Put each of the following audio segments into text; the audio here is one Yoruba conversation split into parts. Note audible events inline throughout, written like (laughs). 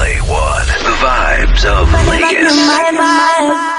L.A. 1. The vibes of Vegas.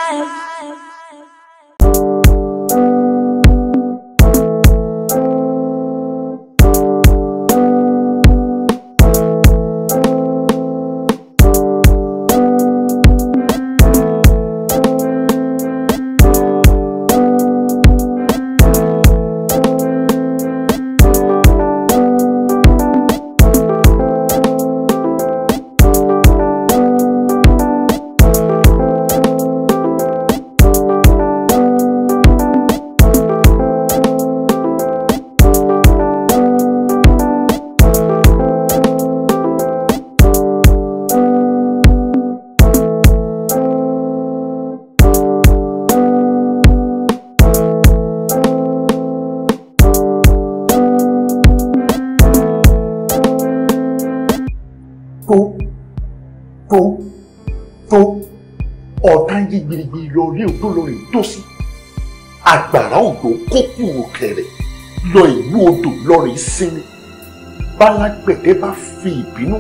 dó sí àgbàrá òjò kó kúrò kẹrẹ lọ ìlú odò lọrẹ sinmi bálágbẹ̀dẹ bá fi ìbínú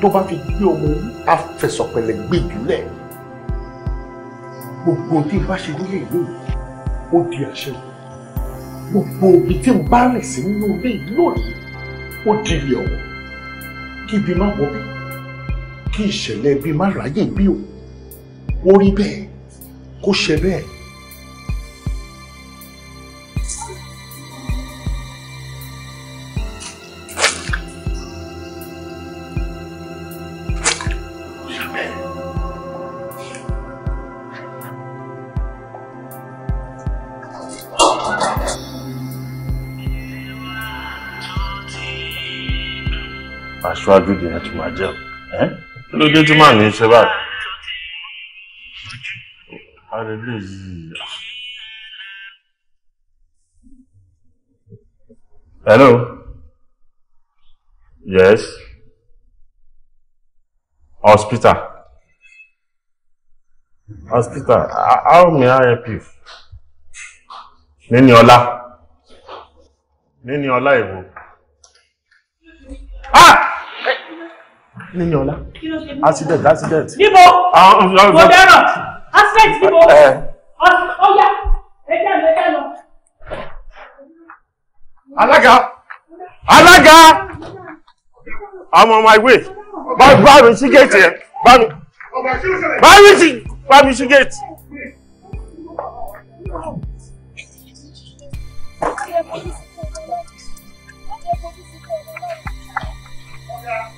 tó bá fi gbé ọmọ owó afẹsọ̀pẹ̀lẹ̀ gbé jùlẹ̀ gbogbo tí n bá ṣe nílé ìlú ó di àṣẹ o gbogbo ibi tí n bá rìn sí nínú ilé ìlú òní ó di ilé ọ̀wọ̀ kí ibi má wọ kí ìṣẹ̀lẹ̀ ibi má ráyè bí o ó rí bẹ́ẹ̀ kó ṣe bẹ́ẹ̀. síwájú di ẹ̀ tó máa jẹun ẹ́ kí ló ṣe báyìí. hello yes hospital hospital how may I help you níní ọlá níní ọlá ìwò. níní ọlá accident accident. níbo kò ah, ah, ah, dẹ́rọ̀ accident níbo ọ̀yá eh. ẹ̀jẹ̀ ẹ̀jẹ̀ lọ. alága alága i'm on my way bá mi sí gẹ̀ẹ́tì ẹ̀ bá mi bá mi sí bá mi sí gẹ̀ẹ́tì. Yeah.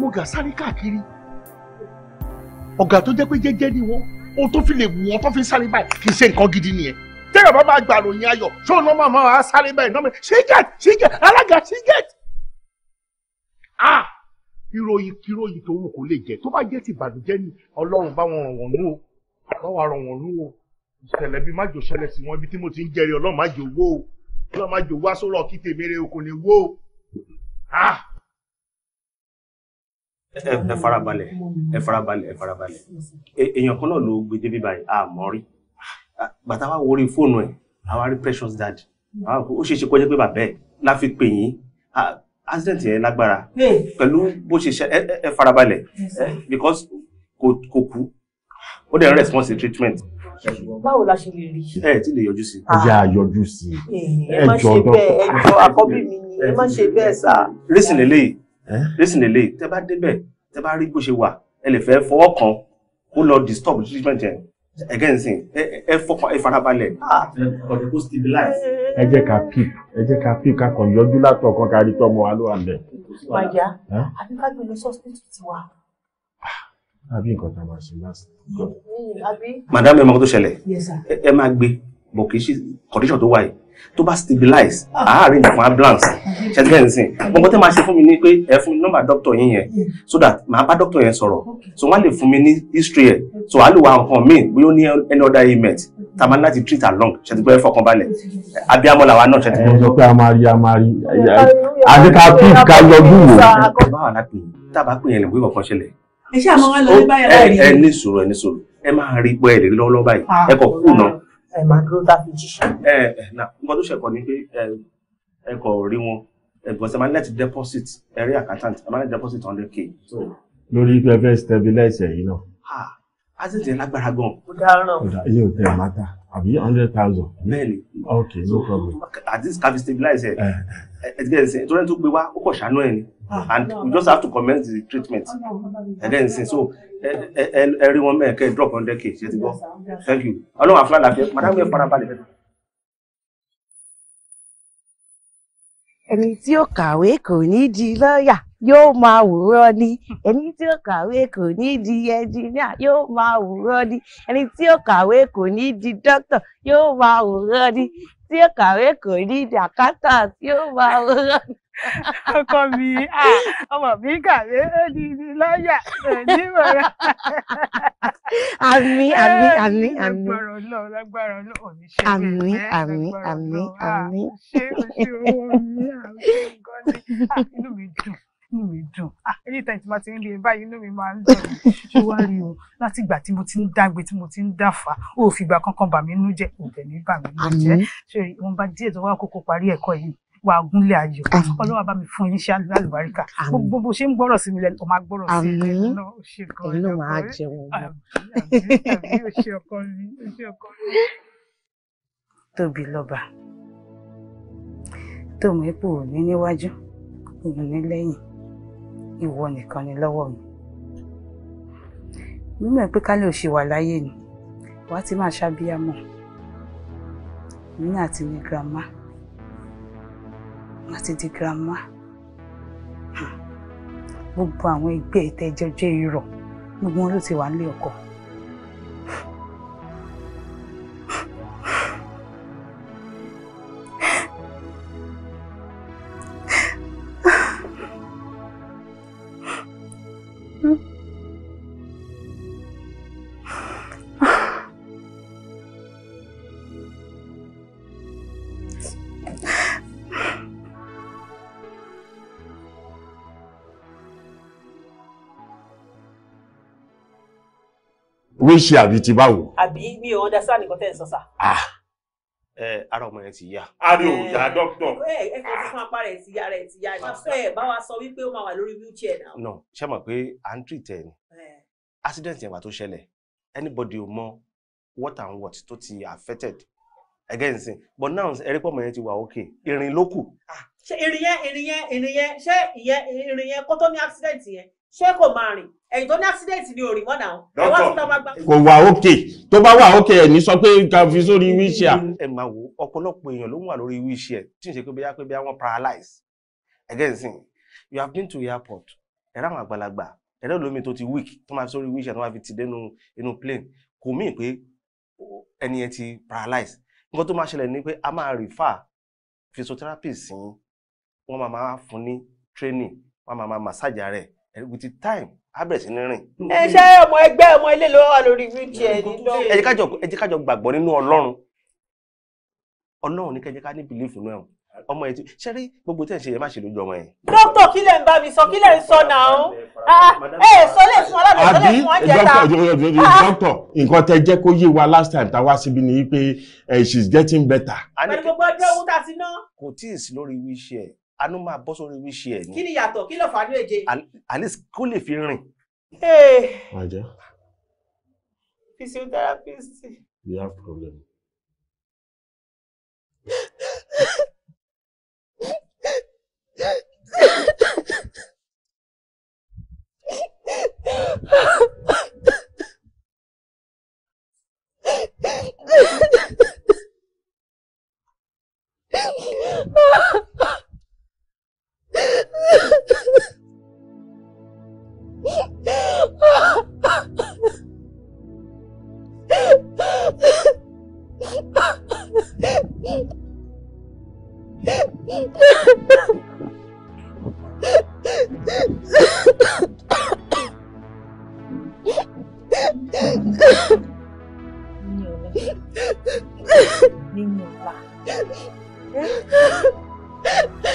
mo gà sáré káàkiri ọ̀gá tó jẹ́ pé jẹ́jẹ́ ni wọ́n ohun tó fi lè wù wọ́n tó fi sáré báyìí kì í ṣe nǹkan gidi nìyẹn tẹ́lẹ̀ bá máa gbà ròyìn ayọ̀ ṣé òun náà máa máa sáré báyìí náà ṣígẹ̀t ṣígẹ̀t alága ṣígẹ̀t a ìròyìn ìròyìn tó wù kó lè jẹ tó bá jẹ́ ti ìbànújẹ́ ni ọlọ́run bá wọn ràn wọ́n lú o bá wa ràn wọ́n lú o ìṣẹ̀lẹ̀ bíi májò ṣẹlẹ̀ sí wọn ibi tí mo ti ń jẹrìí ọlọ́run májò wó o ọlọ́run májò wá sólọ̀ kí tèmi rè o kò ní wó o ẹ farabalẹ̀ ẹ farabalẹ̀ ẹ farabalẹ̀ e, èèyàn kan náà ló gbé débi báyìí àmọ́ rí bàtà wa wọrí fóònù ẹ̀ àwa rí precious dad ó ṣeé ṣe kọjá pé bàbá ẹ̀ la fi pè yín accident yẹn lágbára pẹ̀lú bó ṣe ṣe ẹ farabalẹ̀ because kò kò kú ó dẹ̀ ń response to treatment báwo la ṣe lè rí. ẹ ti lè yọjú sí. ẹ jẹ́ àyọjú sí. ẹ jọ dọ́kítà ẹ jọ àkọ́bí mi ni ẹ má ṣe bẹ́ẹ̀ sá. rísìn lélẹ́yìí lẹ́sìn lè lè tẹ́ bá débẹ̀ tẹ́ bá rí bó ṣe wà ẹ lè fẹ́ fọwọ́ kan kó lọ disturb treatment yẹn again sin ẹ fọkàn ẹ farabalẹ̀. Ah! ẹ jẹ́ ká pip ẹ jẹ́ ká pip ká kàn yọjú látọ̀ kan ká rí tọmọ wa ló wà bẹ̀. wàyà àbí ká gbé lọ sọ́sítì tiwa. Ah! àbí nǹkan tá a máa ṣe lásìkò. madam ẹ mọ ohun tó ṣẹlẹ̀ ẹ máa gbé bọ̀ ṣe condition tó wà tó bá stabilize ah. àárín ìfún ambulance mm-hmm. ṣẹ́gbẹ́n sìn mm-hmm. mo gbọ́dọ̀ máa ṣe fún mi ní pé ẹ fún mi nọ́mbà dókítọ̀ yín yẹn mm-hmm. so that màá bá dókítọ̀ yẹn sọ̀rọ̀ so wọ́n lè fún mi ní history ẹ̀ so wàá lè wá nǹkan míì bóyá ó ní any other ailment tá a máa láti treat along ṣètìpẹ́ ẹ fọkàn balẹ̀ abiyamọ làwa náà ṣètìpẹ́. ẹ sọ pé a máa rí a máa rí àti ká fi ká yọjú wò. báwa la pè é tá a bá pè yẹn lè wí kankan ṣẹlẹ̀. ẹ ṣáà máa wá lọ ní báyọ̀ báyìí. ẹ ní sùúrù ẹ ní sùúrù ẹ máa rí pé lọ́wọ́lọ́wọ́ báyìí ah. ẹ kọ̀ kú náà ẹ máa dúró tá a ẹ ẹ na nǹkan tó ṣẹkọ ni pé ẹ kò rí wọn because ẹ máa net deposit ẹ rí accountant ẹ máa net deposit hundred k. lórí pé ẹ stabilize ẹ̀yìn náà. a sì tẹ̀ lágbára gan. kò dáa iye ò tẹ̀ máa ta àbí hundred thousand. bẹ́ẹ̀ni ok no problem. at least ká fi stabilize ẹ ẹ ti gẹ̀ ẹ́ sẹ́yìn torí ẹni tó gbé wá ó kọ̀ ṣàánú ẹ̀ ni. Ah, and we just have to commence the treatment oh, and then say so eh, eh, eh, every woman can drop 100 hz thank you alon aflana madame parabali edu eni ti o ka wee ko nidi loya yo ma wuro ni eni ti o ka wee ko nidi edi yo ma wuro ni eni ti o ka wee ko nidi dr yo ma wuro ni ti o ka wee ko nidi diacastas yo ma wuro ọkọ mi ọmọ mi kàwé di lọ́ọ̀yà ní ìmọ̀ràn. àmín àmín àmín àmín lágbára Ọlọ́run lágbára Ọlọ́run ní ṣe àmín àmín inú mi dùn inú mi tí mo ti ń lè báyìí inú mi máa ń dùn ṣé wàá rí o láti ìgbà tí mo ti ń dágbe tí mo ti ń dáfà ó fìgbà kankan bà mí nú jẹ́ òjẹ̀ ní bà mí nú jẹ́ ṣé wọn bá díẹ̀ tó wá kókó parí ẹ̀kọ́ yìí wà gúnlé ayọ̀ ọlọ́wà bá mi fún yín ṣe àlùbáríkà gbogbo bó ṣe ń gbọ́rọ̀ sí mi lẹ́nu ọmọ agbọ́rọ̀ sí mi lẹ́nu ṣe kan ẹ̀yìn ló máa jẹun mọ́. tóbi lọ́ba tòun epo ò ní níwájú òun ní lẹ́yìn ìwọ nìkan ni lọ́wọ́ mi mímọ̀ pé ká lè ṣe wà láyé ni wàá ti máa ṣàbíyá mọ̀ nínú àti ní girama àti di grandma gbogbo àwọn ẹgbẹ́ ìtẹ́jọ́jẹ́ irọ́ gbogbo wọn ló ti wà nílé ọkọ. wíṣì àbí ti báwo. àbí mi ò understand nǹkan tẹ́ ẹ̀ sọ sà. Ah. ẹ ara ọmọ yẹn ti yá. a ní òòyà dókítà. ẹ ẹ kò fún apá rẹ ti yá rẹ ti yá ẹ fẹ bá wa sọ wípé ó máa wà lórí wheelchair náà. no ṣé mọ̀ pé à ń treat ẹ ni eh. accident yẹn wà tó ṣẹlẹ̀ anybody ò mọ what and what tó ti affected again sin but now ẹrí pọ̀ mọ̀ yẹn ti wà ok irin ló kù. Ah, ṣé irin yẹn irin yẹn irin yẹn ṣé ìyẹn irin yẹn kó tó ní accident yẹn ṣé kò máa rìn ẹ̀yìn tó ní accident ni ò rí mọ́nà o. dọ́kọ̀ kò wà òkè tó bá wà òkè ẹ̀ ní sọ pé ká fi sórí wíṣíà. ẹ máa wo ọ̀pọ̀lọpọ̀ èèyàn ló ń wà lórí wíṣíà tí ń ṣe pé bóyá pé bóyá wọ́n paralyze again sin you have been to airport ẹ̀rọ àwọn àgbàlagbà ẹ̀rọ lómi tó ti weak tó máa fi sórí wíṣíà tó máa fi ti dénú inú plane kò mí pé ẹni ẹ ti paralyze nǹkan tó máa ṣẹlẹ̀ ni pé a máa refer physiotherapist sí wọ́n máa máa fún ní training wọ́n máa máa massage rẹ̀ with time á bẹ̀rẹ̀ sí ní rìn. ẹ ṣe ọmọ ẹgbẹ́ ọmọ ilé ló wà lórí wheelchair ní lọ́wọ́. ẹ jẹ́ kájọ gbàgbọ́ nínú ọlọ́run ọlọ́run ní kẹjẹ ká ní bìlífù náà ọmọ ẹ ti ṣe rí gbogbo tẹ́ ẹ̀ ṣe yẹ má ṣe lójú ọmọ yẹn. dókítà kí lẹ̀ ń bá mi sọ kí lẹ̀ ń sọ náà ẹ ah, ẹ sọ lè fún ọlọ́dẹ sọ lè fún ọjẹta. àbí dókítà nǹkan tẹ jẹ́ kó yé wa last time tá a wá síbi ni pé eh, she is getting better. pẹ̀lú gbogbo ọjọ́ òun tà sí náà. kò tí ì sí lórí wíṣẹ́ anú máa bọ́ sórí wíṣẹ́ ẹ̀ ni. kí ni yàtọ̀ kí ló fà á ní èje. at least kó lè fi rìn. àjẹ́. physiotherapist. you have problem. Ah! (laughs) Nínú ọ̀la. Nínú ọ̀la.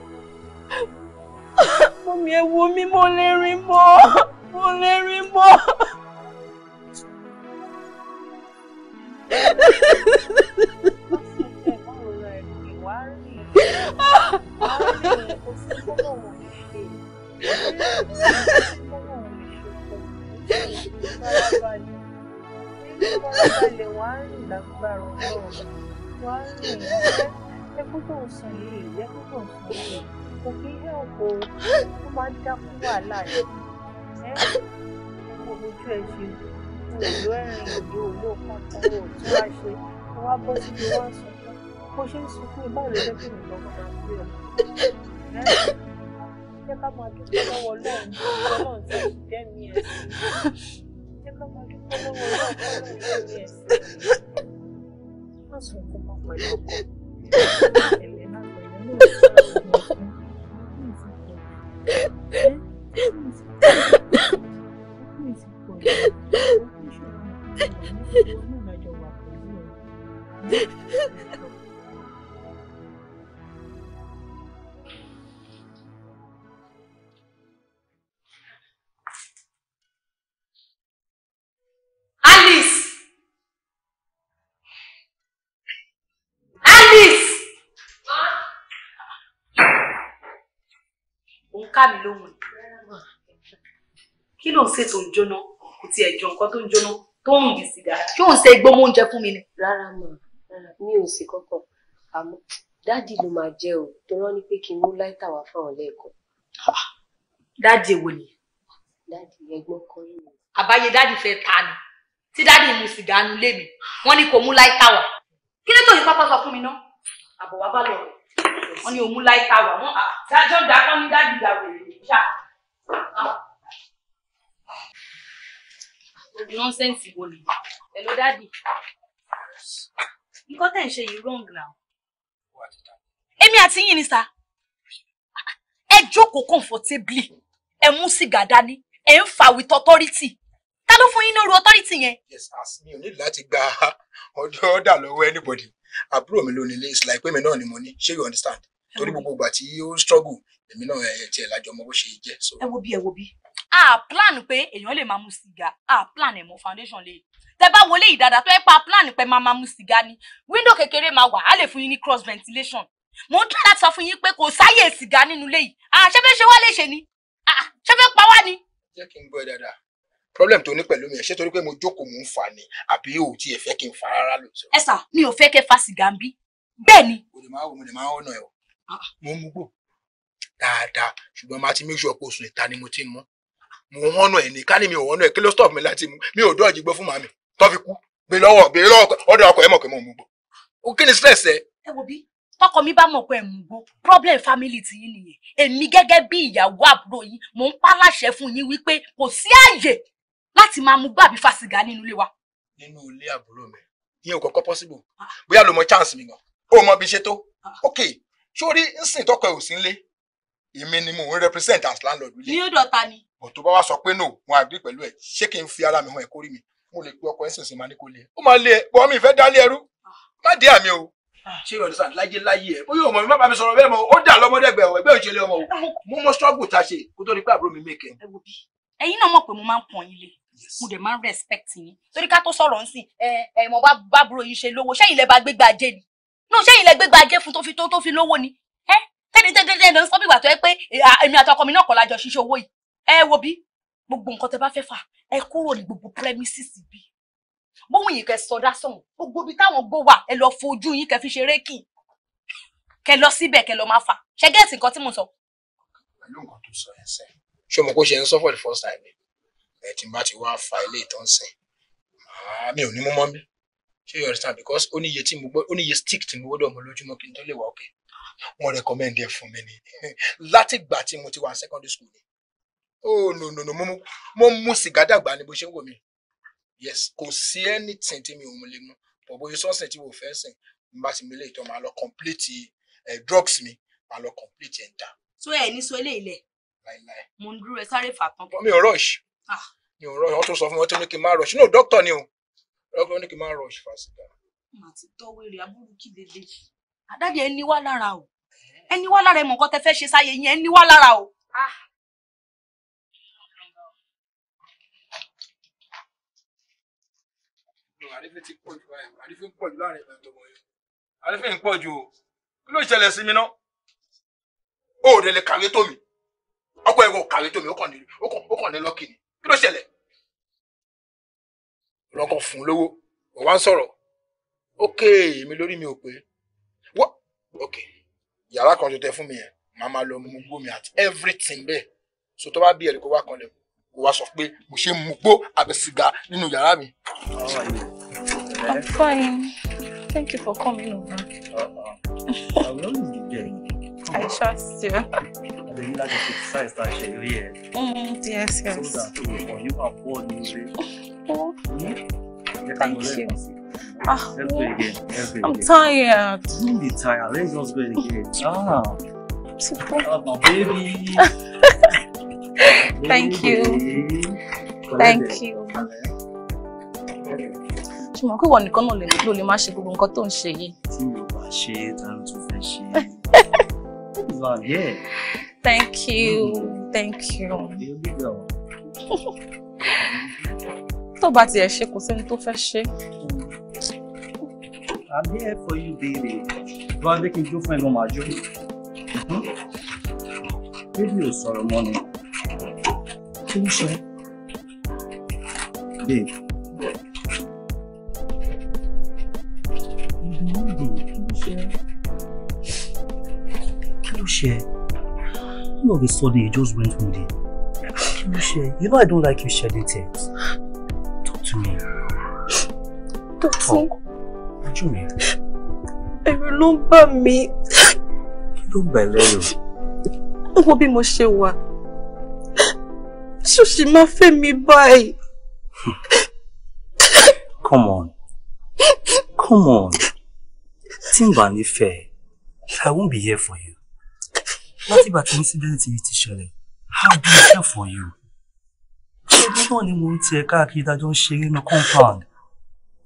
Mọ́mí ẹ wò mo lè rìn mọ́, mo lè rìn mọ́. Ìfarabalẹ̀ wá rìn yìí, ẹkú tó ń yìí kò kí hẹ́ ọ̀pọ̀ ó máa ń dá fún wàhálà yìí ẹ́ gbogbo ojú ẹ̀ ṣe òjò ẹ̀rìn òjò òjò kan tó tí wàá ṣe mo wá bọ́ síbi wá sunkún bó ṣe ń sunkún ìbá rẹ̀ jẹ́ kí mi lọ padà sí ẹ̀ jẹ́ ká máa dúpẹ́ lọ́wọ́ lọ́run lọ́run tí a sì dẹ́mi ẹ̀ sí jẹ́ ká máa dúpẹ́ lọ́wọ́ lọ́run lọ́run tí a sì dẹ́mi ẹ̀ sí Ha ha ha! dá mi lóhùn kí ló ń ṣètò ń jóná kò tiẹ̀ jọ nǹkan tó ń jóná tó ń bì sí dára kí òun ṣe gbómọ oúnjẹ fún mi ni. rárá mà mi ò sí kọkọ àmọ́ dáàdì ló máa jẹ o tó rán ni pé kí n mú láìta wá fáwọn lẹ́ẹ̀kan. dáàdì wo ni. dáàdì ẹ̀gbọ́n kan yìí. àbáyé dáàdì fẹ́ ta ni tí dáàdì mu sìgá nulẹ̀ mi wọ́n ní kò mú láìta wá kí ló tó yí pápá sọ fún mi ná àbọ̀wá bá lọ rẹ̀ wọ́n ní òun láì ta wà wọ́n dájọ́ dákọ́ ní dájú ìyá wèrè níjà. Òbí nọ́nsẹ̀nsì wo lè yẹ? Hello daddy. Nǹkan tẹ̀ ń ṣe yìí wrong now. Èmi àti yín ni sá. Ẹ jókòó comfortably. Ẹ mú sìgá dání. Ẹ ń fà with authority. Ta ló fún yín lóru authority yẹn? Yes, as mi ò ní láti gba ọ̀dọ́ ọ̀dà lọ́wọ́ anybody. Àbúrò mi ló nílé, it's like pé mi náà ni mo ní. Ṣé you understand? torí gbogbo ìgbà tí ó ń struggle èmi náà ẹ̀ lájọ ọmọ bó ṣe jẹ́. ẹ wo bí ẹ wo bí a plan pé èèyàn lè máa mu sìgá a plan ẹ̀ mọ́ foundation lè tẹ bá wọlé ìdàdà tó ẹ pa plan pé máa máa mu sìgá ni window kékeré máa wà á lè fún yín ní cross ventilation mo ń tún láti sọ fún yín pé kò sáyè sìgá nínú ilé yìí àṣẹfẹ́ ṣe wá lè ṣe ni àṣẹfẹ́ pa wá ni. jẹ́ kí n gbọ́ ẹ dáadáa problem tó ní pẹ̀lú mi ẹ̀ ṣé torí pé mo jókòó mò ń fà ni àbí o tiẹ̀ fẹ́ kí n fà rárá lóòótọ́. ẹ sà mi ò fẹ́ kẹ́ fa sìgá ń bí bẹ́ẹ̀ ni. o lè máa wò mo lè máa ń ọ̀nà ẹ̀ o. Ah. mo ń mugbó dáadáa ṣùgbọ́n máa ti make sure pé oṣù ìta ni mo ti mú mo wọ́n nù ẹ̀ ní ká ní mi ò wọ́n nù ẹ̀ kí ló stop mi láti mú mi ò dọ́ọ̀jì gbọ́ fún màmí tó fi kú gbé lọ́wọ́ gbé lọ́wọ́ ọ̀dọ̀ ọkọ̀ ẹ̀ mọ̀ pé mo ń mugbó o kí ni stress ẹ. ẹ wo bí tọkọ mi bá mọ̀ pé ẹ̀ mugbó problem family ti yín nìyẹn èmi gẹ́gẹ́ bí ìyàwó àbúrò yín mò ń pàláṣẹ fún yín wípé kò sí àyè láti máa mugbó àbí fásigà nínú ilé wa. nínú ilé àbúrò mi ìyẹn ò kọ́kọ́ possible bóyá lo mọ chance mi gan o mọ bí ṣe tó ah. ok sórí nsìn tọkọ ẹ ò sí nlé èmi ni mò ń represent as landlord ilé. ní ọ̀dọ̀ ta ni. bọ̀ tó bá wá sọ pé no wọn àgbẹ̀ pẹ̀lú ẹ̀ ṣé kí n fi ara mi hàn ẹ̀ kórì mi mo lè pe ọkọ ẹ̀sìn sí máa ní kó lé ẹ̀. E. ó máa lé ẹ e. bọ́ mi ìfẹ́ dálé ẹrú ah. má dé àmì o. Ah, ṣé yọ̀dọ̀ sàn láyé láyé ẹ̀ bóyá ọmọ mi má bá mi sọ̀rọ̀ bẹ́ẹ̀ mọ́ ó dà lọ́mọdé ẹgbẹ́ ọ̀ ẹgbẹ́ òṣèlú ọmọ o mo struggle ta ṣe kó tó di pé àbúrò mi mẹ́kẹ́. ẹ wo bí ẹ̀yin náà mọ̀ pé mo máa ń pọ̀n yín lé mo dẹ̀ máa ń respect yín torí ká tó sọ̀rọ̀ ń sìn ẹ̀ ẹ̀ mo bá bá àbúrò yín ṣe lówó ṣẹ́yìn lẹ́ bá gbégbá ajé ni inú sẹ́yìn lẹ gbégbá ajé fún tó fi tó tó fi lówó ni ẹ tẹ́ni tẹ́ni ló ń sọ bí ìgbà tó yẹ pé èmi àtọkọ mi náà kọ́ lájọ ṣíṣe owó yìí ẹ wo bí gbogbo nǹkan tẹ bá fẹ́ fà ẹ kúrò ní gbogbo premises bí bóun yìí kẹ sọdá sọhùn gbogbo ibi táwọn gbó wà ẹ lọ fojú yín kẹ fi ṣe rékì kẹ lọ síbẹ̀ kẹ lọ máa fà ṣẹ gẹ́ẹ̀sì nǹkan tí mo sọ. pẹ̀lú nǹkan tó sọ ẹ̀ sẹ́ ṣé first time ẹ̀ tí n bá ti wá fa ilé ìtọ́nsìn mi ò ṣé you understand because ó ní iye tí mo gbọ́ ó ní iye stick tí mo gbọ́dọ̀ mọ lójúmọ́ kí n tó lè wà òkè wọ́n recommend ẹ fún mi ni (laughs) látìgbà tí mo ti wà secondary school ni oh no no no mo mú sìgá dàgbà ni bó ṣe ń wò mí yes kò sí anything tí mi ò mú lè mú bọ̀bọ̀ yìí sọ́sìn tí mo fẹ́ sìn n bá ti mi lè tọ́ màá lọ complete eh, drugs mi màá lọ complete ẹ̀ ń ta. so ẹ ní so eléyìí lẹ mo ń dúró ẹ sáré fà tán. mi ò rush ah. mi ò rush wọn tún sọ fún wọn tó ní kí n má rush no doctor ni o ọkọ ní kí n má rush fàṣítà. mà á ti tọ́wé rẹ̀ abúrú kí lélẹ̀. àdáde ẹni wá lára o ẹni wá lára ẹ nǹkan tẹ fẹ́ ṣe sáyé yẹn ẹni wá lára o. Ah. àrífín ti pọ̀ jù láàrin ìgbà tó mọ̀ yìí àrífín pọ̀ jù o kí ló ṣẹlẹ̀ sí mi náà ó ò dẹ̀ kàwé tó mi ọkọ ẹ̀wọ̀ kàwé tó ó kàn ní lọ́kì ni kí ló ṣẹlẹ̀ lọ́kọ̀ fún lówó ò wá ń sọ̀rọ̀ èmi lórí mi ò pé wọ́ ókè yàrá kan tó fún mi yẹn màá máa lọ mú gbómi àti everything bẹ́ẹ̀ so tó bá bí ẹ̀rí kó wá kan lẹ̀ kó wá sọ pé mo ṣe mú gbó àbẹ̀ sìgá nínú yàrá mi. I'm fine. Thank you for coming over. Uh-uh. (laughs) I trust you. Mm, mm-hmm. yes, yes. So that you are bored, Thank you. Ah, Let's go again. again. I'm tired. Don't be tired. Let's just go again. Oh. Ah. Super. Oh, my baby. (laughs) Thank you. Thank you. ṣùgbọ́n kí wọ́n nìkan náà lè nílò lè má ṣe gbogbo nǹkan tó ń ṣe yìí. tí mi bá ṣe é tá ló tún fẹ́ ṣe é. (laughs) Thank you. Thank you. (laughs) tó bá tiẹ̀ ṣe kò sẹ́ni tó fẹ́ ṣe. I'm here for you baby bá dé kí n jó fún ẹ lọ màá jó hmm? bébí ò sọ̀rọ̀ mọ́ ni kí ló ṣe babe. You know ṣe? All of sudden, it just went from there. Kí ló You know I don't like you shedding tears to me. Doctor. What do you mean? Ẹ̀rù ló ń bà mí. Kí ló ń bà lẹ́rù? Wọ́n bí mo ṣe wà. Ṣòṣì máa Come on. Come on. Tí n bá I won't be here for you. Láti ìgbà tí incident yìí ti ṣẹlẹ̀, I'll be here for you ọdún náà ni mo ń tiẹ̀ káàkiri dájọ́ ń ṣeré ní compound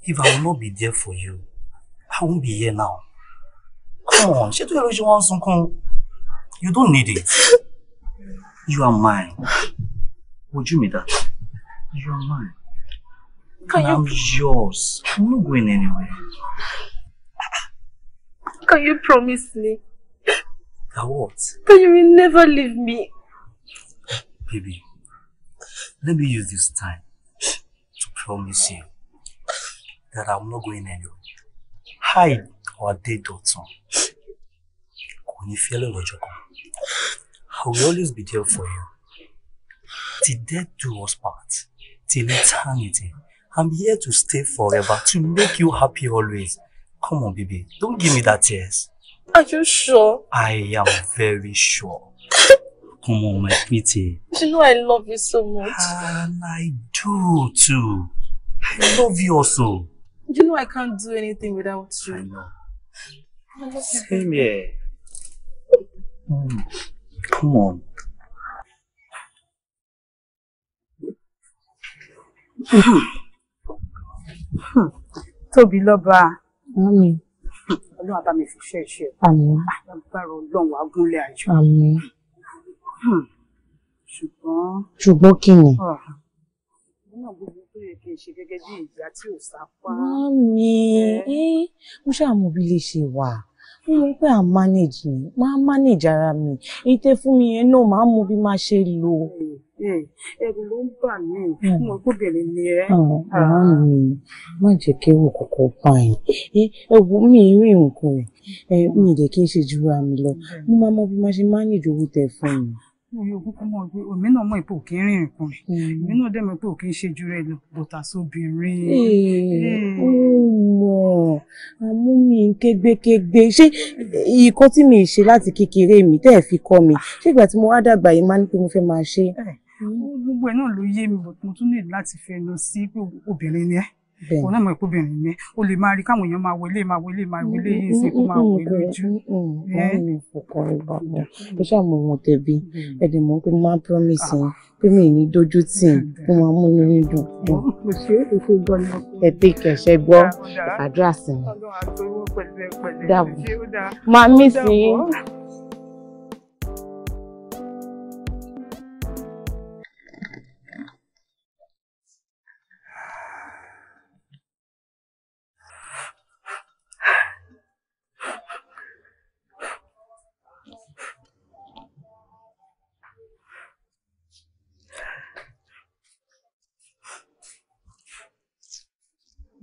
if I will not be there for you I won't be here now come on She told you ló ṣe wọ́n you don't need it you are mine would you mean that you are mine Can and you... I'm yours I'm not going anywhere. Can you promise me? That what? That you will never leave me. Baby, Let me use this time to promise you that I'm not going anywhere. Hide or dead daughter. Kò ní fi ẹlẹ́rọ̀jọ́ I will always be there for you. Till death do us part. Till eternity. I'm here to stay forever to make you happy always. Come on, baby. Don't give me that tears. Are you sure? I am very sure come on, my pretty. You know I love you so much. And I do too. I love you also. You know I can't do anything without you. I know. Same here. Mm. Come on. Tóbi lọ́ba. Àmín. Ọlọ́run á bá mi fi ṣe ṣe. Àmín. Àgbàrọ̀ ọlọ́run á gúnlẹ̀ àjọ. Àmín. Hmm. ṣùgbọ́n. ṣùgbọ́n kí ni. nínú ah. gbogbo tó yẹ kí n ṣe gẹ́gẹ́ bí ìyá tí ò sápá. mami eh. eh, mo ṣàmù bí lè ṣe wà mo mọ pé à ń manage ni máa manage ara mi èyí fún mi yẹn náà máa mú bí máa ṣe lò. Eh, ẹ̀rù ló ń bà mí hmm. mo gbóbìnrin ni ẹ. Ah, ah. àá mi má jẹ́ kí ewu kọ̀kọ́ bá yín ẹ̀wù mi rí nǹkan ẹ̀ mi ì dẹ̀ kí n mi lọ hmm. mo máa mọ bí máa ṣe manage owó tẹ fún mi mi ò kúkú mọ̀ pé èmi náà mọ̀ pé ò kí ń rìn nǹkan hmm. èmi náà dẹ̀ mọ̀ pé ò kí ń ṣe jù rẹ̀ lọ bọ̀tà sóbìnrin. Eh, hmm. ó mọ̀ àmú mi kégbékégbé ṣé ìkọ́ tí mi ṣe láti kékeré mi tẹ́ ẹ̀ fi kọ́ mi ah. ṣé ìgbà tí mo wá dàgbà yìí máa ń pé mo fẹ́ máa ṣe. Eh, gbogbo ẹ̀ náà ló yé mi mo tún ní láti fẹ́ lọ sí pé obìnrin ni ẹ́ wọn náà mọ ìkóbìnrin yẹn o lè máa rí káwọn èèyàn máa wọlé máa wọlé máa mm, wọlé yìí sí kó máa wọlé ojú. wọ́n mi fọkàn rẹ̀ bàbá mm. ó ṣàmù ohun tẹ̀bi mm. ẹ̀dẹ̀ mọ́ pé máa promise yẹn ah. pé mi ní dojú tì í kó máa mú ní dùn. ẹ pé kẹsẹ gbọ́ àdúrà sí mi. dàbọ̀ sí i.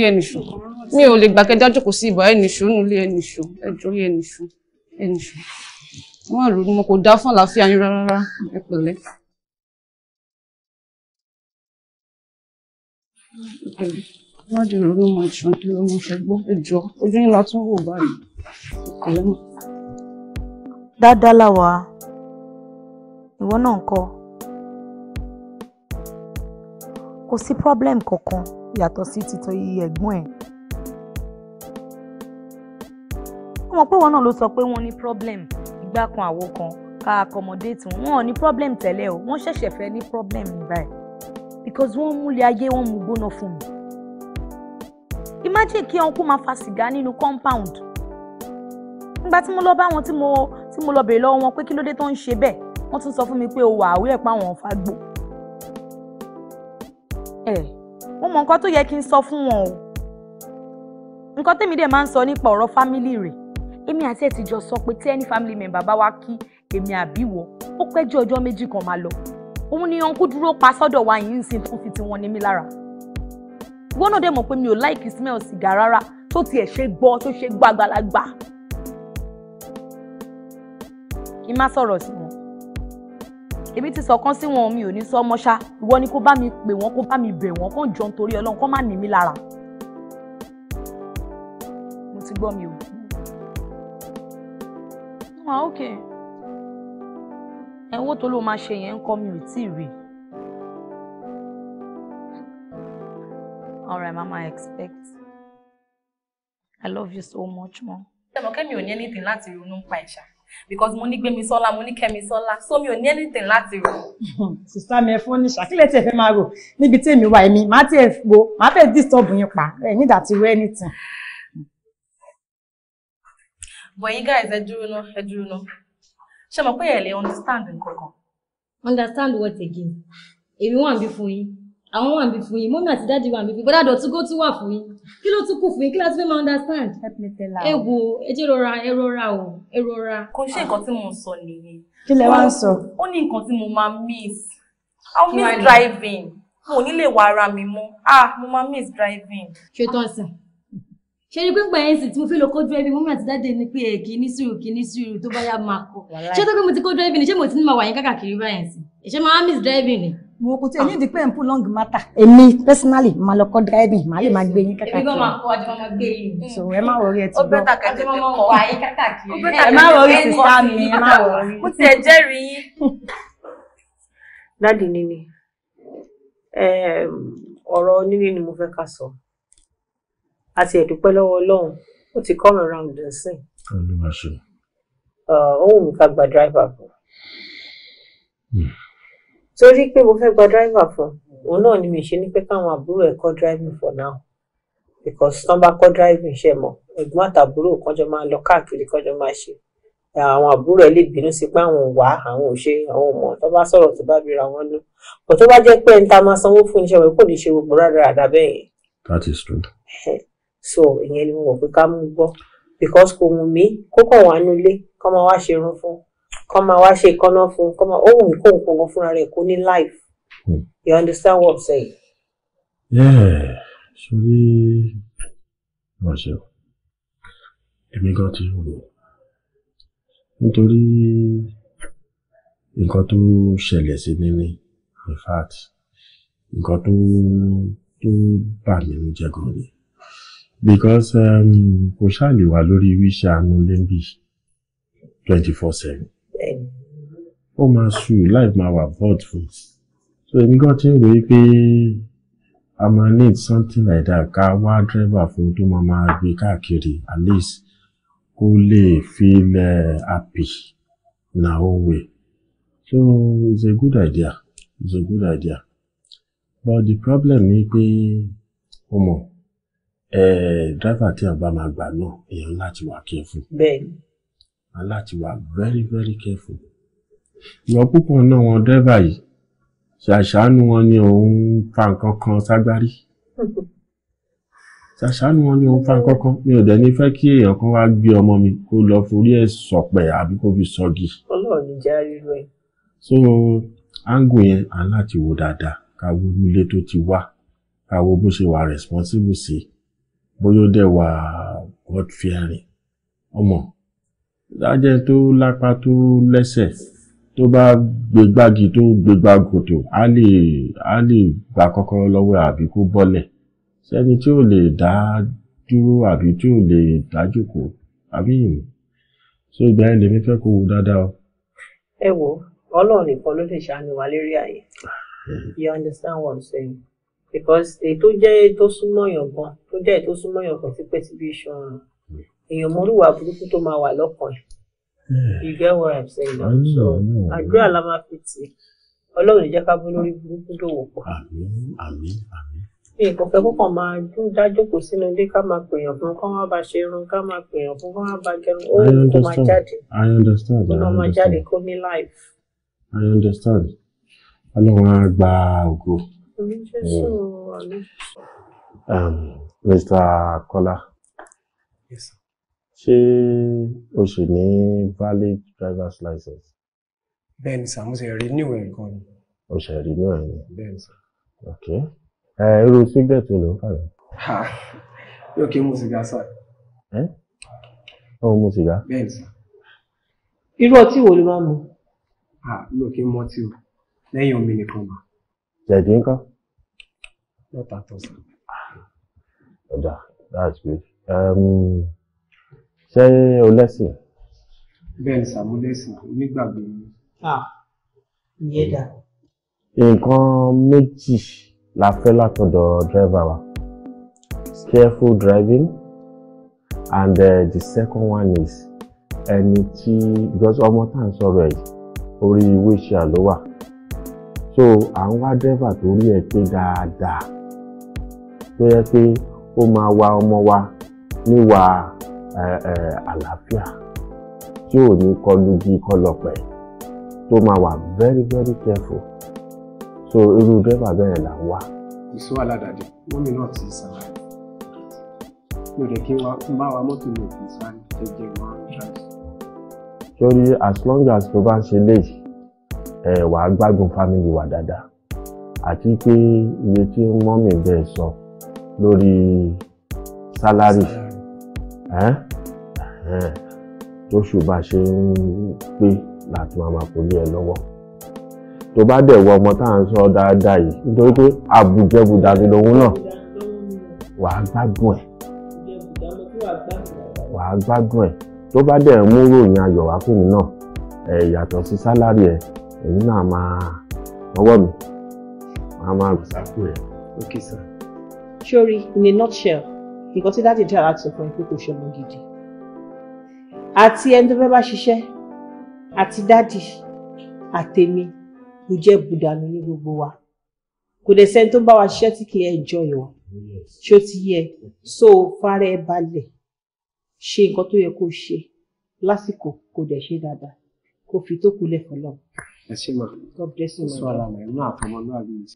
yé nìṣó mi ò lè gbà kẹjá jókòó sí ìbá ẹnìṣó nílé ẹnìṣó ẹjọ yé nìṣó ẹnìṣó wọn rò mo kò dá fún àlàáfíà yín rárá ẹ pẹ̀lẹ́. wọ́n di ìrònú mọ ìṣàn tí wọ́n ṣe gbọ́ ẹjọ́ ojú yín la tún wò báyìí ìpínlẹ̀ mọ́. dáadáa làwà ìwọ náà ń kọ kò sí problem kankan yàtọ̀ sí títọ́ iye ẹ̀gbọ́n ẹ̀. wọ́n mọ̀ pé wọn náà ló sọ pé wọ́n ní problem ìgbà kan àwo kan ká accommodate wọn wọn ò ní problem tẹ́lẹ̀ o wọ́n ṣẹ̀ṣẹ̀ fẹ́ ní problem ní báyìí because wọ́n múlẹ̀ ayé wọ́n mú gbóná fún mi. imagine kí ọ̀nkú máa fa sìgá nínú compound nígbà tí mo lọ bá wọn tí mo tí lọ bèrè lọ́wọ́ wọn pé kí ló dé tó ń ṣe bẹ́ẹ̀ wọ́n tún sọ fún mi pé o wà àwẹ̀ pa àwọn ọ̀fà gbò. ẹ̀ mo mọ nǹkan tó yẹ kí n sọ fún wọn o nǹkan tèmi dẹ̀ máa ń sọ nípa ọ̀rọ̀ fámìlì rẹ̀ èmi àti ẹ̀ ti jọ sọ pé tí any family member bá wá kí èmi àbíwọ ó pẹ́ jù ọjọ́ méjì kan máa lọ òun ni ọ̀nkú dúró pa sọ́dọ̀ wa yìí ń sin fún fi tiwọn ní mi lára ìwọ náà dẹ̀ mọ̀ pé mi ò láìkí smell sìgá rárá tó tiẹ̀ ṣe gbọ́ tó ṣe gbọ́ àgbàlagbà kí n má sọ̀rọ̀ sí wọn èmi ti sọ̀kan sí wọn mi ò ní sọ ọmọ ṣá ìwọ ni kó bá mi pè wọ́n kó bá mi bẹ̀ wọ́n kàn jọ nítorí ọlọ́run kó má ní mi lára. mo ti gbọ́ mi o. wà ok ẹ̀wọ́ tó ló máa ṣe yẹn ń kọ́ mi ò tí ì rí. all right mama I expect I love you so much mom. ṣé mo kẹ́mi ò ní anything láti ronú pa ìṣá because mo ní Gbémisọ́lá mo ní Kẹ́misọ́lá so mi ò ní anything láti rò. (laughs) sista mi ẹ fún ní ṣàkílẹ̀ tí ẹ fẹ́ máa rò níbi tí èmi wà èmi má tí ẹ wo má fẹ́ disturb yín pa ẹ nígbà tí rẹ anything. but you guys ẹ dúró ná ẹ dúró ná ṣé mo pé ẹ lè understand nǹkan kan. understand what again? èmi wà ń bí fún yín àwọn wà níbi fún yín mọ́mí àti dáàdi wà níbi fún yín bọ́dà dọ̀tún kó tún wà fún yín kí ló tún kù fún yín kí láti fẹ́ máa understand. help me tell am. ẹ wo ẹ jẹ́ rọra ẹ rọra o ẹ rọra. kò ṣe nǹkan tí mo ń sọ nìyẹn. kí lẹ wá ń sọ. ó ní nǹkan tí mo máa miss i miss driving mo ní lè wá ara mi mọ́ ah mo máa miss driving. ṣe tán sàn ṣe ni pínpín ẹ̀yìn sì tí mo fi lọ kó dúrẹ́bì mọ́mí àti dáàdì ni pé èkì ní sùúrù kì ní sùúrù tó bá yá máa kọ ṣé tó pé mo ti kó dúrẹ́bì ni ṣé mo ti ní máa wà yín káàkiri báyìí sí ṣé máa miss driving ni wo kò tí ẹ ah. ní ìdí pé ẹ̀ ń pull long matter. èmi personally máa lọ kọ́ driving máa lè máa gbé yín kákàkiri. èmi gan máa kó ajọ máa gbé yín. so ẹ má wọrí ẹ ti gbọ́. ó bẹ́ẹ̀ tàkàtì tó kọ́ wa yín kákàkiri. ẹ má wọrí sísá mi ẹ má wọrí. mo ti ẹ̀ jẹ́rìí yín. dáàdì níní ọ̀rọ̀ níní ni mo fẹ́ ká sọ àti ẹ̀dúpẹ́ lọ́wọ́ ọlọ́run ó ti come around and sing. ó wù mí ká gba driver bọ̀. Hmm torí pé mo fẹ́ gba driver fún òun náà ni mi ṣe ní pé káwọn àbúrò ẹ̀ kọ́ driving for now because tán bá kọ́ driving ṣe mọ̀ ẹ̀gbọ́n àtàbúrò kọ́jọ́ máa lọ káàkiri kọ́jọ́ máa ṣe àwọn àbúrò ẹ̀ lè bínú sí pé àwọn wà àwọn ò ṣe àwọn ọmọ tó bá sọ̀rọ̀ tó bá bira wọn lọ kò tó bá jẹ́ pé ẹni tá a máa sanwó fún iṣẹ́ wọn kò ní ṣe gbogbo rárá àdá bẹ́ẹ̀ yẹn. that is true. so ìyẹn ni mo mọ̀ pé ká mú gbọ́ because kò mú mi kókò wà nílé kọ́ máa wá ṣerun fún un kọ́ máa wá ṣe ìkọ́ná fún kọ́ máa ó wù mí kó nǹkan kan fúnra rẹ̀ kó ní life hmm. you understand what I'm saying. sórí rọ̀ṣẹ̀ èmi gan ti rò ó nítorí nǹkan tó ṣẹlẹ̀ sí mi ní in fact nǹkan tó tó bà mí ní jẹ́ gan ni because um, kò ṣáà lè wà lórí wíṣẹ́ àánú lẹ́ńbì twenty four seven ọ máa life láì máa wà thoughtful so èmi gan ti ń ròyìn pé a need something like that ka wá driver fún tó máa máa gbé káàkiri at least kó lè eh, happy in our so it's a good idea it's a good idea but the problem ni pe ọmọ ẹ eh, driver tí a bá ma gbà náà èèyàn láti wà careful. bẹ́ẹ̀ni and láti wà very very careful. ìwọ púpọ̀ náà wọn dẹ́bà yìí ṣàṣàánú wọn ni òun fa nǹkan kan ságbárí (laughs) ṣàṣàánú wọn ni òun fa nǹkan kan mi ò dẹ̀ ní fẹ́ kí èèyàn kan wá gbé ọmọ mi kó lọ forí ẹ̀ sọ̀pẹ̀ àbí kó fi sọ̀gì. ọlọ́run ní já rírọ so angu yẹn à ń láti wo dáadáa ká wo nílé tó ti wá ká wo bó ṣe wà responsible sí bóyá ó dẹ̀ wà God fearing ọmọ ajẹ́ tó lápá tó lẹ́sẹ̀ tó bá gbégbági tó gbégbágòtò á lè á lè gba kọ́kọ́rọ́ lọ́wọ́ àbí kó bọ́lẹ̀ sẹ́ni tí ò lè dá dúró àbí tí ò lè dá jókòó àbí ìrìn so ìgbà ẹ lèmi fẹ́ kó wù dáadáa o. ẹ wo Ọlọ́run nìkan ló lè ṣàánú wa lérí ààyè you understand what I'm saying because èyí tó jẹ́ èyí tó súnmọ́ yàn gan tó jẹ́ èyí tó súnmọ́ yàn gan tipẹ́tipẹ́ iṣan ọ̀run èèyàn mọrúwà burúkú tó máa wà lọ́kàn ẹ̀ hmm. you get what i'm saying now so àdúrà la máa fi tì ọlọ́run ìjẹ́ ká bó lórí burúkú dòwò pọ̀. mi kò fẹ́ kókàn máa dún dájókòó sínú ilé ká máa pèèyàn fún kán wá bá ṣe irun ká máa pèèyàn fún kán wá bá gẹrun ó ní kó máa jáde kó náà máa jáde kó ní life. i understand ọlọ́run á gba ògo. Hmm. Um, Mr. Kola. Yes, sir ṣé o sì ní valid driver's license. bẹ́ẹ̀ni sà mo sì rí níwèé nǹkan ni. o sì rí níwèé ni. bẹ́ẹ̀ni sà. ok ẹ irú cigarette wo ló ń fà lọ. ha yóò kí n mu sìgá sà. ẹ ó mu sìgá. bẹ́ẹ̀ni sà. irú ọtí wo ló máa ń ha yóò kí n mu ọtí o lẹ́yìn omi nìkan mà. jẹ̀dí ń kọ́. lọ́tà tó sà. Ah, ọ̀dà that's good. Um, ṣé o lẹ́sìn. bẹ́ẹ̀ sàmú lẹ́sìn onígbàgbọ́ ni. ìyẹn dà. nǹkan méjì la fẹ́ látọ̀dọ̀ dírẹ́fà wa careful driving and uh, the second one is ẹni tí because ọmọ tá à ń sọ̀rọ̀ ẹ̀ orí wheelchair ló wà so àwọn wá dírẹ́fà tó rí ẹ pé dáadáa tó yẹ pé ó máa wa ọmọ wa níwàá àlàáfíà tí ò ní kọlu bí kọlọpẹ̀ tó máa wà very very careful so irú dẹ́bà bẹ́ẹ̀ là ń wá. ìṣó aládàáde mọ́mí náà ti sàlàyé mi ò kí n bá wa mọ́tò mi ò fi sáré jẹjẹ wá ṣáàṣì. sórí as long as tó bá ń ṣe léyìí ẹ wàá gbádùn fámìlì wa dáadáa àti pé iye tí mọ́mí bẹ́ẹ̀ sọ lórí sálárì tóṣù bá ṣe ń pé láti máa máa polí ẹ lọ́wọ́ tó bá dẹ̀ wọ ọmọ tá à ń sọ dáadáa yìí nítorí pé àbùjẹbùdà ni lòun náà wàá gbádùn ẹ̀ wàá gbádùn ẹ̀ tó bá dẹ̀ mú ròyìn ayọ̀ wá fún mi náà ẹ̀ yàtọ̀ sí sálárì ẹ̀ èyí náà máa ọwọ́ mi máa máa rò sápò ẹ̀. okay sir. sori in a nutshell nǹkan tí dáàtì dára ti sọ fún mi pé kò ṣọmọ gidi àti ẹni tó fẹ́ bá ṣiṣẹ́ àti dáàdì àtèmi kò jẹ́ bùdànù ní gbogbo wa kò dẹ̀ sẹ́ni tó bá wa ṣiṣẹ́ tí kì í ẹjọ́ ìwà ṣó ti yẹ so fara ẹ balẹ̀ ṣe nǹkan tó yẹ kó ṣe lásìkò kò dẹ̀ ṣe dáadáa kó fi tó kulẹ̀ fọlọ́. ẹ ṣe mọ god bless you. sọ ara rẹ náà àtọmọ náà lóye.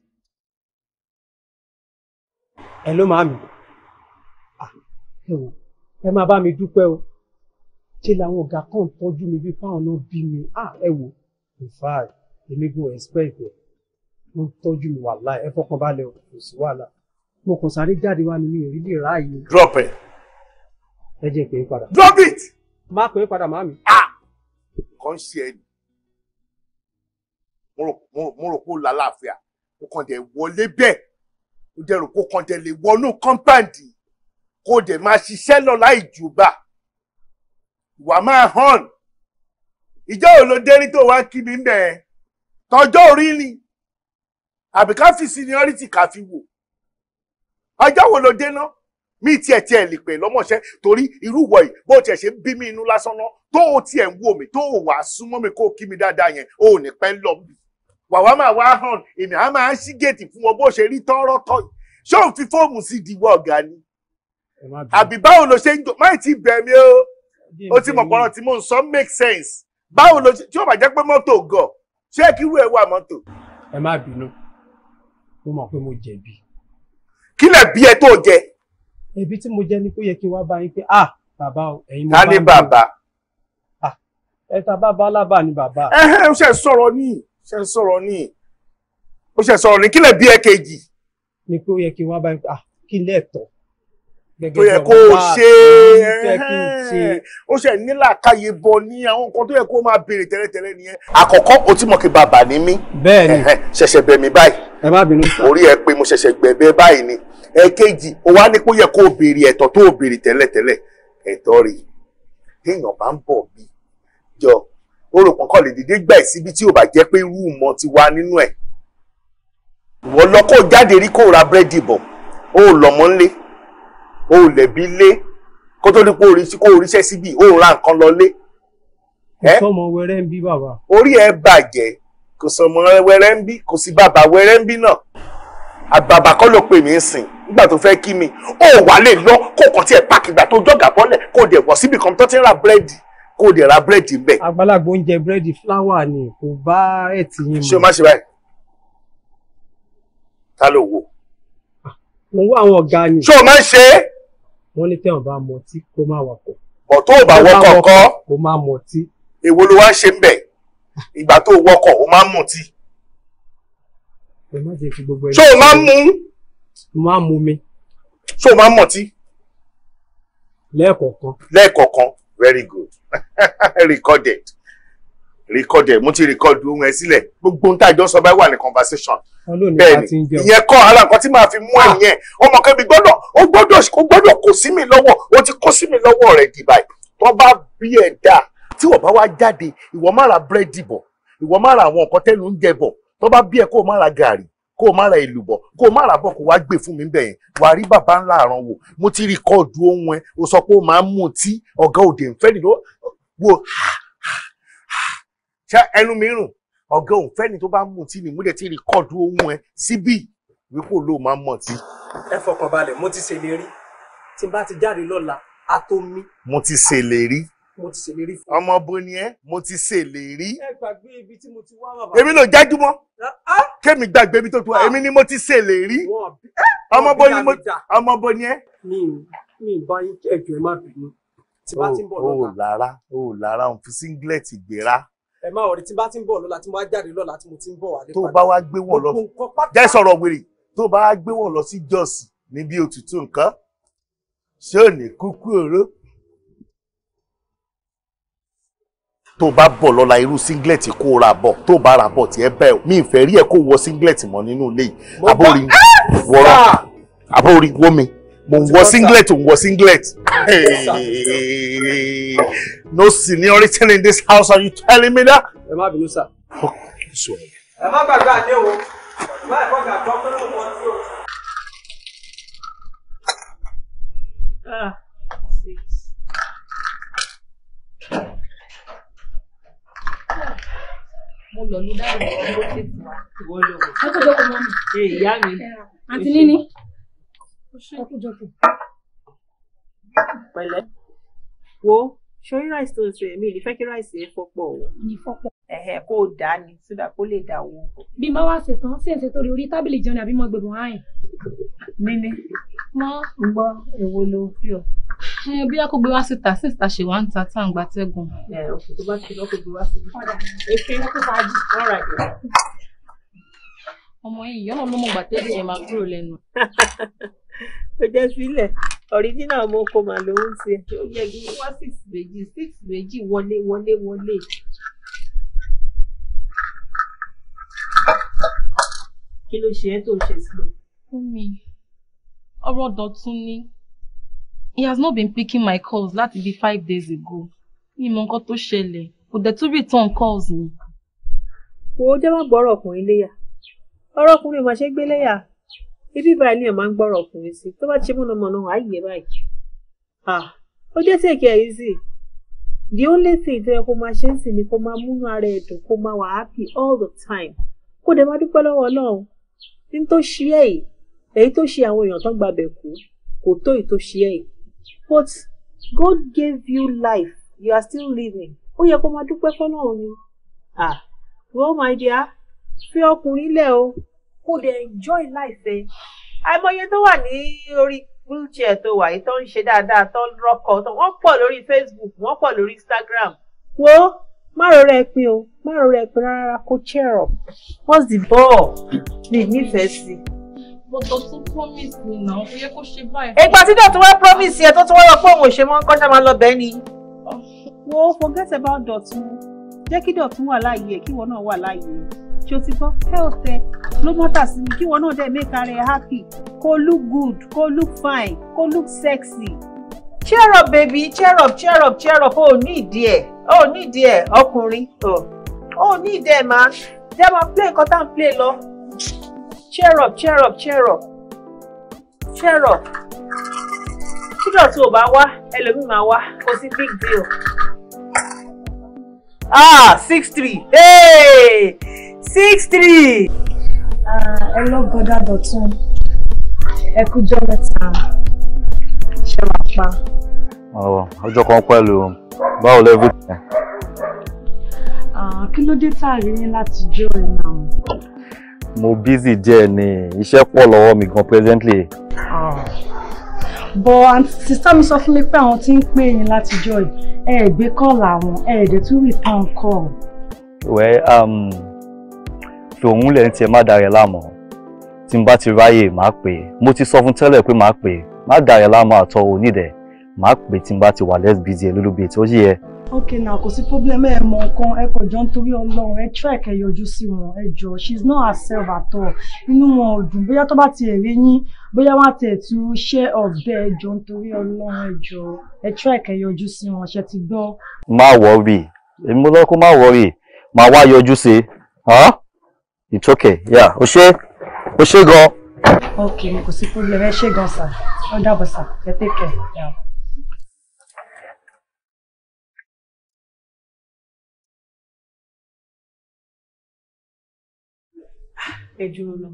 ẹ ló máa mi ẹ wò ẹ máa bá mi dúpẹ́ o ṣe làwọn ọ̀gá kan tọ́jú mi bí fáwọn náà bí mi ah ẹ wò in fact èmi gun expect ẹ ló ń tọ́jú mi wàhálà ẹ fọkàn balẹ̀ o kò sí wàhálà mo kàn sáré jáde wá ní mi ò rí lè ráàyè. drop ẹ. ẹ jẹ́ pé padà. drop it. má pè é padà má mi. ah kàn ń ṣe ẹni mo rò pé ó lálàáfíà ó kàn dé wọlé bẹ́ẹ̀ ó dẹ̀ rò pé ó kàn dé lè wọnú kọ́ńpáǹdì kó o dẹ̀ máa ṣiṣẹ́ lọ láì jù gbà wà máa hàn ìjọ òun ló tó wá kí mi ń bẹ̀ tọjọ́ orí ni àbí ká fi seniority ká fi wò ọjọ́ wo ló dé náà mi tiẹ̀ tiẹ̀ lè pè lọ́mọ̀ṣẹ́ torí irú ìwọ yìí bó tiẹ̀ ṣe ń bí mi inú lásán náà tó o tiẹ̀ ń wò mí tó o wà á súnmọ́ mi kó o kí mi dáadáa yẹn o ò ní pẹ́ lọ mi wàwá máa wá hàn èmi á máa ń ṣí géètì fún wọn bó ṣe rí tọ́rọ́tọ́ yìí ṣé òun fi fóòmù sí ìdíwọ́ ọ̀gá ni àbí báwo ló ṣe ń jò máì tí bẹ̀ mí o ó ti mọ̀ pọ̀rọ̀ tí mò ń sọ make sense báwo ló ṣe tí ó bá jẹ́ pé mọ́tò gọ̀ ṣé kí irú ẹ̀ wà mọ́tò. ẹ má bínú mo mọ̀ pé mo jẹ̀bi. kí lẹ̀ bí ẹ tó jẹ. ẹ̀bi tí mo jẹ ni kó yẹ kí n bá yín pé ah bàbá o ẹ̀yin mo ah, bá ń bá. ká ní bàbá. ẹ̀ta bàbá alábà ni bàbá. ẹ ẹ ṣe sọ̀rọ̀ ní ṣe sọ̀rọ̀ ní ó ṣe sọ̀rọ̀ ní kí lẹ̀ bí ẹ kejì. ni pé yẹ kí n bá yín pé ah kí lẹ̀ tọ̀ tó yẹ kó o ṣe ó ṣe nílàkàyè bọ ní àwọn nǹkan tó yẹ kó o máa béèrè tẹ́lẹ̀tẹ́lẹ̀ nìyẹn. àkọ́kọ́ o ti mọ̀ kí bàbá ni mí ṣẹ̀ṣẹ̀ bẹ̀ mí báyìí ẹ má bínú. orí ẹ pé mo ṣẹ̀ṣẹ̀ gbẹ̀bẹ̀ báyìí ni ẹ̀kejì o wá ní kó yẹ kó o béèrè ẹ̀tọ́ tó o béèrè tẹ́lẹ̀tẹ́lẹ̀ ẹ̀tọ́ rè téèyàn bá ń bọ̀ bí jọ ó rò pọ́nkọ́ lè dédé gbà ẹ̀ síbi tí ò bá jẹ́ pé irú ìmọ̀ ti wà nínú ẹ̀ ìwọ lọ kó jáde rí kó ra búrẹ́dì bọ̀ ó lọ́mọ ńlé o ò lẹ̀bi lé kó tó ní kó orí kó oríṣẹ́ síbi o ò ra nǹkan lọ lé. kò sọmọ wẹrẹ ń bí bàbá. orí ẹ bàjẹ́ kò sọmọ wẹrẹ ń bí kò sí bàbá wẹrẹ ń bí náà àbàbà kọ́ ló pè mí ń sìn nígbà tó fẹ́ kí mi ó wà lè lọ kó kàn tiẹ̀ páàkì ìgbà tó jọ̀gà bọ́lẹ̀ kó dẹ̀ wọ̀ síbi kan tó ti ń ra búrẹ́dì kó dẹ̀ ra búrẹ́dì ń bẹ̀. àgbàlagbà oúnjẹ búrẹ́dì ni kò bá ẹ̀ tì yín mu. ṣé o má ṣe báyìí ta ló wò. Ah, mo wá àwọn ọ̀gá ni. ṣé o máa wọ́n ní tẹ́wọ̀n bá mọ tí kó má wakọ̀. bọ̀ tó o bá wọkọ̀ kọ́ kó má mọ tí. èwo ló wá ń ṣe ń bẹ̀ ìgbà tó o wọkọ̀ o máa ń mọ̀ tí. ṣé o máa ń mú. mo máa ń mú mi. ṣé o máa ń mọ̀ tí. lẹ́ẹ̀kọ̀ọ̀kan. lẹ́ẹ̀kọ̀ọ̀kan very good (laughs) recorded record ẹ mo ti record ohun ẹ sílẹ̀ gbogbo nta ìjọ sọ báyìí wà ní conversation bẹ́ẹ̀ni ìyẹn kọ́ ara nǹkan tí màá fi mú ẹ ah. nìyẹn ọmọ kẹbi gbọ́dọ̀ ó gbọ́dọ̀ ó gbọ́dọ̀ kó sí mi lọ́wọ́ ó ti kó sí mi lọ́wọ́ rẹ dìbà tó bá bí ẹ dá tí wọn bá wá jáde ìwọ má ra búrẹ́dì bọ̀ ìwọ má ra àwọn nǹkan tẹnu ń jẹ bọ̀ tó bá bí ẹ kó má ra gàrí kó o má ra ìlú bọ̀ kó o má ra bọ̀ kó wá gbé fún mi bẹ̀yẹn wàá rí bàbá ńlá àràn wò mo ti rìkọ́ọ̀dù ohun ẹ o sọ pé o máa ń mú ọtí ọ̀gá òde ìfẹ́ nìlọ́ wo ha ṣé ẹnu mi rùn ọ̀gá òun fẹ́ni tó bá mú tí ni mo dẹ̀ ti rìkọ́ọ̀dù ohun ẹ síbí wípé òun ló máa ń mọ̀ tí. ẹ fọkàn balẹ̀ mo ti ṣèlérí tí n bá ti jáde lọ́la a tó mí. mo ti ṣèlérí. mo ti ṣèlérí fún. ọmọ bo ni ẹ mo ti ṣèlérí. ẹ gbàgbé ibi tí mo ti wá bàbá. èmi ló jájúmọ́ ah, ah. kémi gbàgbé ibi tó tu wa ah. èmi ni mo ti ṣèlérí. ọmọ bo ni mo ọmọ bo ni ẹ. mi mi bá yín ẹjọ́ ẹ má bínú. tí bá ti ń bọ̀ lọ́la. o ò lára o ò lára fi singlet gbéra ẹ má ọ̀rẹ́ tí bá ti ń bọ̀ lọ́la tí mo bá jáde lọ́la tí mo ti ń bọ̀ wá. tó o bá wá gbé wọn lọ jẹ́ sọ̀rọ̀ wèrè tó o bá wá gbé wọn lọ sí jọ́ọ̀sì níbi òtútù nǹkan ṣé ò ní kúkú òró. tó o bá bọ̀ lọ́la irú singlet kó o ra bọ̀ tó o bá ra bọ̀ tiẹ̀ bẹ́ẹ̀ mi ì fẹ́ rí ẹ kó o wọ singlet mọ́ nínú ilé yìí àbórí ah! wọ́rọ́ àbórí wọ́mi mo ń wọ singlet ń wọ singlet no seniority in this house are you telling me that. ẹ má bínú sá. ẹ má gbàgbé àdé o ìwà ẹ̀kọ́ ìgbà tó ń bẹ̀rẹ̀ wọn sí o. mo lọ ní dáàbò ìwọ ṣe fún wa ìwọ lọ wò. ẹ kò jókòó mọ́mí. ẹ ìyá mi. àǹtí níní. pẹ̀lẹ́ wo ṣorí rice tó ń ṣe èmi ìlú fẹ́ kí rice yẹn fọ́pọ̀ o. ní fọ́pọ̀. ẹ̀hẹ̀ kó o dá ní sódà kó lè dà wò. bí má wá ṣètàn sí ẹ̀sẹ̀ torí orí tábìlì jẹun àbí mo gbẹ̀bọ̀n àyìn. níní. mọ gbọ́ èwo ló fi ọ. ẹ bí a kò gbé wá síta síta ṣe wá ń ta tá à ń gbatẹ́gùn. ẹ oṣù tó bá ti lọ gbé wá síbi. ọmọ yìí yọ́nà ló mọ̀ gbàtẹ́gùn yẹn máa kúrò lẹ́nu. (laughs) ó jẹ́ sílẹ̀ original mo kó màá lòún ti ó yẹ kí wọ́n six méjì six méjì wọlé wọlé wọlé. kí ló ṣe é tó ṣe slow. Fúnmi ọ̀rọ̀ Dọ̀tun ni he has not been picking my calls láti bíi five days ago mi mọ nǹkan tó ṣẹlẹ̀ kò dẹ̀ tún return calls mi. wo jẹ́ má gbọ́ ọ̀rọ̀ ọkùnrin léyà ọ̀rọ̀ ọkùnrin mà ṣe gbé léyà ibi báyìí ni ẹ máa ń gbọ́rọ̀ ọkùnrin sí tó bá ti ṣe mọ̀nàmọ́ná wàá yẹ báyìí ah ó jẹ́ tèké easy the only thing tó yẹ kó máa ṣe ń sìn ni kó máa múnú ara ẹ̀ dùn kó máa wà happy all the time kó dẹ̀ máa dúpẹ́ lọ́wọ́ Ọlọ́run ní tó ṣe ẹ̀ yìí èyí tó ṣe àwọn èèyàn tó ń gbabẹ̀ kú kò tó èyí tó ṣe ẹ̀ yìí but God gave you life you are still living ó yẹ kó máa dúpẹ́ fọ́nà òun ah well my dear fi ọkùnrin lẹ̀ o kó dẹ̀ enjoy life ẹ̀ àìmọye tó wà ní orí wheelchair tó wà yìí tó ń ṣe dáadáa tó ń rọ́kọ̀ tó wọ́n pọ̀ lórí Facebook wọ́n pọ̀ lórí Instagram wo má rọra ẹ pin o má rọra ẹ pin rárá kó cheer up what's the ball mi nífẹ̀ẹ́ sí i bọ́tọ̀ tún promise mi náà ó yẹ kó ṣe báyìí. ìgbà tí dọ̀tún wá promise yẹn tó tún wá lọ pé òun ò ṣe mọ́ kọ́ṣà máa lọ bẹ́ẹ̀ ni. Oh. wo forget about dọ̀tún jẹ́ kí dọ̀tún wà láàyè kí ìwọ náà wà láàyè ṣé o ti gbọ́ health ẹ ló mọ́tà sí mi kí wọn náà dẹ̀ make ara happy kó look good kó look fine kó look sexy. cheer up baby cheer up cheer up cheer up o oh, ní ìdí ẹ o oh, ní ìdí ẹ ọkùnrin o oh. ní ìdí ẹ máa jẹ́ máa play nǹkan tá à play lọ cheer up cheer up cheer up cheer up kíjọ tí o bá wá ẹlòmíì máa wá kò sí big deal ah six three hey six three. I ah, lọ́gọ́dá dọ̀tún that. kújọ́ mẹ́ta ṣe wà pa. ọjọ́ kan pẹ̀lú báwo lẹ́bí. Ah, kí ló dé tá a rí yín láti jọ ẹ̀ náà. mo bízì díẹ̀ ni iṣẹ́ pọ̀ lọ́wọ́ mi gan presently. Uh, bọ sísá mi sọ fún mi pé àwọn tí ń pè yín látijọ́ yìí ẹ ẹ gbé kọ́ọ̀lù àwọn ẹ ẹ dẹ̀ tún return call. wẹ́ um, tòun lẹ́yìn tiẹ̀ má darẹ̀ láàmú tí n bá ti ráyè má pè é mo ti sọ fún tẹ́lẹ̀ pé má pè é má darẹ̀ láàmú àtọ̀ onídẹ̀ má pè tí n bá ti wà less busy ẹ lólobè tí ó yí ẹ. ok na kò sí problem ẹ mọ nǹkan ẹ kò jọ nítorí Ọlọ́run ẹ try kẹ́ yọjú sí wọn ẹ jọ she is not herself at all inú wọn ò dùn bóyá tó bá ti èrè yín bóyá wọn àti ẹtù share of bẹẹ jọ nítorí Ọlọ́run ẹjọ ẹ try yọjú sí wọn ṣe ti gbọ́. má wọrí èmi mo lọ́kọ́ má wọrí màá wá yọjú sí i it's okay yeah o ṣe o ṣe gan. ok kò sí problem ẹ ṣe gan sir ó dàbọ̀ sir ẹ take care. Yeah. Ah, ẹ dúró lọ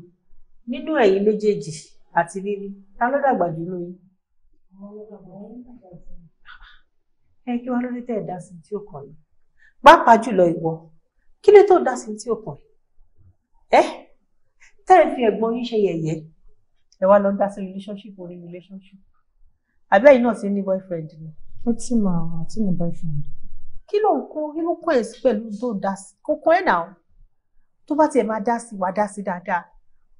nínú ẹ̀yin méjèèjì àti rírí ta ló dàgbà jù nínú yín. ẹ kí wàá lórí tẹ́ ẹ̀ dá sí tí ó kàn yín pàápàá jùlọ ìwọ kí ló tó dá sí tí ó kàn ẹ tẹ́ ẹ fi ẹ̀gbọ́n yín ṣe yẹ̀yẹ́ ẹ wá lọ dá sí relationship orí relationship àbí ẹ̀yin náà ti ní boyfriend ni. ó ti mọ àwọn àti ní boyfriend. kí ló ń kó kí ló kó èsì pẹ̀lú tó dá sí kó kọ́ ẹ̀ náà tó bá tiẹ̀ máa dá sí wàá dá sí dáadáa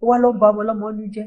ó wá lọ bá ọmọ ọlọ́mọ ọdún jẹ́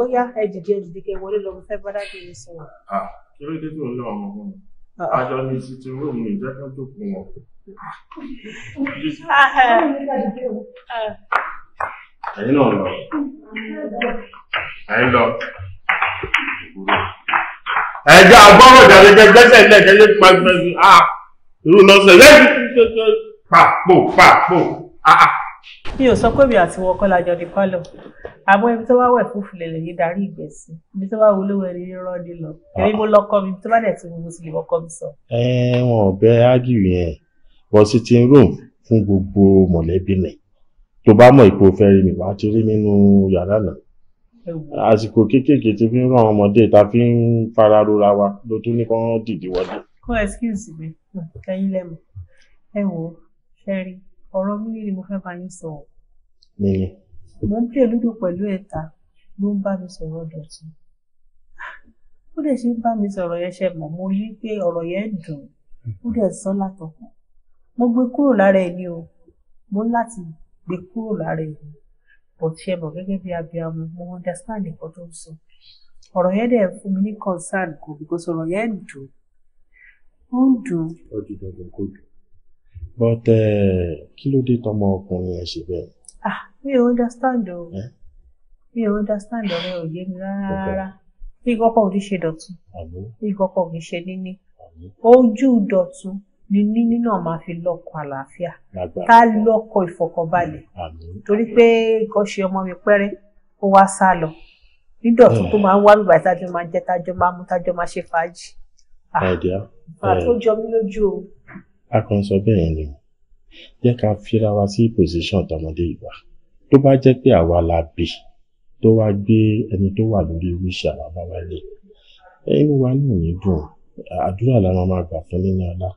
ó yá ẹ dìde ẹ dìde kẹ wọlé lọ mo fẹ́ bọdá kí n sọ. kí ló dé tó ń lọ ọmọ fún mi àjọ ní sitting room ní ìjẹ́kẹ́ tó kù wọn. (laughs) ẹ̀yin náà lọ ẹ̀yin lọ ẹ̀jẹ̀ àgbọ̀rọ̀ jàre gbẹ́sẹ̀ lẹ́ẹ̀kẹ́ yé pàgbẹ́sì irú lọ́sẹ̀ lẹ́yìn pàpò pàpò mi ò sọ pé mi àti wọn kọ́ la jọ ní pálọ̀ àmọ́ ibi tó bá wẹ̀ fúfú lè lèyí darí ìgbésí ibi tó bá wo lówó ẹni rírọ́ ni lọ ah. èmi mo lọ́kọ́ mi tó bá dẹ̀ ti mo sì lè mọ́kọ́ mi sọ. ẹ wọn ò bẹ ágìrì yẹn bọ́ sí ti ń rò fún gbogbo mọ̀lẹ́bí nì tó bá mọ̀ ipò fẹ́ rí mi wàá ti rí mi nínú yàrá náà àsìkò kéékèèké ti fi ń ràn ọmọdé ta fi ń fara rora wa ló tún ní kán dìde wọlé. kó excuse mi kẹyìn lẹ́mọ̀ ẹ wò ṣẹ́rí ọ̀rọ̀ mi ni mo fẹ́ bá yín sọ̀rọ̀ nílé. mo ń pè lúdò pẹ̀lú ẹ̀ta ló ń bá mi sọ̀rọ̀ dọ̀tí ó dẹ̀ ṣe ń bá mi sọ̀rọ̀ yẹn ṣe mọ̀ mo rí pé ọ̀rọ̀ yẹn dùn ó dẹ̀ sọ látọkàn mo gbé kúrò lára ẹni o mo láti gbé kúrò lára ẹni but ṣe mọ̀ gẹ́gẹ́ bí abiyamọ mo understand nǹkan tó ń sọ ọ̀rọ̀ yẹn dẹ̀ fún mi ní concern kò because ọ̀rọ̀ yẹn dùn ó ń dùn. ó di dandan kó dùn but eh, kí ló dé tọmọ ọkùnrin ẹ ṣe bẹ́ẹ̀. ah mi eh? understand o mi ò understand ọ̀rẹ́ ò mi rárá ìgọ́pọ̀ ò ní ṣe dọ̀tun ìgọ́pọ̀ ò ní ṣe níní ojú ni níní náà máa fi lọ́kọ̀ àlàáfíà ká lọ́kọ̀ ìfọ̀kànbalẹ̀ torí pé nǹkan ọmọ mi pẹ́rẹ́ ó wá sá lọ nídọ̀tun tó máa ń wá bíbá tájọ́ máa jẹ́ tájọ́ máa mú tájọ́ máa ṣe fàájì. Ah, àtòjọ eh. mi a jẹ́ ká fira wa sí pòsíṣàn tọmọdé ìgbà tó bá jẹ́ pé àwa la bí tó wá gbé ẹni tó wà lórí wíṣẹ́ àwa bá wá lé ẹni wa náà ní dùn àdúrà la máa máa gbà fún nínú ọlá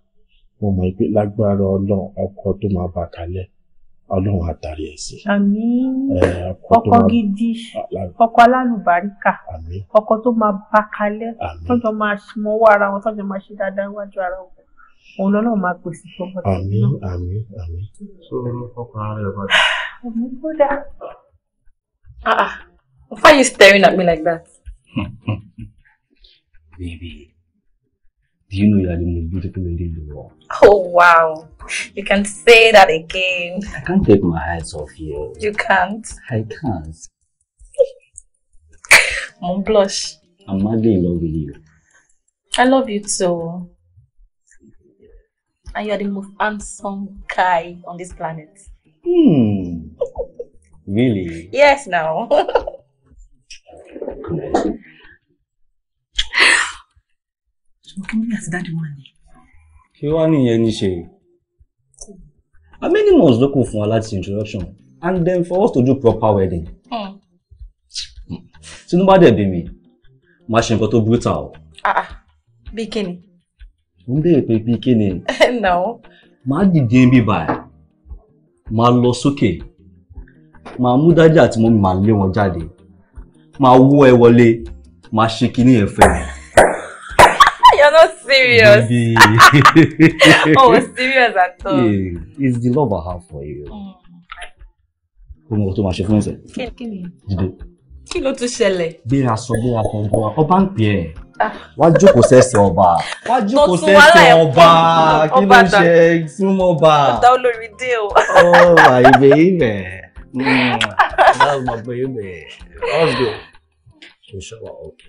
mo mọ̀ pé lágbára ọlọ́run ọkọ tó máa bá kalẹ̀ ọlọ́run àtàrí ẹ̀ sí. ọkọ gidi ọkọ alálùbáríkà ọkọ tó máa bá kalẹ̀ tọ́jọ́ máa mọ́wọ́ ara wọn tọ́jọ́ máa ṣe dáadáa níwájú ara wọn òun lọ́nà máa pèsè fọ́pọ́ tó ń lò. àmín àmín tó fọkàn rẹ bá dé. àmì kódà ah why you staring at me like that. (laughs) baby do you know you are the most beautiful lady in the world. oh wow you can say that again. I can't take my eyes off you. you can't. I can't. I'm blush. I'm madly in love with you. I love you too and you are the most handsome guy on this planet. Hmm. Really? Yes, now. Ṣùgbọ́n kí can we ask that Kí wá nìyẹn ní ṣe? How many months do kù fún wa introduction and then for us to do proper wedding? Hmm. So nobody be me. Machine ṣe nǹkan tó brutal. Ah, ah. Bíi kí ni? mo ń béèrè pé bíi kí ni. (laughs) no. màá dìde ń bí báyìí màá lọ sókè màá mú dájú àti mọ́mí màá lé wọn jáde màá wọ́ ẹ wọlé màá ṣe kinní ẹ fẹ́ (laughs) You're not serious. (laughs) oh, serious at all. Yeah, it's the love I have for you. Mm. Kò mọ̀ tó máa ṣe fún ẹsẹ̀. Kí ni? Dìde. Kí ló tún ṣẹlẹ̀? Gbéra sọ gbéra kan gbọ́, ọba ń pè é wá jókòó sẹ́sẹ̀ ọba wá jókòó sẹ́sẹ̀ ọba kí ló ń ṣe súnmọ́ ọba ọ̀tá olórí dé o. ọ̀rọ̀ ìbè ibẹ̀ that's my baby let's go kò ṣọwọ́ ok.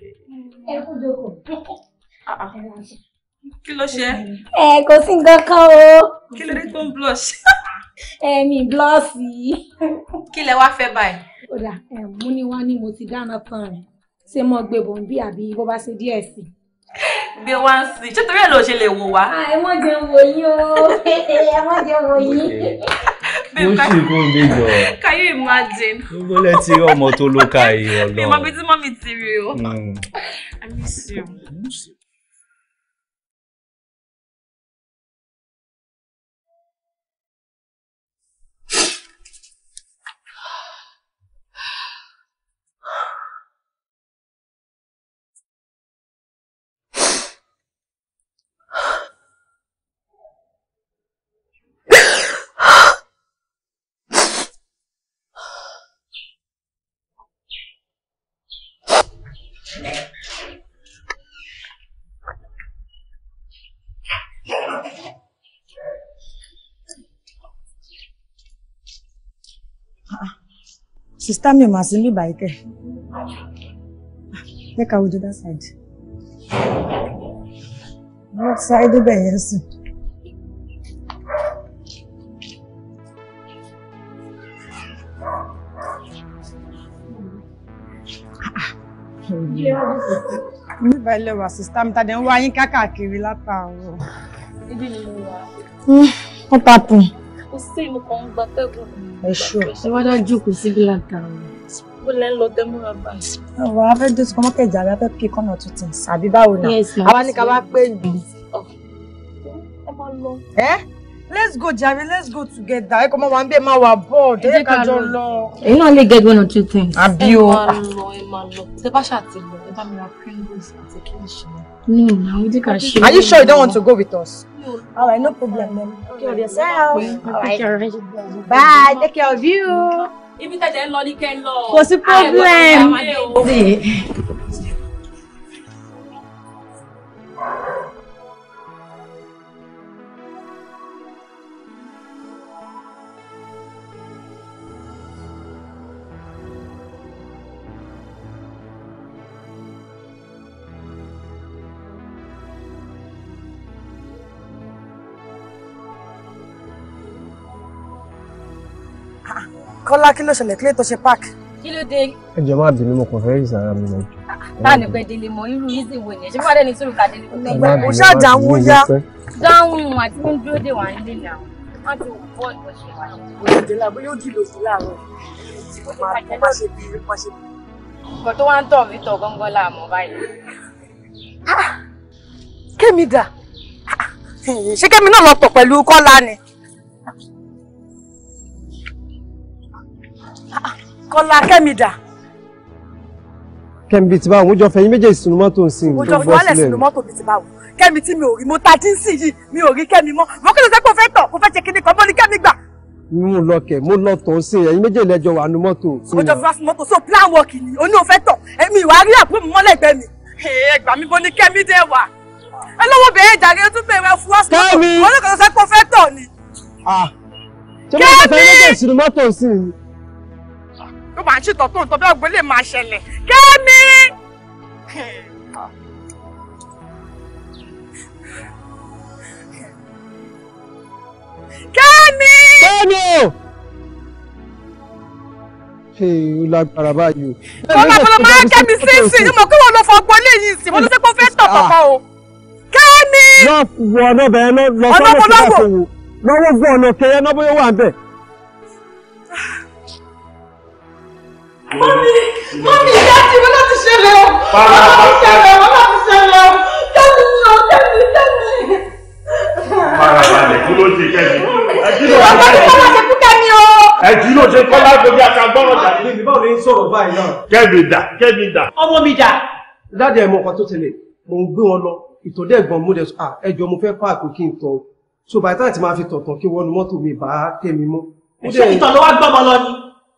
ẹ kú jókòó ah, ah. kí ló ṣe. ẹ kò sí nǹkan kan o. kí ló dé tó ń blush. ẹ̀mí blọ́ọ̀sì. kí lẹ wá fẹ́ báyìí. ó dà múni wá ní mo ti dáná tán rẹ̀ se mo gbé bò ń bí àbí bó bá ṣe díẹ̀ sí i. gbé wá ń sìn ṣé torí ẹ̀ ló ṣe lè wò wá. Ah, ẹ mọ̀ jẹun o ẹ mo sì fún mi can you imagine. gbogbo lẹ ti ọmọ tó ló ka yìí ọlọ. mi mọ hmm. i miss you. Sister mi ma sí bíbá ikẹ́. Jẹ́ ká wojú dá sáìdì. Wọ́n sáré débẹ̀ yẹn sùn. nígbà ilé wa sista mi tàdé ń wá yín káàkiri látàárọ̀. ibi ni mo wà. wọ́n hmm, papọ̀. kò sí mo kàn ń gbatẹ́gùn. ẹ ṣọ ṣé wọ́n dájú kò síbi látàárọ̀. ó lẹ́ ń lọ dẹ́múra báyìí. àwọn afẹ́ dé sọmọ kẹjà rẹ fẹ́ pí kọ́nà tuntun àbí báwo náà àwa ní ká wá pé lù. ẹ máa lọ. ẹ let's go jare let's go together ẹ kò mọ wà ń bẹ máa wà board ẹ ká jọ lọ. èyí náà lè get one or two things. àbí o. ẹ máa lọ ẹ máa lọ tẹ bá ṣàti lọ ẹ bá mi ra pringles àti kí n no na o ti ka ṣe. are you sure you don't want to go with us. No. all right no problem then take care of yourself. all right bye take care of you. ibi tẹ̀jẹ̀ ń lọ ní kẹ́ kò sí ah, problem. Kọ́lá kí ló ṣẹlẹ̀ kí lè tó ṣe park. Kí ló dé? Ẹ jọ máa bínú mo kàn fẹ́ rí sàrà mi lọ́jọ́. Táà ní pẹ́ délé mọ irú easy wo nìyẹn ṣé fún Adéni Túrùkà délé. Mo ṣáà dáhùn yá. Dáhùn àti ń dúró dé wà ń lé nà. Wọ́n ti wọ bọ́ọ̀lù ọ̀ṣẹ̀ wa. Òṣèlú làbó yóò dì lòsí láàárọ̀. Mo máa ṣe bí wá ń tọ̀ mí tọ̀ gángan láàmú báyìí. Ah! Kémi dà, ah! ṣé Kémi náà lọ pọ̀ pẹ̀lú Kọ́lá ni? Kọ́lá Kẹ́mi dà. Kẹ́mi bíi ti báwo, mo jọ fẹ̀yìn méjèèjì sínú mọ́tò ń sìn. Mo jọ fi wálẹ̀ sínú mọ́tò bíi ti tí mi ò rí, mo ta dín sí yìí, mi ò rí Kẹ́mi mọ́. Mo kí ló sẹ́ pé mo fẹ́ tọ̀, mo fẹ́ ṣe kíní kan, mo ní Kẹ́mi gbà. Mo lọ kẹ̀, mo lọ tọ̀ sí ẹ̀yin méjèèjì lẹ́jọ wà nínú mọ́tò. Mo jọ fi wá sí mọ́tò, so plan work ni, o ní o fẹ́ tọ̀, èmi ìwà rí àpò mi mọ́lẹ̀ ìgbẹ́ mi. Ẹ gbà mí bo ní Kẹ́mi dé wà. Ẹ lọ́wọ́ bẹ̀rẹ̀ ìjà rẹ̀ tún bẹ̀rẹ̀ fún ọ́sùn. Kẹ́mi! Mo ní kò sẹ́ pé mo fẹ́ tọ̀ ni. Ah! Ṣé mo fẹ́ fẹ́ méjèèjì sínú mọ́tò sí i? ló máa ń ṣètò tó ń bí ọgbẹ́ lè máa ṣẹlẹ̀ kẹ́mi. kẹ́mi. kẹ́mi o. ṣé o lágbára báyìí o. ọmọ ọpọlọ máa kẹ́mi sí sí ni mo kí wọn lọ fọ ọgbọ́n lẹ́yìn sí mo ló ṣe fẹ́ tọ̀ kọ̀ọ̀kan o. kẹ́mi. lọ wọ ọ̀nà bẹ́ẹ̀ lọ sọ́nà sí àfọwò lọ́wọ́ gbọ́ ọ̀nà kẹyẹ náà bóyá wà ń bẹ̀ mọ́mí mọ́mí ìyá ti wọ́n láti ṣẹlẹ̀ o wọ́n láti ṣẹlẹ̀ wọ́n láti ṣẹlẹ̀ o tẹ́sí ni o tẹ́sí tẹ́sí. farabalẹ̀ kí ló ṣe kẹ́mi. ìwà bá ti kọ́lá ṣe fún kẹ́mi o. ẹ̀jú ló ṣe kọ́lá gbogbo àtàgbọ́rọ̀ dà. mi báwo ni n sọ̀rọ̀ báyìí náà. kẹ́mi dà kẹ́mi dà. ọmọ mi dà. dáàdì ẹ̀ mọ ọkọ tó tẹ̀lé mo ń gbé wọn lọ ìtọ́jú ẹ̀gbọ́n mú dẹ̀ sọ ẹjọ́ mo fẹ́ páàkì kí n tọ̀ so by the time ti máa fi tọ̀tàn kí wọ́n nu mọ́tò mi bá tẹ̀ mi mọ́. ṣé ìtọ̀ ló wá gbọ́mọ lọ ni.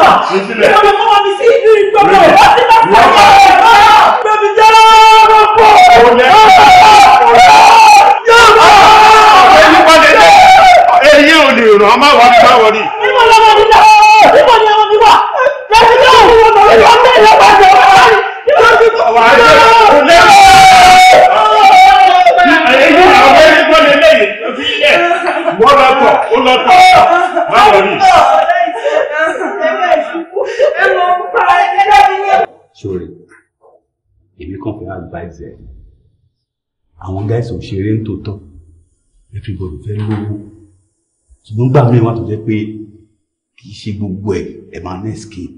lọ ìwọ ló mọ mi sí ìlú ìgbọ̀nà ó ti lọ fún mi bẹ́ẹ̀ni jẹ́ lọ́wọ́ pọ̀ èyí ò lè ràn án má wà ní báwọ̀ ni. ìwọ lọ́wọ́ mi náà ìwọ ni ọmọ mi wà lẹ́yìn náà ìwọ lọ́wọ́ mi náà ìwọ ni ọmọ mi wà. ọ̀wá ayé kò lẹ́wọ̀ èyí àwọn ẹni tó lè lẹ́yìn lọ sí ilẹ̀ wọ́n lọ tọ̀ ó lọ tọ̀ báwọ̀ ni. sórí èmi kàn fẹ́ advice ẹ̀ àwọn guys ò ṣeré ń tòótọ́ everybody fẹ́ lówó ṣùgbọ́n gbà mí wá tó jẹ́ pé kì í ṣe gbogbo ẹ̀ ẹ̀ máa ní escape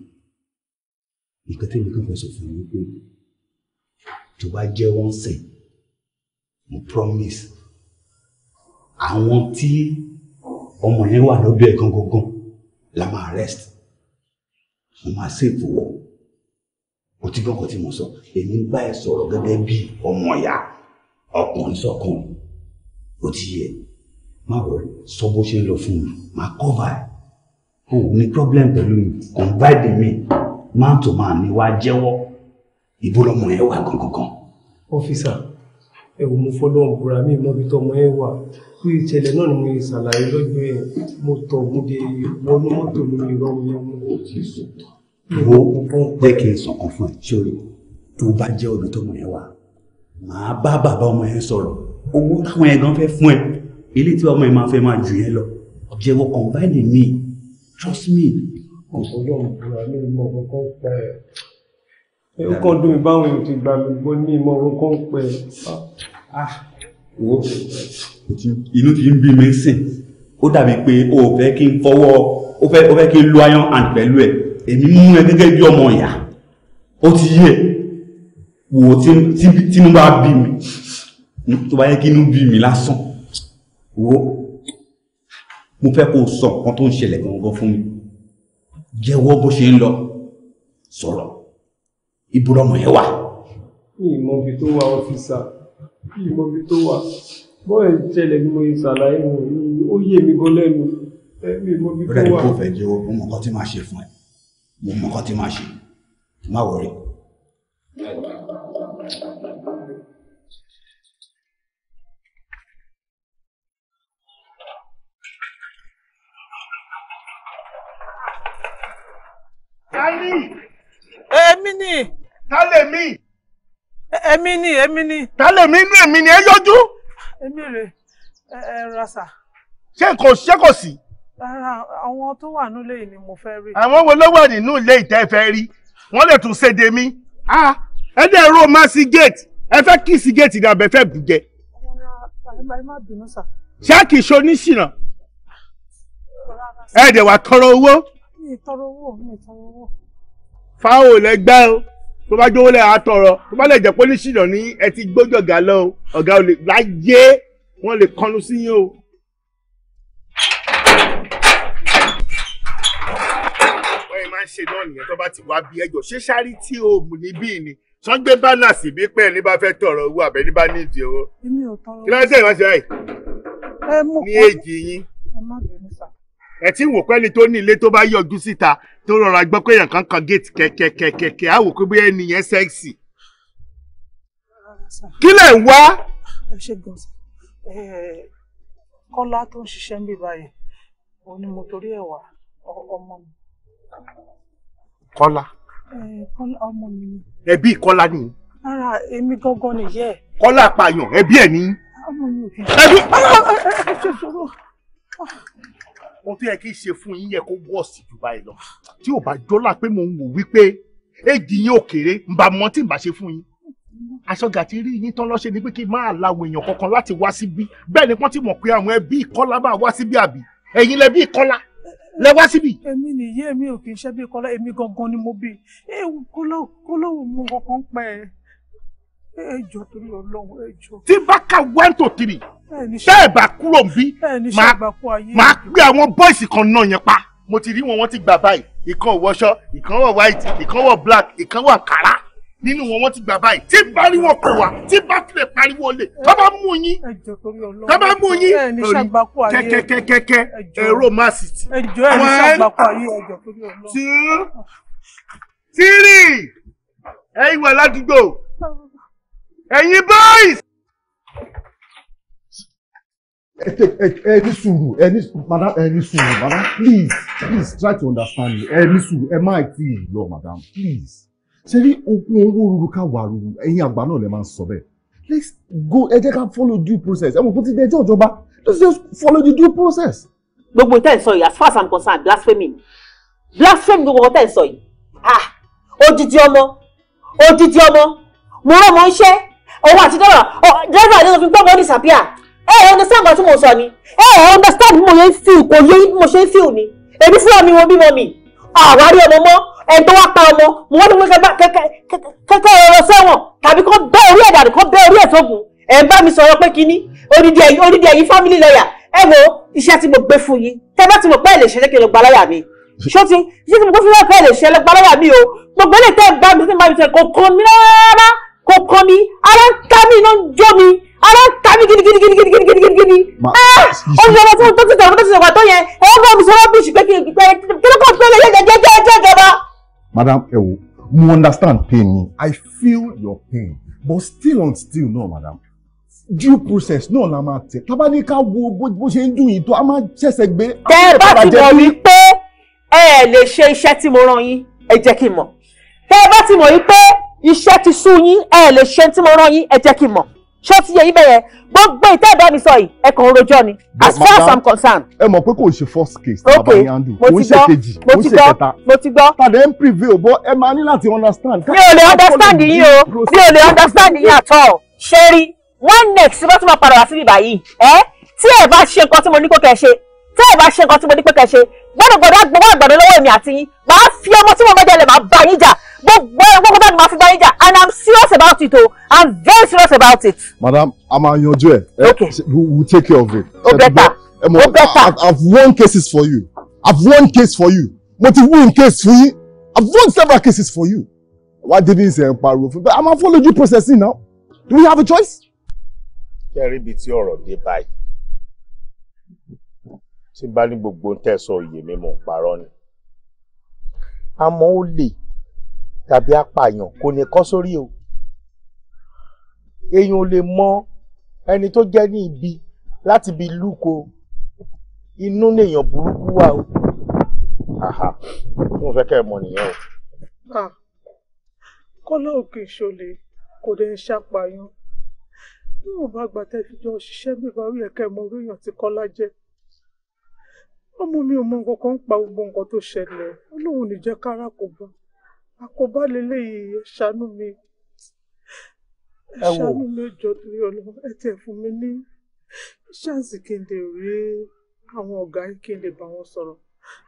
nǹkan tẹ́lẹ̀ kan fẹ́ sọ fún mi pé tó bá jẹ́ wọ́n sìn mo promise àwọn tí ọmọ yẹn wà lọ́dọ̀ ẹ̀ gangan la máa arrest mo máa save wọ́n o ti gbọ́kọ̀ tí mo sọ èmi ń bá ẹ sọ̀rọ̀ gẹ́gẹ́ bí ọmọ ìyá ọkùnrin sọkùnrin o ti yẹ má wọ sọ bó ṣe ń lọ fún mi má kọ́va ẹ̀ o ní problem pẹ̀lú mi confide me man to man ni wàá jẹ́wọ́ ìbólọ́mọ ẹ wà gangan. ọ́fíìsà ẹ wò mo fọlọ́ ọ̀gbọ́ra mi mọ́bi tọmọ ẹ wà bí ìṣẹ̀lẹ̀ náà ni mo ṣàlàyé lọ́jọ́ ẹ̀ mo tọ̀ mo dé wọnú mọ́tò mi ìrọ̀rùn yẹn mo. o ti wo jẹ́ kí n sọ̀kan fún ẹ sórí tó bá jẹ́ ọdún tó mọ̀ yẹn wá màá bá bàbá ọmọ yẹn sọ̀rọ̀ owó táwọn yẹn gan fẹ́ fún ẹ ilé tí ọmọ yẹn máa fẹ́ máa jù yẹn lọ ọ̀jẹ̀wọ̀ confide in me trust me. ọ̀sọ́jọ́ ìgbà mi mọ̀ kankan pẹ́ ẹ̀ ó kàn dùn ìbáwọn èèyàn ti gbà mí gbọ́ ní ìmọ̀ kankan pẹ́ ẹ̀ ah, wo inú ti ń bí mi sìn ó dàbí pé o fẹ́ kí n fọwọ́ o fẹ́ kí n lo ayan and pẹ̀lú ẹ̀ èmi mú ẹ gẹ́gẹ́ bí ọmọ ìyá ó ti yé wò tínú bá bí mi tó bá yẹ kí inú bí mi lásán wo mo fẹ́ kó sọ nǹkan tó ń ṣẹlẹ̀ gangan fún mi jẹ́wọ́ bó ṣe ń lọ sọ̀rọ̀ ibùdó ọmọ yẹn wà. ìmọ̀bi tó wà ọ́fíìsà ìmọ̀bi tó wà bọ́ọ̀ ìṣẹ̀lẹ̀ ni mo yẹ ṣàlàyé wọn ó yé mi gan lẹ́nu ẹ̀mí ìmọ̀bi tó wà. bẹ́ẹ̀ ni kò fẹ́ jẹ́wọ́ mo mọ̀ nǹkan tí màá ṣe fún ẹ mo mọ nǹkan tí màá ṣe má wọrí. Tani. Èmi ni. Tálẹ̀ mi. Èmi ni, èmi ni. Tálẹ̀ mi inú èmi ni, ẹ yọjú. Èmi rè é, rasa. Ṣé kò ṣé kò sí? rárá àwọn tó wà nílé yìí ni mo fẹ́ rí. àwọn wo ló wà nínú ilé ìtẹ́ fẹ́ rí wọ́n lè tún ṣèdè mi ẹ dẹ̀ ro má sí gate ẹ fẹ́ kí sí gate ni àbẹ̀fẹ́ bùjẹ. ṣáàkì ṣo ní ṣìnà ẹ dẹ̀ wà tọrọ owó. mi tọrọ owó mi tọrọ owó. fáwọn ò lẹgbẹ́ o tó bá jówó lẹ́yìn àtọ̀rọ̀ tó bá lè jẹ́ pé ní ṣìnà ní ẹ ti gbójú ọ̀gá lọ ọ̀gá ò lè láyé wọ́n lè kọnu sí yín o. ń ṣe náà nìyẹn tó bá ti wá bí ẹjọ́ ṣé charity home níbí ni sọ́n gbé bánà sí bí pẹ́ ní bá fẹ́ tọrọ owó àbẹ́ ní bá nídìí owó. èmi ò tọrọ kí ló ń ṣe ìránṣẹ́ báyìí. ẹ mú kọ́ ní èjì yín. ẹ má bẹ̀rù sà. ẹ tí ń wò pẹ́ni tó ní ilé tó bá yọjú síta tó rọra gbọ́ pé èèyàn kan kan géètì kẹ̀kẹ̀kẹ̀kẹ̀ á wò pé bóyá ẹni yẹn sẹ́ẹ̀sì. kí lẹ̀ ń wá. ẹ ṣe gan kọ́lá tó ń ṣiṣẹ́ ń bì báyìí òun ni mo torí ẹ̀ wá ọmọ mi Kọ́lá. Kọ́lá ọmọ mi ni. Ẹbí Kọ́lá ni. Rárá, èmi gangan nìyẹn. Kọ́lá apààyàn, ẹbí ẹ̀ ni. Ọmọ mi ò fi. Ẹbí. Ah, ah, ah, ẹ ṣe sòrò. Ohun tó yẹ kí n ṣe fún yín yẹ kó wọ̀ọ̀sì jù báyìí lọ. Tí ò bá jọ́lá pé mo ń wò wípé éèdì yín ò kéré, ń bá mọ tí ń bá ṣe fún yín aṣọ́gà ti rí yín tán lọ́ṣẹ́ ni pé kí n máa la àwọn èèyàn kankan láti wá síbí bẹ́ẹ̀ ni wọ́n ti mọ̀ pé àwọn ẹbí ìkọ́lá máa wá síbí àbí ẹ̀yin lẹ́bí ìkọ́lá lẹ wá síbí. èmi nìyí èmi ò kì í ṣe bí kọlá èmi gangan ni mo bí kọlọ́wọ́ mo kankan pẹ́ ẹ jọ torí Ọlọ́run ẹ jọ. tí bá ka one to three tẹ́ bá kúrò ń bí máa gbé àwọn bọ́ìsì kan náà yẹn pa mo ti rí wọn wọ́n ti gbà báyìí ìkan wọṣọ ìkan wọ white ìkan wọ black ìkan wọ kàrá nínú wọn wọn ti gbà báyìí tí pariwo pè wá tí bá tilẹ̀ pariwo lè tó bá mú yín tó bá mú yín lórí kẹkẹkẹkẹ ẹ̀rọ masiti one two three ẹ̀yin wà ládùúgbò ẹ̀yin boys. ẹ ní sùúrù ẹ ní madam ẹ ní sùúrù madam please please try to understand me ẹ ní sùúrù ẹ má tí lọ madam please ṣe rí okun owó ruru ká wà ruru ẹ̀yin àgbà náà lè máa sọ bẹ́ẹ̀ let's go ẹ jẹ́ ká follow due process ẹ mọ̀ pé ti di ẹjọ́ ìjọba let's just follow the due process. gbogbo tẹ́ ẹ̀ sọ yìí as far as i'm concerned blasphemy blasphemy gbogbo tẹ́ ẹ̀ sọ yìí ah odidi ọmọ odidi ọmọ mo rán ọmọ iṣẹ́ owó àti dọ́là dẹ́rẹ́bà ni mo fi gbọ́mọ disappear ẹ ẹ understand nǹkan tí mo sọ ni ẹ ẹ understand bí mo yẹ ń feel kò yẹ bí mo ṣe ń feel ni èmi fúnra mi wo bímọ mi àwárí ọmọ mọ́ ẹni tó wá pa ọmọ mo wọ́n ní kẹ́kẹ́ ọ̀rọ̀ sẹ́wọ̀n tàbí kó bẹ́ orí ẹ̀ dànù kó bẹ́ orí ẹ̀ sógun ẹ̀ ń bá mi sọ̀rọ̀ pé kínní onídìí ẹ̀yìn family lawyer ẹ wo iṣẹ́ tí mo gbé fún yín tẹ́ bá ti mọ̀ pé ẹ̀ lè ṣe kí n lọ gba láyà mi ṣó ti iṣẹ́ tí mo gbé fún yín pé ẹ̀ lè ṣe lọ mi o gbogbo lè tẹ́ ẹ̀ bá mi sí máa mi sọ kò kàn mí rárá kò kàn mí ara ń ta mí iná mi ara ń ta mí tó ti tẹ̀wé tó ti sọ̀rọ̀ tó yẹ ẹ̀ bá mi sọ rọ́bìṣì pé kí ló kàn fẹ́ lẹ́yẹ jẹ́jẹ́jẹ́ ìjọba madam ẹ wò understand pain mi i feel your pain but still on still no madam due process no. la máa tẹ tábà ní ká wo bó ṣe ń dùn yìí tó a máa ṣẹ̀ṣẹ̀ gbé. tẹ́ ẹ ti mọ̀ wípé ẹ ẹ̀ lè ṣe iṣẹ́ tí mo rán yín ẹ jẹ́ kí n mọ̀ tẹ́ ẹ bá ti mọ̀ wípé ti sú yín ẹ ẹ̀ lè mo ṣó ti yẹ yín bẹ́yẹn gbogbo ìtẹ́ ìbá mi sọ yìí ẹ kàn rojọ́ ni as far as i'm concerned. ẹ mọ̀ pé kò ṣe first case tí bàbá yín handle kò ń ṣe kejì kò ń ṣe kẹta mo ti gbọ́. tàdé ń prevail bọ́ ẹ máa ní láti understand. mi ò lè understand yín o mi ò lè understand yín at all ṣé rí one next bá tún máa padà wá síbi báyìí ẹ tí ẹ bá ṣe nǹkan tí mo ní kó kẹ ṣe tí ẹ bá ṣe nǹkan tí mo ní kó kẹ ṣe gbọdọgbọdọ agbọwọ àgbàdo lọ́wọ́ èmi àti yín màá fi ọmọ tí mo mọ jẹ lẹ màá bá yín jà gbogbo ẹ̀ gbogbo bá ní máa fi bá yín jà and i'm serious about it o i'm very serious about it. madam a máa yanjú ẹ. Eh, okay we will take care of it. o eh, better eh, o better. i've won cases for you i've won case for you mo ti win case fún yín i've won several cases for you wá débi ìsẹ̀ ń pariwo fún mi but i'm a follow you processing now do we have a choice. kẹ́rì bíi tí ọ̀rọ̀ dé báyìí tí bá ní gbogbo ń tẹ̀sán òye mi mò ń parọ́ ni àmọ́ ó lè tàbí apààyàn kò ní kọ́ sórí o èèyàn ò lè mọ ẹni tó jẹ́ ní ibi láti ibi lúko inú lèèyàn burúkú wà o àhà mo fẹ́ kẹ́ ẹ mọ̀ nìyẹn o. kọ́lá òkè ìṣòlè kò dé ń ṣàpààyàn yóò bá gbàtẹ́ fi jọ ṣiṣẹ́ bíbá orí ẹ̀kẹ́ mọ orí èèyàn tí kọ́lá jẹ́ ọmọ mi ò mọ nǹkan kan ń pa gbogbo nǹkan tó ṣẹlẹ̀ ó lóun ní jẹ́ kára kò gbọ́n àkóbá lélẹ́yìí ẹ ṣàánú mi ẹ ṣàánú mi jọ torí Ọlọ́run ẹ tẹ̀ fún mi ní ṣáàsì kí n lè rí àwọn ọ̀gá yìí kí n lè bá wọn sọ̀rọ̀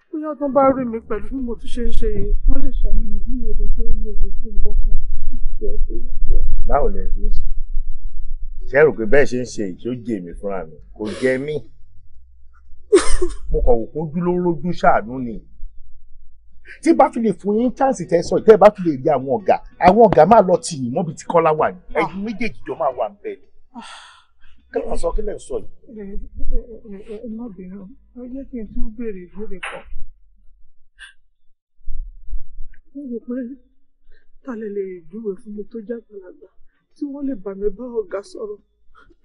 bóyá tó bá rí mi pẹ̀lú bí mo tún ṣe ń ṣe yìí wọ́n lè ṣàánú mi bí èrè tó ń lò ó fún bọ́kàn. báwo lè rí ṣe rò pé bẹ́ẹ̀ ṣe ń ṣe èyí tó jẹ mí fúnra mi kò jẹ mí (laughs) mo kàn wò kó dúró lójú ṣàánú ni tí bá fi lè fún yín chance tẹ sọ ìtẹ́ bá fi lè rí àwọn ọ̀gá àwọn ọ̀gá máa lọ tì yín mọ́bi tí kọ́lá wà ní ah. ẹ̀yin méjèèjì jọ máa wà ń bẹ̀ kí ló ń sọ kí lè sọ yìí. ọmọbìnrin eh, eh, eh, ó jẹ́ kí n tún béèrè ìbéèrè kan mo rò pé ta lè lè júwe fún mi tó jẹ́ àgbàlagbà tí wọ́n lè bà mí bá ọ̀gá sọ̀rọ̀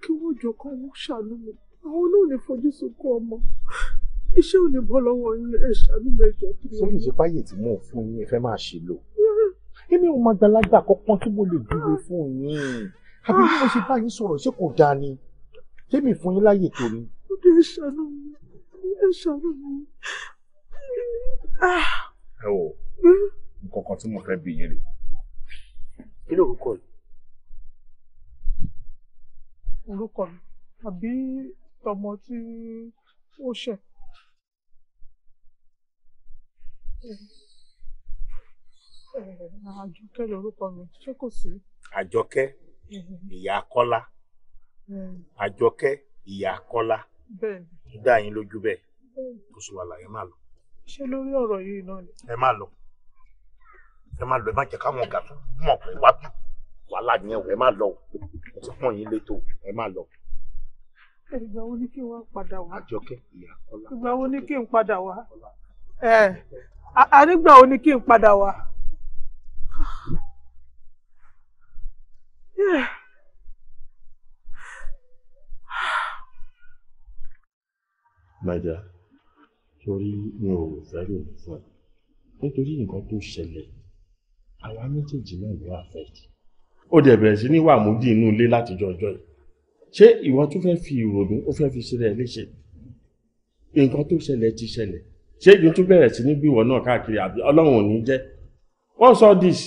kí wọ́n jọ kọ́ wọ́n ṣàánú mi àwọn náà fojú sunkún ọmọ iṣẹ́ ò ní bọ́ lọ́wọ́ yín ẹ ṣàánú mẹ́jọ tó yẹ. sẹ́yìn ìṣèpáyè tí mò ń fún yín ẹ fẹ́ máa ṣe lò. èmi ò máa gbalagbà kọ́kọ́ tí mo lè dúró ah. fún yín. àbí bí mo ṣe bá yín sọ̀rọ̀ ṣé kò dáa ni tèmi fún yín láyè tó ni. ọdẹ ẹ ṣàánú mi ẹ ṣàánú mi. Ah. ẹ wò hmm? nǹkan kan tí mo fẹ́ bi yín rè. kí lorúkọ yìí. orúkọ mi àbí tọmọ tí ó ṣẹ̀. àjọkẹ́ lorúkọ mi ṣé kò sí. àjọkẹ́ mm-hmm. ìyá kọ́lá mm. àjọkẹ́ ìyá kọ́lá dá yín lójú bẹ́ẹ̀ kò sí wàhálà ẹ má lọ. ṣé lórí ọ̀rọ̀ yìí náà ni. ẹ má lọ ẹ má lọ ẹ jẹ káwọn tó mọ̀ pé ni ẹ a nígbà wo ni kí n padà wá. Yeah. My dear, torí mi ò fẹ́ràn fún ẹ nítorí nǹkan tó ṣẹlẹ̀ àwa méjèèjì náà ló affect. ó dẹ̀ bẹ̀rẹ̀ sí ní wà múdí inú ilé látijọ́ ọjọ́ yìí ṣé ìwọ tún fẹ́ fi ìrònú ó fẹ́ fi ṣe rẹ̀ léṣe nǹkan tó ṣẹlẹ̀ ti ṣẹlẹ̀ ṣéègùn tún bẹ̀rẹ̀ sí ní gbìwọ̀ náà káàkiri àbí ọlọ́run ò ní jẹ́ wọ́n sọ dis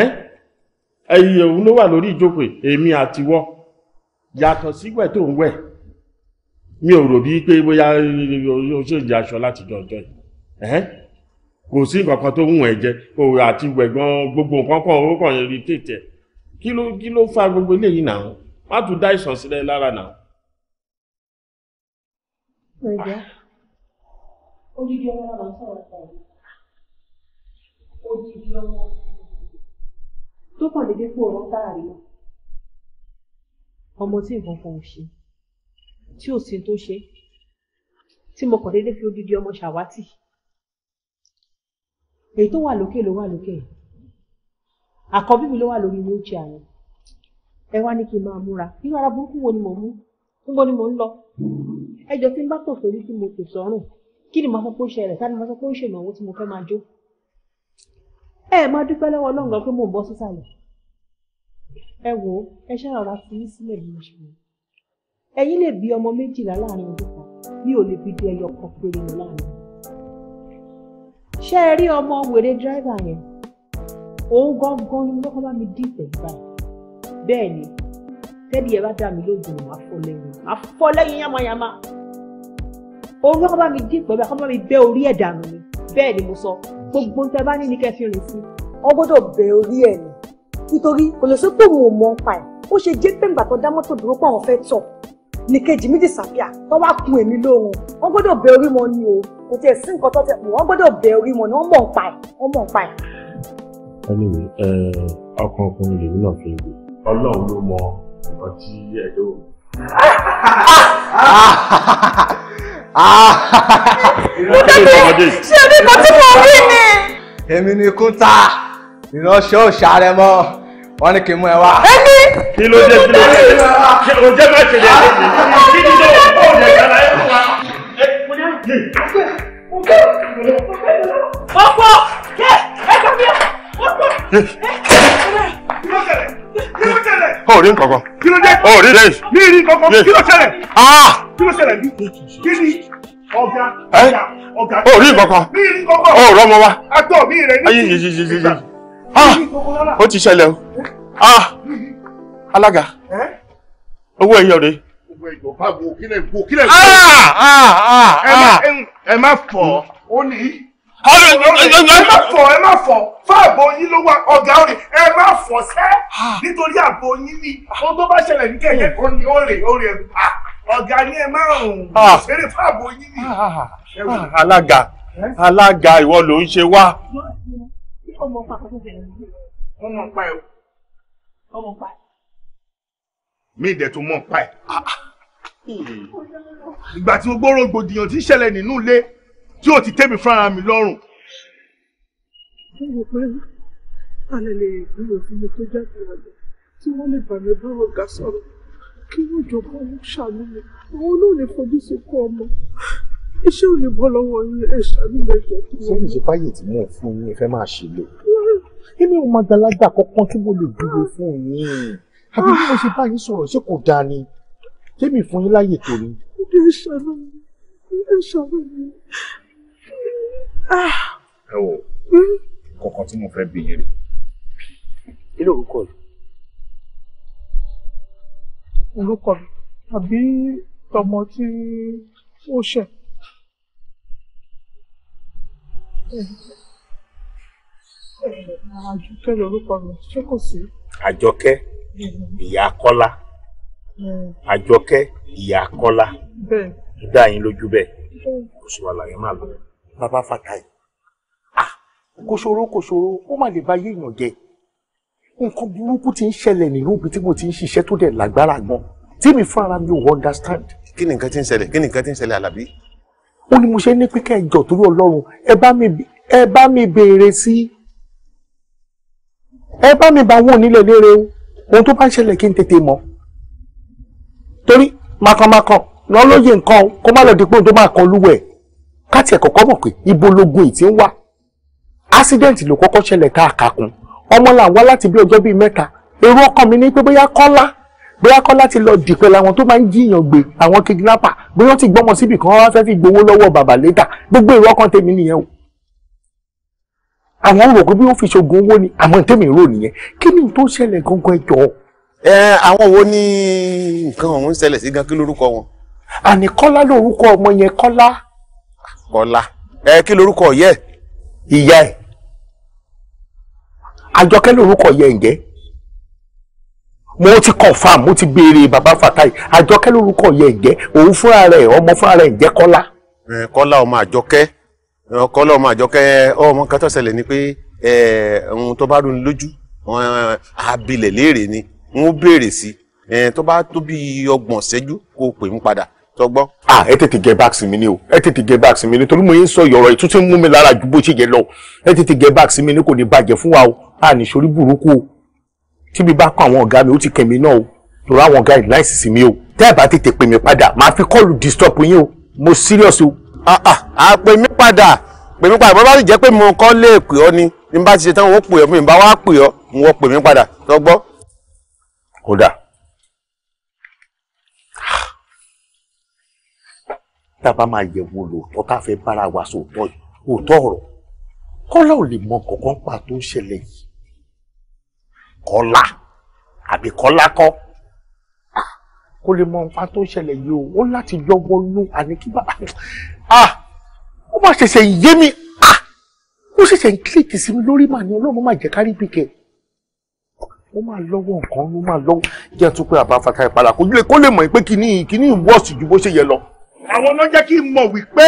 ẹ̀yìn òun ló wà lórí ìjókòó èmi àtiwọ́ yàtọ̀ síwẹ̀ tó ń wẹ̀ mi ò rò bí pé bóyá oṣooṣì aṣọ láti jọ ọjọ́ yìí kò sí nǹkan kan tó ẹ̀ gbogbo nǹkan kan rí tètè kí ló kí ló fa gbogbo eléyìí náà odidi ọmọ la máa sọ̀rọ̀ pọ̀ odidi ọmọ tó kàn déédéé kó ọ̀rọ̀ táàrí ọmọ tí nǹkan kan ò ṣe tí ò sí tó ṣe tí mo kàn déédéé fi odidi ọmọ ṣàwátì èyí tó wà lókè ló wà lókè àkọ́bí mi ló wà lórí ní oúnjẹ àyàn ẹ wá ní kí n máa múra nínú ara burúkú wo ni mò mú níbo ni mò ń lọ ẹjọ́ tí ń bá tò sórí tí mo tò sọ́rùn kí ni mo sọ pé ó ṣẹlẹ̀ ta ni mo sọ pé ó ṣe ìnáwó tí mo fẹ́ máa jó ẹ máa dúpẹ́ lọ́wọ́ ọlọ́run gan pé mò ń bọ́ sísàlẹ̀ ẹ wò ó ẹ ṣàrọ̀ra fi mí sílẹ̀ bí mo ṣe wọ̀ ẹ̀yin lè bí ọmọ méjìlá láàrin ọdún kan mi ò lè fi di ẹyọ kan péré mi láàrin ṣé ẹ rí ọmọ wèrè dírẹ́fà yẹn òun gangan ni wọ́n bá mi dín ìtẹ̀gbà bẹ́ẹ̀ ni tẹ́lẹ̀ yẹn bá dà mí lóògùn màá fọ́ lẹ́yìn òun ló bá mi dín pẹ̀lú àkọ́bá mi bẹ́ orí ẹ̀ dànù ni bẹ́ẹ̀ ni mo sọ gbogbo nǹkan bá ní ní kẹfí rìn sí. wọ́n gbọ́dọ̀ bẹ orí ẹ̀ ni nítorí kò lè sọ pé òun ò mọ pa ẹ̀ ó ṣe jẹ́ pé ìgbà tó dá mọ́tò dúró pọ̀ àwọn fẹ́ tọ̀ ní kejì méjì sàfíà tó wá kun èmi lóhùn wọ́n gbọ́dọ̀ bẹ orí wọn ni o kò tiẹ̀ sí nǹkan tó tẹ̀ pọ̀ wọ́n gbọ́dọ̀ bẹ orí wọn ni wọ́n mọ̀ ń pa ẹ̀ wọ́n mọ̀ ń pa ẹ̀. anyway eh, ọkàn ọkùnrin lèmi náà fi ń gbé ọlọ́run ló mọ ọ̀nà tí ẹ̀dọ́ òun ṣé ẹbí kan tí mo rí ni. èmi ni kúńtà ìránṣẹ́ òṣà rẹ mọ́ wọ́n ní kí n mú ẹ wá. ẹni kí ló dé kí ló dé kí ló dé máa ṣẹlẹ̀ kí ni tó ó lè ṣẹlẹ̀ ẹ fún wa. ọ̀pọ̀ ẹ ẹ kàbí ọ̀pọ̀ ẹ kí ló ṣẹlẹ̀ kí ló ṣẹlẹ̀. ó rí nǹkan kan. kí ló dé. ó rí lẹ́yìn. mi rí nǹkan kan ah! kí ló ṣẹlẹ̀. kí ló ṣẹlẹ̀ bí kí ni ọ̀gá eh? ọ̀gá ọ̀gá. ó rí nǹkan kan. mi rí nǹkan kan. ó rọ́mọ wa. atọ́ mi rẹ̀ ní. ayi yi yi yi yi. ó ti ṣẹlẹ̀ o. Eh? Ah! alága eh? owó ẹ̀yọ̀ rèé ah! ẹ má fọ hmm. ó ní ẹ má fọ ẹ má fọ fún ààbò yín ló wà ọ̀gá ọ̀rẹ́ ẹ má fọ sẹ́ nítorí ààbò yín ni ohun tó bá ṣẹlẹ̀ ní kẹ̀kẹ́ hmm. kan ni ó rè ó rè ọ̀gá ni ẹ má rùn ṣeré fún ààbò yín ni. alága alága ìwọ ló ń ṣe wá. ọmọ pa ọmọ mi dẹ̀ tún mọ̀ pa ẹ̀. ìgbà tí mo gbọ́ rògbòdìyàn tí ń ṣẹlẹ̀ nínú ilé tí ò ti tẹ́mi fúnra mi lọ́rùn. mo rò pé alẹ́ lè gbúrò fún mi tó jáde àgbẹ̀ tí wọ́n lè bà mí bá ọ̀gá sọ̀rọ̀ kí wọ́n jọ bá ṣàánú mi àwọn náà lè fojú sunkún ọmọ iṣẹ́ ò lè bọ́ lọ́wọ́ yín ẹ ṣàánú mi jọ. sẹ́yìn ṣe fáyè tí mò fún yín ẹ máa ṣe lò èmi ò máa gbalagbà kankan tí mo lè dúró fún yín àbí bí mo ṣe bá yín sọ̀rọ̀ ṣé kò dáa ni tèmi fún yín láyè tó ni. ẹ ṣàánú mi ẹ ṣàánú mi. Ah. ẹ wò hmm? kọ̀ọ̀kan tí mo fẹ́ bí yín rè. ilé orúkọ rẹ. orúkọ mi àbí tọmọ tí ó ṣẹ̀. àjọkẹ́ lorúkọ mi ṣé kò sí. àjọkẹ́ ìyá kọ́lá àjọkẹ́ ìyá kọ́lá dá yín lójú bẹ́ẹ̀ kò sí wàhálà yẹn máa lọ bàbá Fatai ah kò ṣòro kò ṣòro ó má lè ba yé èèyàn jẹ nǹkan burúkú ti ń ṣẹlẹ̀ nínú ibi tí mo ti ń ṣiṣẹ́ tó dẹ̀ lágbára gan tí mi fúnra mi ò understand. kí ni nǹkan ti ń ṣẹlẹ̀ kí ni nǹkan ti ń ṣẹlẹ̀ Àlàbí. ó ní mo ṣe ní pé kẹjọ torí Ọlọ́run ẹ bá mi ẹ bá mi béèrè sí ẹ bá mi bá wọn nílẹ̀ lére o ohun tó bá ń ṣẹlẹ̀ kí n tètè mọ̀ torí makanmakan lọ́ọ́ lóye nǹkan kó má lọ dípò tó máa kan lúwẹ̀ẹ́ káti ẹ̀ kọ́kọ́ mọ̀ pé ibo logun yìí ti ń wá ásídẹ́ǹtì ló kọ́kọ́ ṣẹlẹ̀ tá a kàkún ọmọ là ń wá láti bí ọjọ́ bíi mẹ́ta èrò ọkàn mi ni pé bóyá kọ́lá bóyá kọ́lá ti lọ dìpẹ́ làwọn tó máa ń jiyàn gbé àwọn kidnapper bóyá ti gbọ́mọ síbì kan wọ́n fẹ́ fi gbowó lọ́wọ́ bàbá létà gbogbo èrò ọkàn tèmi nìyẹn o àwọn rò pé bí wọ́n fi ṣoògùn owó ni àmọ́ tèmi rò nìyẹn kí ni tó ṣẹlẹ̀ gangan ẹjọ́. ẹ àwọn wo ni nǹkan ọ̀hún ṣẹlẹ̀ sí gan kí lórúkọ wọn. àní kọ́lá lórúkọ ọmọ yẹn kọ́lá kọla ẹ kí lorúkọ yẹ. ìyá ẹ àjọkẹ́ lorúkọ yẹ ǹjẹ́ mo ti confam mo ti béèrè baba fatai àjọkẹ́ lorúkọ yẹ ǹjẹ́ òun fúnra rẹ̀ ọmọ fúnra rẹ̀ ǹjẹ́ kọ́lá. kọ́lá ọmọ àjọkẹ́ kọ́lá ọmọ àjọkẹ́ ọmọ kan tó ṣẹlẹ̀ ni pé ohun tó bá lójú abilẹ̀ léèrè ni n ó béèrè sí tó bá tó tọgbọ́. à ẹ tètè get back sí mi ni o ẹ tètè get back sí mi ni torí mo yẹn ń sọ ìyọ̀rọ̀ ìtútù ń mú mi lára ju bó ṣe yẹ lọ ẹ tètè get back mi ni kò ní bàjẹ́ fún wa o a ní sori burúkú o tíbi bá kọ àwọn ọ̀gá mi ó ti kẹ̀mí náà o lọ́rọ̀ àwọn ọ̀gá ìláìsì sí mi o tẹ́ ẹ bá tètè pè mí padà màá fi kọ́ọ̀lù disturb yín o mo serious o. a pè mí padà pè mí padà bó bá sì jẹ́ pé mo kọ́ lè pè ọ́ ni bí n bá ti ṣe tán wọ́n pè ọ́ mi bá wá pè ọ́ wọ́n pè mí padà tọ́gbọ́. kódà tá a bá máa yẹ̀wò lóòótọ́ tá a fẹ́ bára wa sòótọ́ yìí òótọ́ ọ̀rọ̀ kọ́lá ò lè mọ kọ̀ọ̀kan pa tó ń ṣẹlẹ̀ yìí kọ́lá àbí kọ́lá kọ́ kó lè mọ nǹkan tó ń ṣẹlẹ̀ yìí o ó láti yọ wọnú àní kí bá ó má ṣẹ̀ṣẹ̀ yé mi ó ṣẹ̀ṣẹ̀ ń kílìkì sí mi lórí màá ní ọlọ́run má jẹ́ kárí bìkẹ́ ó máa lọ́wọ́ nǹkan ó máa lọ́wọ́ jẹ́ tún pé àbá fata ìpalà kó lè mọ̀ pé kíní kíní wọ́ọ̀sì ju bó ṣe yẹ lọ àwọn ló jẹ́ kí n mọ̀ wípé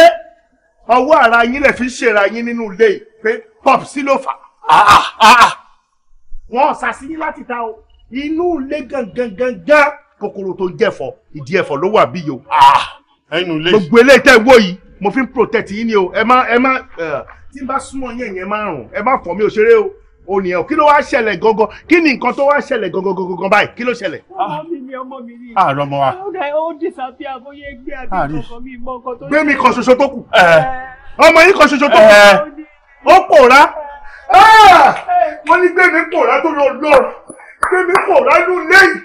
ọwọ́ ara yín lè fi ṣèrà yín nínú ilé yìí pé pop sí ló fà á. Ah, ah, ah, wọ́n ṣàṣìyí láti ta o inú ilé gangan gangan kòkòrò tó ń jẹ̀fọ́ ìdí ẹ̀fọ́ ló wà bí yìí o. gbogbo eléyìí tẹ́ wo wò yìí mo fi ń protect yín ni o ẹ má ẹ má tí n bá súnmọ́ yẹn yẹn márùn ẹ má fọ̀ mí òṣèré o ò nìyẹn o kí ló wá ṣẹlẹ̀ gangan kí ni nǹkan tó wá ṣẹlẹ̀ gangan gangan báyìí kí ló ṣẹlẹ̀ ni ọmọ mi rí. àárọ̀ ọmọ wa. ó dìsàbí àbóyé gbé àbí ọkọ mi mọ ọkọ tó. gbé mi kan ṣoṣo tó kù. ọmọ yìí kan ṣoṣo tó kù. ó pòórá. wọ́n ní gbé mi pòórá tó lọ lọ. gbé mi pòórá ló léyìí.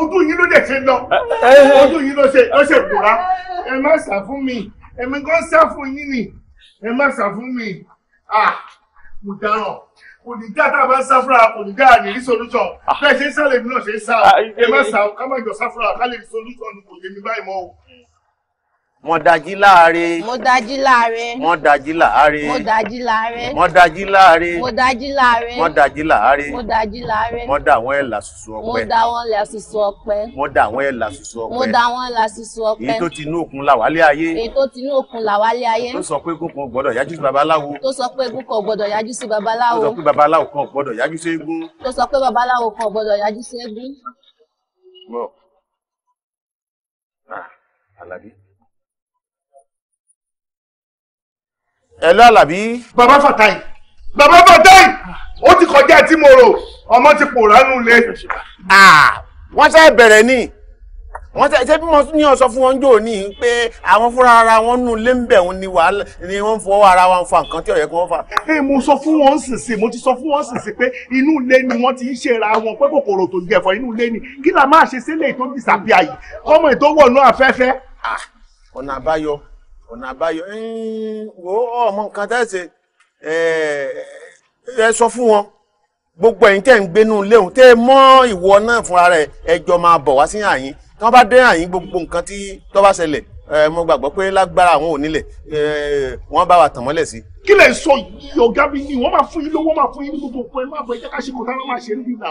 ojú yìí ló dẹ̀ ṣe lọ. ojú yìí ló ṣe ló ṣe pòórá. ẹ má sà fún mi èmi gan sá fún yín ni ẹ má sà fún mi. Ah! mo dáràn onígá tá a bá ń sá fúnra onígá àyè rí solúṣọ ah. bẹ́ẹ̀ ṣe ń sá lèmi náà ṣe ń sá ah, ẹ má eh, sá ká má jọ sá fúnra ká lè rí solúṣọ ni kò yé mi báyìí mọ́ o. Mm mo dájí láàre. mo dájí láàre. mo dájí láàre. mo dájí láàre. mo dájí láàre. mo dájí láàre. mo dájí láàre. mo dájí láàre. mo dá àwọn ẹ̀là ṣùṣù ọpẹ. mo dá àwọn ẹ̀là ṣùṣù ọpẹ. mo dá àwọn ẹ̀là ṣùṣù ọpẹ. mo dá àwọn ẹ̀là ṣùṣù ọpẹ. èyí tó ti inú òkun là wálé ayé. èyí tó ti inú òkun là wálé ayé. tó sọ pé eégún kan gbọ́dọ̀ yájú sí babaláwo. tó sọ pé eégún kan gbọ́dọ̀ yájú sí babaláwo. tó sọ pé babaláwo kan gbọ́dọ̀ yájú sí eégún. tó sọ pé babaláwo kan gbọ́dọ̀ yájú sí eégún. Ah, Alabi. ẹ lọ àlàbí. bàbá Fatai bàbá Fatai ó ti kọjá tí mo rò ọmọ ti pòóránú lé. wọ́n ṣe bẹ̀rẹ̀ ni wọ́n ṣe ṣe bí wọ́n ní ọ̀sọ́ fún wọn jò ní pé àwọn fúnra ara wọn nù lé ń bẹ̀ wọn ni wàá ni wọ́n ń fọwọ́ ara wọn fa nǹkan tí ọ̀yẹ́ kí wọ́n fa. ẹ mo sọ fún wọn sísè mo ti sọ fún wọn sísè pé inú ilé ni wọ́n ti ń ṣe ra wọn pé kòkòrò tó jẹ̀fọ́ inú ilé ni kí la máa ṣe sílé tó dìsàbíà yìí ọmọ ètò wọnú afẹ́fẹ́. ọ̀nà àbáyọ ọ̀nà àbáyọ wo ọmọ nǹkan tá ṣe ẹ sọ fún wọn gbogbo ẹ̀yin tẹ́ ń gbénú léhùn tẹ́ mọ́ ìwọ náà fún ara ẹ̀ ẹjọ́ máa bọ̀ wá sí àyín tí wọ́n bá dé àyín gbogbo nǹkan tí tó bá ṣẹlẹ̀ mo gbàgbọ́ pé lágbára àwọn ò nílẹ̀ wọ́n bá wa tàn mọ́lẹ̀ sí. kí lè sọ yìí ọ̀gá mi yìí wọ́n máa fún yín lówó máa fún yín ní gbogbo ọ̀pọ̀ ẹ̀ máa bọ̀ ẹ̀ jẹ́ ká ṣe kọ́ta ló máa ṣe níbi ìgbà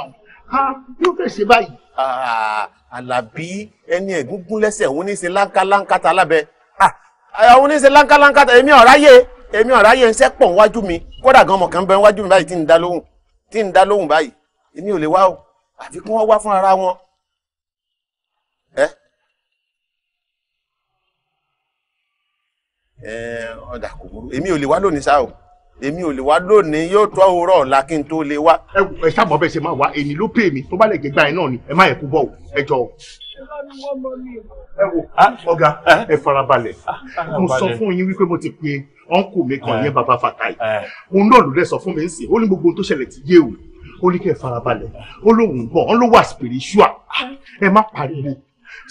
yóò fẹ́ ṣe báyìí. Ah, Àlàbí ẹni ẹ̀gúngún lẹ́sẹ̀ òun ní í ṣe láńkà láńkà tá lábẹ́ ah, àwọn oníṣẹ́ lánkáláńká èmi ọ̀ráyè èmi ọ̀ráyè ń sẹ́pọ̀ wájú mi kódà gan ọmọ kan bẹ wájú mi báyìí tí ń dá lóhùn tí ń dá lóhùn báyìí èmi ò lè wá o àfi kí wọ́n wá fún ara wọn. ẹ ọ̀dà kò burú èmi o. èmi ò lè wá lónìí yóò tó òwúrọ̀ ọ̀la kí n tó lè wá. ẹ ṣàmọ bẹ́ẹ̀ ṣe máa wá èyí ló pè mí tó bá lè gbé gbà yín náà ni ẹ má yẹ kó bọ o ẹ jọ. ẹ wo ah. ọ̀gá ah. ẹ farabalẹ̀ ah, mo sọ fún yín wípé mo ti pe ọ̀nkù mi kan eh. yẹn bàbá Fatai eh. òun náà ló dẹ̀ sọ fún mi nsìn ó ní gbogbo ohun tó ṣẹlẹ̀ ti yé o ó ní kẹ́ ẹ farabalẹ̀ ó lóun gbọ́n ó ló wà spiritual ẹ má pariwo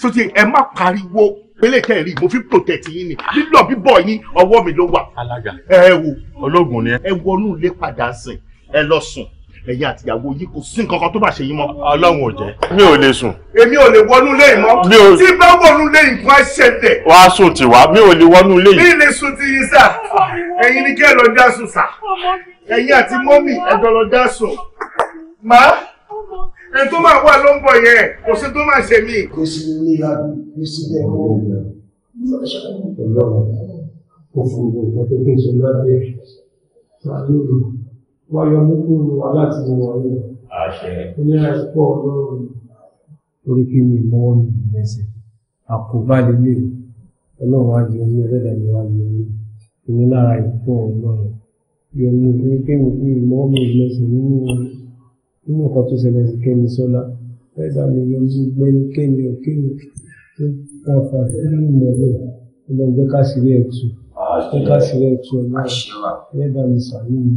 sotí ẹ má pariwo pélé kẹrin mo fi protect yín ni lílọ bíbọ̀ yín ọwọ́ mi ló wà. alága ẹ wo ológun ni ẹ. ẹ wọnú ilé padà sìn ẹ lọ sùn ẹ̀yin àtìyàwó yìí kò sí nǹkan kan tó bá ṣe yín mọ́. Ọlọ́run ò jẹ́ mi ò lè sùn. èmi ò lè wọnú ilé yìí mọ́. mi ò tí bá wọnú ilé yìí nǹkan ṣẹlẹ̀. wà á sùn tiwa mi ò lè wọnú ilé yìí. mi lè sùn ti yín sà ẹ̀yin ni kí ẹ lọ dá sùn sà ẹ̀yin àti mọ́mì ẹ̀dọ̀ lọ dá sùn. màá ẹni tó máa wà ló ń bọ̀ yẹn kò sí tó máa ṣe mí. kò sí ní ìlànà kò sí o ẹ̀kọ́ ọlọ́run kò fún mi nǹkan tó kéṣe lábẹ́ sàlóòrò wọ́n yọ mú kúrò wá láti mú wọn lọ. àṣẹ. ilé àti pọ̀ ọlọ́run. orí kí ni mo wọ́n mi mẹ́sẹ̀ àkóbá lélẹ̀ ọlọ́run á yọ ní ẹlẹ́dàá ni wàá yọ ní ìní lára ìfọ̀ ọlọ́run yọ ní ìpínpín ìmọ̀ mi mẹ́sẹ̀ nínú wọn nínú ọ̀kan tó ṣẹlẹ̀ sí kẹ́mi sọ́lá ẹ̀dá mi yọ sí gbẹ́ni kẹ́mi ọ̀kẹ́mi tó ta fà nínú ìmọ̀lẹ́ ọmọ ìjọ káṣírí ẹ̀tù ìjọ káṣírí ẹ̀tù ọ̀lọ́run ẹ̀dá mi sàánú mi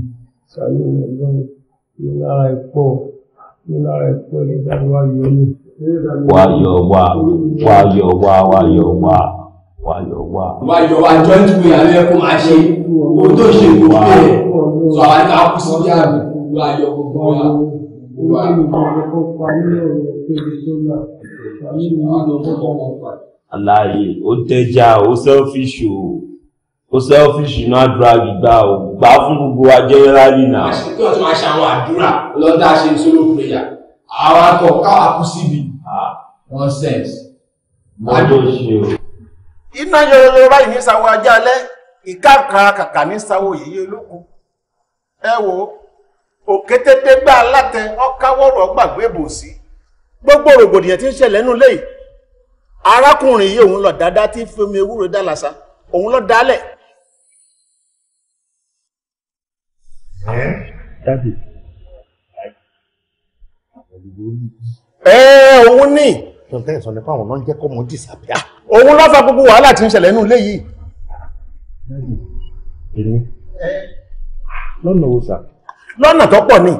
sàánú mi ọlọ́run mi lára ẹ̀pọ̀ mi lára ẹ̀pọ̀ ẹ̀dá mi wá yọ mí. máa ṣe owó tó ṣe gbogbo ẹ̀ sọ àwọn ẹ̀ka kù sí gbogbo wa aláàyè ó tẹja ó sẹ́fíṣì o ó sẹ́fíṣì náà àdúrà gbígbà ò gbà fún gbogbo wa jẹ́nẹ́rálì náà. àṣìkò tó máa àwọn àdúrà lọ́dá ṣe sólò péyà àwọn akọ káwá kú síbi nonsense. wọ́n tó ṣe o. iná yọ̀yọ̀ báyìí ní sawo ajá alẹ́ ìkàkà kàkà ní sawo yìí olókun ẹ wò òkétété gbá alátẹ ọkáwọ́rọ̀ gbàgbé ìbòsí gbogbo rògbòdìyàn tí ń ṣẹlẹ̀ nù lẹ́yìn arákùnrin yìí òun lọ dáadáa tí fomi ewúro dá làṣà òun lọ dálẹ̀. ẹ òun ní. tọ́tẹ́ ìsọ nípa náà ń kó mo dì òun fa gbogbo wàhálà ti ń ṣẹlẹ̀ nù lẹ́yìn. lọ́nà wo lọ́nà tó pọ̀ ni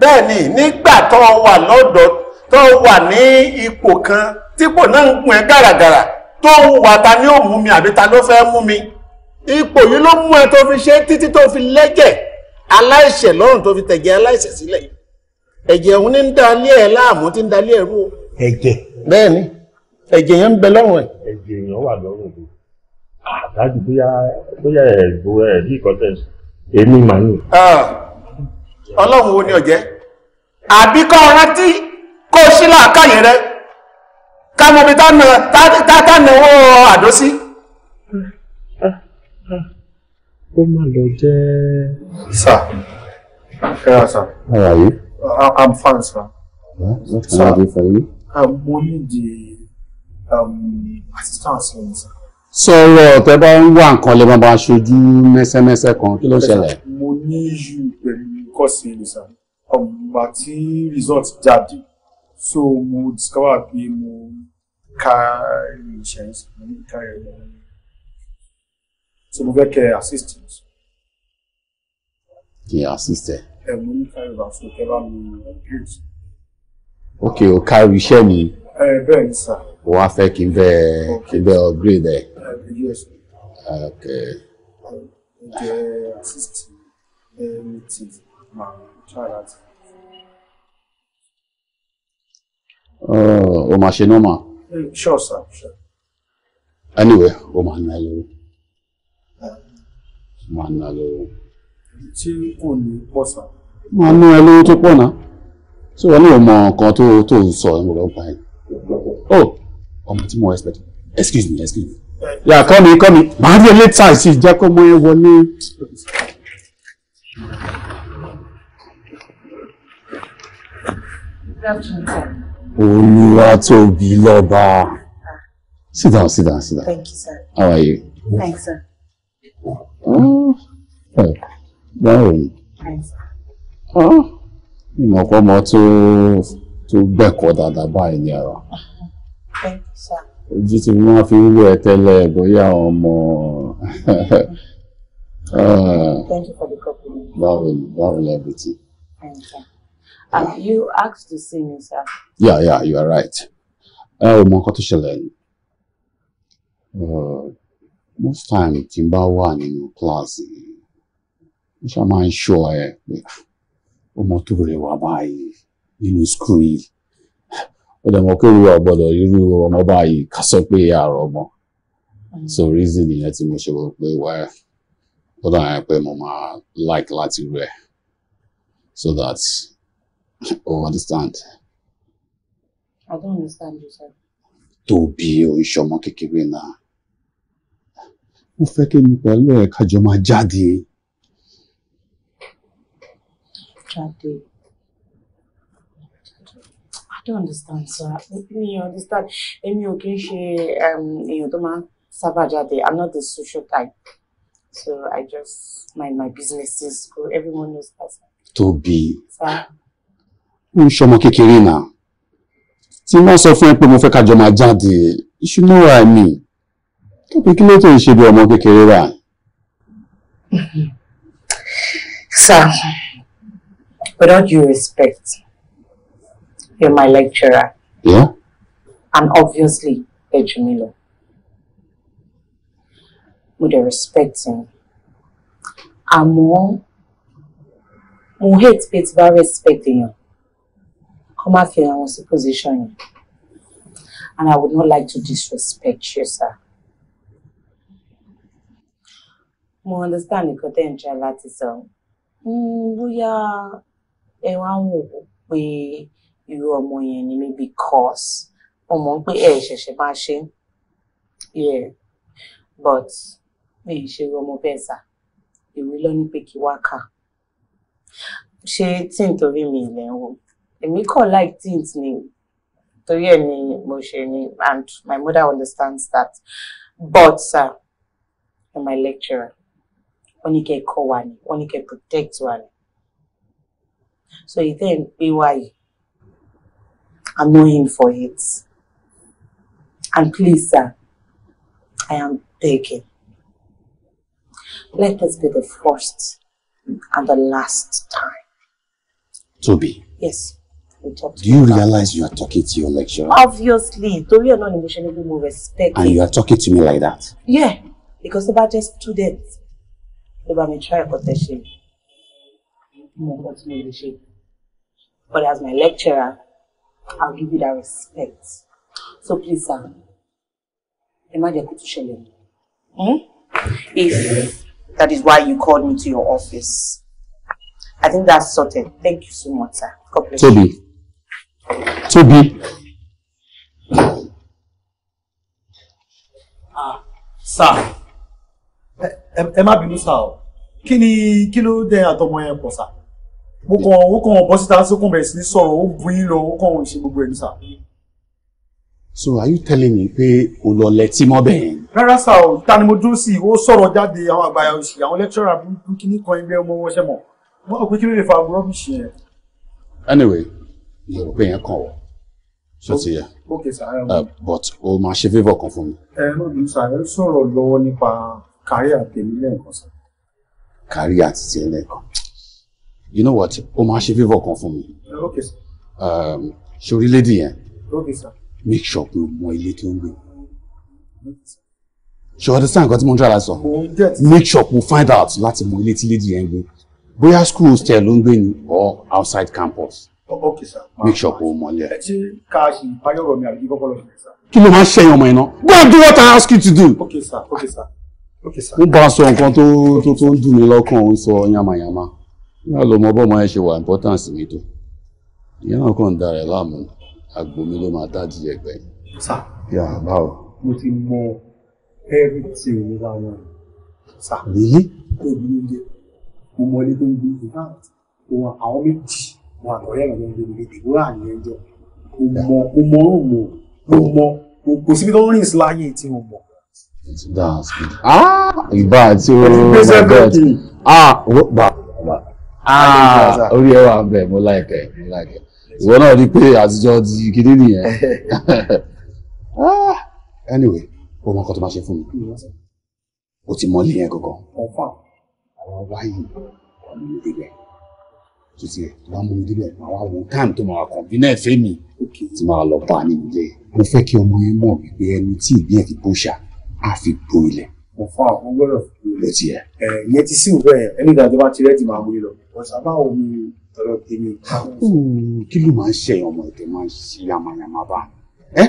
bẹ́ẹ̀ ni nígbà tó wà lọ́dọ̀ tó wà ní ipò kan típò náà ń pin gàràgàrà tó ń wà ta ni ó mú mi àbí ta ló fẹ́ mú mi ipò yìí ló mú ẹ tó fi ṣe títí tó fi lẹ́jẹ̀ aláìṣẹ̀ lọ́rùn tó fi tẹ̀jẹ̀ aláìṣẹ̀ sílẹ̀ ẹ̀jẹ̀ òun ní ń dalé ẹ̀ láàmú tí ń dalé ẹ̀ rú o. ẹ̀jẹ̀. bẹ́ẹ̀ ni ẹ̀jẹ̀ yẹn ń bẹ lọ́rùn ẹ̀. ẹ̀jẹ̀ èèyàn wà lọ́rùn mi àtàjù bóyá bóyá ẹ̀ gbọ́ ẹ̀ bí kọ́tẹ́sì èmi màá nù ọlọ́run wo ni ọ̀jẹ́ àbí kọ́ rántí kó sílà káyẹ̀ rẹ kámọ́bí tánàwó àdó sí. ó mà lọ jẹ́. sà ẹ ra sà. ara yìí. i'm fine sir. what can i do for you. mo need um, assistance yẹn sir sọ̀rọ̀ tẹ́ bá ń wá nǹkan lè máa bá ṣojú mẹ́sẹ́mẹ́sẹ́ kan kí ló ṣẹlẹ̀. mo ní ìṣù pẹ̀lú kọ̀ sí ni sir ọ̀gbà um, tí result jáde so mo discover pé mo ka insurance mo ní ká ẹ̀ lọ so mo fẹ́ kẹ́ assist mi. kì í assist ẹ. ẹ mo ní ká ẹ̀ lọ fún kẹ́ bá mi build. ok o ká iṣẹ́ mi. ẹ bẹ́ẹ̀ ni sir. wọ́n á fẹ́ kí n bẹ́ẹ̀ kí n bẹ́ẹ̀ upgrade ẹ. ẹ yes. ok. ẹ jẹ́ assist ẹ ní tìǹtì máa o láti. ó máa ṣe nọ́mà. sure sir anyway o máa ná lórí. ó máa ná lórí. tí kò ní pọ̀ sá. máa na. ẹ lórí tó pọ̀ náà tí wọ́n ní ọmọ nǹkan tó tó ń sọ ẹ̀ ń lọ pa ẹ̀. oh ọmọ tí mo expect excuse me excuse me. yà kọ́ mi kọ́ mi màá rí ẹ létà sí ìjẹ́kọ́ mọ́ wọlé. Olúwa tóbi lọ́ba. Sit down, sit down, sit down. Thank you, sir. How are you? Thanks, sir. Oh, hmm. well, báwo ni? Thanks. Hmm. Ìmọ̀ kọ́ mọ tó tó gbẹ̀kọ́ dáadáa báyìí ní ara. Thank you, sir. Ojú tí wọ́n fi ń wú ẹ tẹ́lẹ̀ bóyá ọmọ. Thank you for the compliment. Báwo ni, báwo ni everything? Thank you. And you asked to see me, sir. Yeah, yeah, you are right. Ẹ Most time tí n in wà class, kíláàsì, mo ṣáà máa ń ṣọ ẹ pé ah, ọmọ tó rẹwà báyìí nínú skul yìí. Ó dẹ̀ mọ̀ pé irú ọ̀gbọ́dọ̀ irú ọmọ So reason is that mo ṣe wọ pé wẹ́ẹ́ ó dàn yẹn like láti rẹ̀ so that's. Oh, understand. I don't understand you, sir. Tóbi o, ìṣọmọ kékeré náà. Mo fẹ́ kí mi pẹ̀lú ẹ̀ kájọ máa jáde. Jáde. I don't understand, sir. Mi understand. Èmi okay. She um, ṣe èèyàn tó máa ń I'm not the social type. So I just mind my businesses. Everyone knows that. Tóbi. Sir ó ń ṣọmọ kékeré náà tí má sọ fún ẹ pé mo fẹ́ kájọ máa jáde you know what I kí ló tó ń ṣe bí ọmọ kékeré rà. sir without due respect you're my lecturer. Yeah? and obviously ẹ jù mí lọ. mo dey respect him àmọ́ mo hate pé tí bá respect èèyàn kó má fi àwọn sí position yẹn and I would not like to disrespect you sir. mo understand nǹkan tẹ́ ń jẹ́ láti sọ We mm, ẹ a one wò ó pé irú ọmọ yẹn because mo mọ̀ pé ẹ ṣẹ̀ṣẹ̀ máa ṣe yeah but mi ì ṣe irú ọmọ You will ìwé lọ ní pé kí wá kà ṣé tí èmi kò like things, ni torí ẹ̀ ni mo ṣe ni and my mother understands that but sir uh, my lecturer wọ́n ní kẹ́ kọ́ wa ni wọ́n ní kẹ́ protect wa ni so he then pé why? I'm not in for it and please sir I am begging let us be the first and the last time. Toby. Yes talk to Do you realize you are talking to your lecturer? Obviously, torí ẹ̀ náà ni mo ṣe ní respect. And you are talking to me like that? Yeah, because tó bá jẹ́ student, ló bá mi try ẹ̀kọ́ tẹ̀ ṣe. But as my lecturer, I'll give you that respect. So please, sir, ẹ má to share tún ṣẹlẹ̀. Hmm? If that is why you called me to your office. I think that's sorted. Thank you so much, sir. God bless Toby. you tóbi. Ah, sà ẹ má bínú sà o kí ni kí ló dé àtọmọ yẹn pọ̀ sà mo kàn ó kàn bọ́ síta sí kàn sí ní sọ̀rọ̀ bu yín lọ ó kàn ó ṣe gbogbo ẹ̀ ní So are you telling me pé o lọ lẹ́tí mọ́ bẹ́ẹ̀? Rárá sá o, ta ni mo dúró sí i, ó sọ̀rọ̀ jáde àwọn àgbàyà òṣì, àwọn lẹ́kítọ́rà bí kí kan ẹgbẹ́ ọmọ wọn ṣe mọ̀. Wọ́n pé kí ló lè fa rọ́bìṣì yẹn. Anyway, mo rò pé yẹn kàn wọ́ ṣó ti yẹ uh, but o máa ṣe favour kan fún mi. ẹ ẹ náà musa ẹ sọ̀rọ̀ lọ́wọ́ nípa kárí àtẹ̀mí lẹ́ẹ̀kan sọ. kárí àtẹ̀tẹ̀ lẹ́ẹ̀kan you know what o máa ṣe favour kan fún mi. Um, ṣe orílẹ̀-èdè yẹn make sure pé o mọ ilé tó ń gbé ṣe understand nǹkan tí mo ń jára sọ make sure kó find out láti mọ ilé tí lady yẹn gbé bóyá school hostel ló ń gbé ni or outside campus ok sir. make sure kò mọ̀lẹ́. ẹ ti ká ṣe ìpayọ̀rọ̀ mi àbí kọ́kọ́ lọ sí sir. kí ló máa ń ṣẹyìn ọmọ iná go and do what I ask you to do. ok sir ok sir ok sir. ń bá a sọ nǹkan tó tó tó ń dùn mí lọ́kàn ń sọ yamayama náà ló mọ bọ́mọ ẹ ṣe wà importance mi tó ìyá náà kàn da rẹ̀ láàmú àgbo mi ló máa dájú ẹgbẹ́ sir. yà á báwo. mo ti mọ everything nípa wọn. sir. èyí. tó gbé oúnjẹ mo mọ ilé tó ń gbé ìgbà àwọn méjì mo àtọ̀rẹ́ mi lórí ìdè ló rà ní ẹjọ́ o mọ o mọ o mọ o mọ o kò síbi tó ń rìn síláyé tí o mọ. Ah, ìbá àti ooo my god ah gbà ah. ah orí ẹ wà bẹ́ẹ̀ mo láìkẹ mo láìkẹ ìwọ náà rí i pé àtijọ́ di kíní nìyẹn (laughs) ah, anyway o mọ nǹkan tó máa ṣe fún mi o ti mọ ilé yẹn gangan ọba yìí ọmọ ìdílé títí ẹ̀ wàá mú mi débẹ̀ màá wá wo táàmù tó máa kàn bí náà fẹ́ mi tí màá lọ bá a ní ilé mo fẹ́ kí ọmọ yẹn mọ̀ wípé ẹni tí ìbí ẹ̀ fi bó ṣà á fi bo ilẹ̀. mo fọ àwọn gbọ́dọ̀ fi bo ilẹ̀ tiẹ̀. ẹ ìyẹn ti sí òfin ẹ ẹni ìdájọ́ bá ti rẹ́ẹ̀dì máa wọlé lọ ọ̀sán bá omi ọ̀rọ̀ tèmi. kí ló máa ń ṣe ọmọ ìtẹ̀ máa ń ṣe yamayama bá ẹ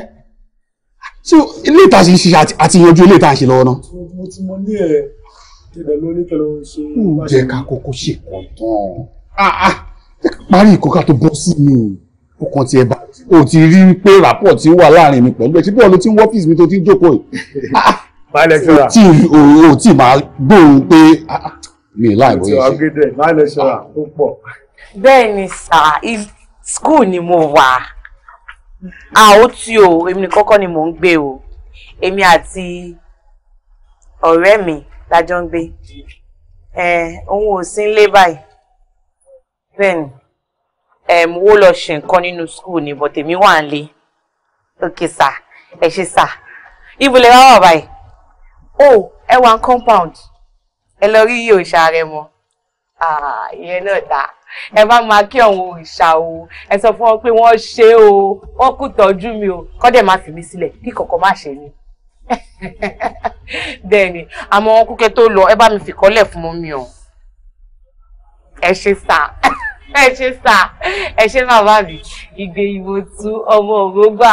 so ilé ìta ṣe ṣe àti yanjú ilé ìta ṣe lọ́wọ́ náà. mo ti mọ ní ẹ jẹ́ ká kókó ṣèkọ́ tán. Ah, ah. parí ìkọ́ká tó bọ́ sí mi o kàn tiẹ̀ bá o ti rí pé rapport ti wà láàrin mi pẹ̀lú ẹ̀ tí bọ́ọ̀lù ti ń wọ́fíìsì mi tó ti ń jókòó yìí ah, o tí máa gbóhùn pé mi láì wọ́n yìí. bẹ́ẹ̀ ni sà school ni mo wà àwọn tí o èmi kọ́kọ́ ni mò ń gbé o èmi àti ọ̀rẹ́ mi la jọ ń gbé òun ò sí ń lé báyìí bẹ́ẹ̀ni um, wo lọ ṣe nǹkan nínú school ni but èmi wà ń lé ok sir ẹ ṣe sir ibùlẹ̀ wá wà báyìí o oh, ẹ wà ń compound ẹ lọ rí iye òòṣà rẹ mọ ah, ìyẹn náà dáa ẹ bá máa kí ọ̀hún òòṣà o ẹ sọ fún wọn pé wọ́n ṣe o wọ́n kú tọ́jú mi o kọ́dẹ̀ má fi mí sílẹ̀ kí kọ̀ọ̀kan má ṣe mí (laughs) bẹ́ẹ̀ ni àmọ́ wọn kúkẹ́ tó lọ ẹ bá mi fìkọ́lẹ̀ fún mọ́ mi ẹ ṣe sá ẹ ṣe sá ẹ ṣe bàbá mi ìgbé ìbò tú ọmọ ògbógbà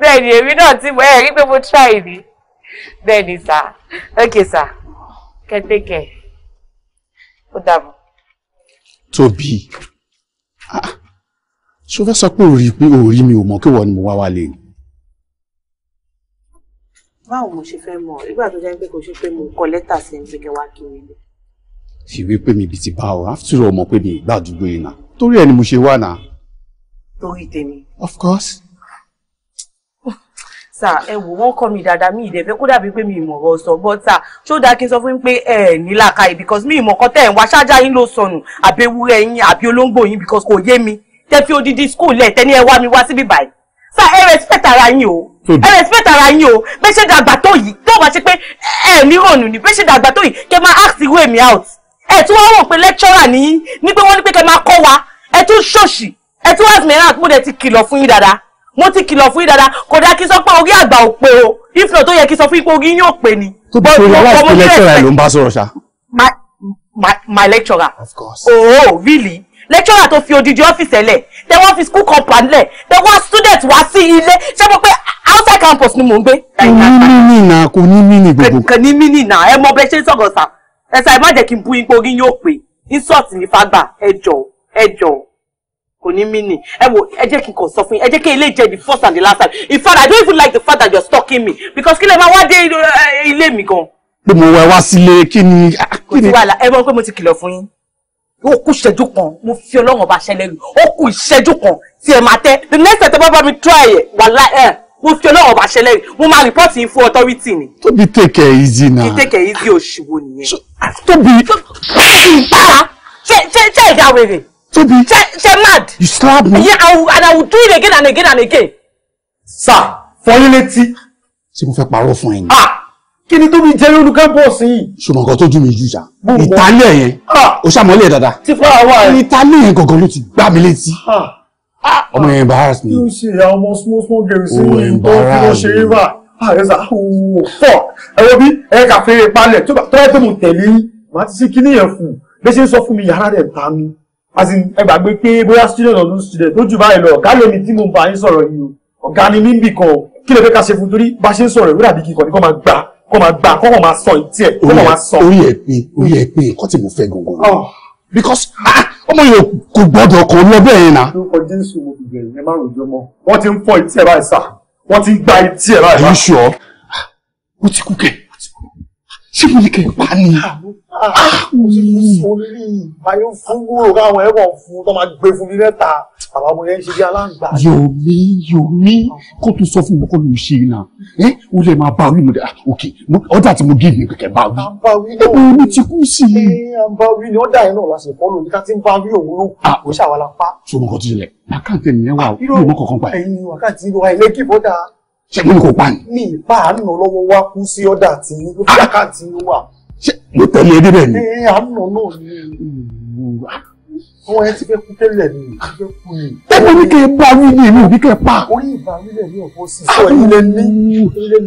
bẹ́ẹ̀ ni èmi náà ti mọ̀ ẹ́ rí pé mo try ni bẹ́ẹ̀ sá ok sá kẹ́tẹ́kẹ́ ó dàbọ̀. Tóbi ah, ṣó fẹ́ sọ pé òòrí pé òòrí mi ò mọ̀ kí wọ́n ni mo wá wálé ni báwo mo ṣe fẹ́ mọ̀ nígbà tó jẹ́ pé kò ṣe pé mo kọ lẹ́tà sí ẹni pé wá kí mi lè. fìwé pé mi bíi ti bá ọ after all mọ̀ pé mi ìgbà àdúgbò yìí nà torí ẹ ni mo ṣe wà nà. torí tèmi. of course. sà ẹ wò wọ́n kọ́ mi dáadáa mi ìdẹ̀fẹ́ kó dàbí pé mi ìmọ̀ ọ̀rọ̀ sọ but sà ṣó dáa kí n sọ fún yín pé ẹ ní làákàyè because mi ìmọ̀ kan tẹ̀ ń wá ṣáájá yín ló sọnù àbẹ̀wúrẹ́ yín àbí olóńgbò yín because kò yé mi tẹ́ fi odidi school lẹ̀ tẹ́ ní ẹ wá mi wá síbí báyìí Sa e respect ara yín o hmm. ẹ respect ara yín o bẹ́ẹ̀ ṣe dàgbà tó yìí tó bá ṣe pé ẹ ní rònú ni bẹ́ẹ̀ ṣe dàgbà tó yìí kẹ máa ask ìwé mi out ẹ tún wá wò pé lecturer ní ni pe wọ́n ní pé kẹ máa kọ́ wa ẹ tún ṣòṣì ẹ tún wá sí mìíràn mo dẹ̀ ti kìlọ̀ fún yín dáadáa mo ti kìlọ̀ fún yín dáadáa kò dáa kí sọ pé orí àgbà ò pé o if not tó yẹ kí sọ fún yín pé orí yín ò pé ni. tó bá wọlé aláìsí pé lecturer ló ń bá sọ̀rọ̀ ṣá. my lecturer. of course. oh, oh really lecturer tó fi odidi ọ́fíìsì ẹ̀ then wọ́n fi school compound lẹ̀ then wọ́n student wá sí ilé ṣé mo pé outside campus ni mò ń gbé. kò ní mini na kò ní mini gbogbo. kò ní mini na ẹ mọ bẹ ṣe ń sọ̀rọ̀ sà ẹ sà ẹ má jẹ́ kí n bú yín pé yóò pé insult ní fagbà ẹ jọ̀ọ́ ẹ jọ̀ọ́ kò ní mí ni ẹ wo ẹ jẹ́ kí n kàn sọ fún yín ẹ jẹ́ kí ilé jẹ́ the first and the last time in fact i don't even like the fact that you're stalking me because kí lè máa wá dé eh, ilé mi gan. pé mo wá wá sílé ah, kí ni. kò sí wàhálà ẹ mọ̀ pé mo ti kìlọ̀ fún yín ó kú ìṣẹ́jú kan mo fi ọlọ́run ọba ṣẹlẹ̀ lù ó kú ìṣẹ́jú kan tí ẹ máa tẹ́ the next time bá bá mi try ẹ̀ wàhálà ẹ̀ mo fi ọlọ́run ọba ṣẹlẹ̀ lù mo máa report yìí fún authority ni. tóbi take it easy na. kí take it easy òṣìwò nìyẹn. tóbi. bára ṣe ṣe ṣe ìdá wèrè. tóbi ṣe ṣe mad. you slap me. yeah I will, and I will do it again and again and again. sir fọyín létí. ṣé mo fẹ́ parọ́ fún ẹ ni. ah kí ni tó mi jẹ́ lórí campus yìí. ṣùgbọ́n nǹkan tó dùn mí jù ṣá ìtàlẹ̀ yẹn ah! ó ṣàmọ́lẹ̀ ẹ̀ dáadáa ti fún àwa ẹ̀ ìtàlẹ̀ yẹn gangan ló ti gbá mi létí ah! Ah! ọmọ yẹn embarrass me. yóò ṣe àwọn ọmọ small small girls sí oh, ní tó fi wọ́n ṣe rírà àrẹ́sà oh, fuck ẹ̀rọ bí ẹ̀ kà fẹ́rẹ̀ palẹ̀ tó bá tó mò tẹ̀lé màá ti ṣe kíní yẹn fún bẹ́ẹ̀ ṣe ń sọ fún mi yàrá rẹ̀ ta mi as in ẹ gbàgbé pé bóyá student ọdún student lójú báyìí lọ ọ̀gá lèmi bá yín sọ̀rọ̀ o ọ̀gá ni mí ń bì kan kí lè fẹ́ ká ṣe fún torí bá kó máa gbà kó máa sọ ìtí ẹ̀ kó máa sọ. orí ẹ pé orí ẹ pé nǹkan tí mo fẹ́ gangan ah. because ah, ọmọ yẹn kò gbọ́dọ̀ kò lọ bẹ́ẹ̀ yẹn na. lórúkọ jésù mo bìbẹ̀ yẹn má rojọ́ mọ́ wọ́n ti ń fọ ìtí ẹ̀ báyìí sà wọ́n ti ń gba ìtí ẹ̀ báyìí. are you sure? Ah, ó ti kú kẹ́ ṣé mo ní ah, mo ti fi ah, sórí ayọ̀ fún gbòòrò káwọn ẹ̀rọ fún tó gbé fún mi bàbá mo yẹn ń ṣe bí aláǹgbá. yomi yomi kó tó sọ fún mi kó ló ń ṣe iná ẹ lè máa bá wí mo dẹ ok ọ̀dà tí mo gé mi kẹ̀kẹ́ bá wí. ẹ bò mi ti kú sí i. bá wí ni ọ̀dà yẹn náà lásìkò lòdì ká ti ń bá wí òun ló ah, kò ṣàwàlápá. sọ wọn kò tilẹ̀ àkáǹtì ẹ̀yìn yẹn wà ó ní ìmọ̀ kọ̀ọ̀kan pa ẹ̀. ẹ̀yin àkáǹtì ìlú wa ilé kí bọ́dà ṣé mo ní kò pa ni. mi ìpa àánú lọ́wọ́ wá kú sí ọ́dà tí ní ó fi ah! àkáǹtì ní wà. ṣé mo tẹ̀lé ẹ débẹ̀ ni. ẹ àánú náà ni àwọn ẹ ti fẹ́ kú tẹ́lẹ̀ ni ti fẹ́ kú ni. tẹ́lẹ̀ ní kí n bá wí ní ìlú bí kẹ́ pa. orí ìbá wílẹ̀ ní ọ̀pọ̀ sí sọ ah, ilé ní ilé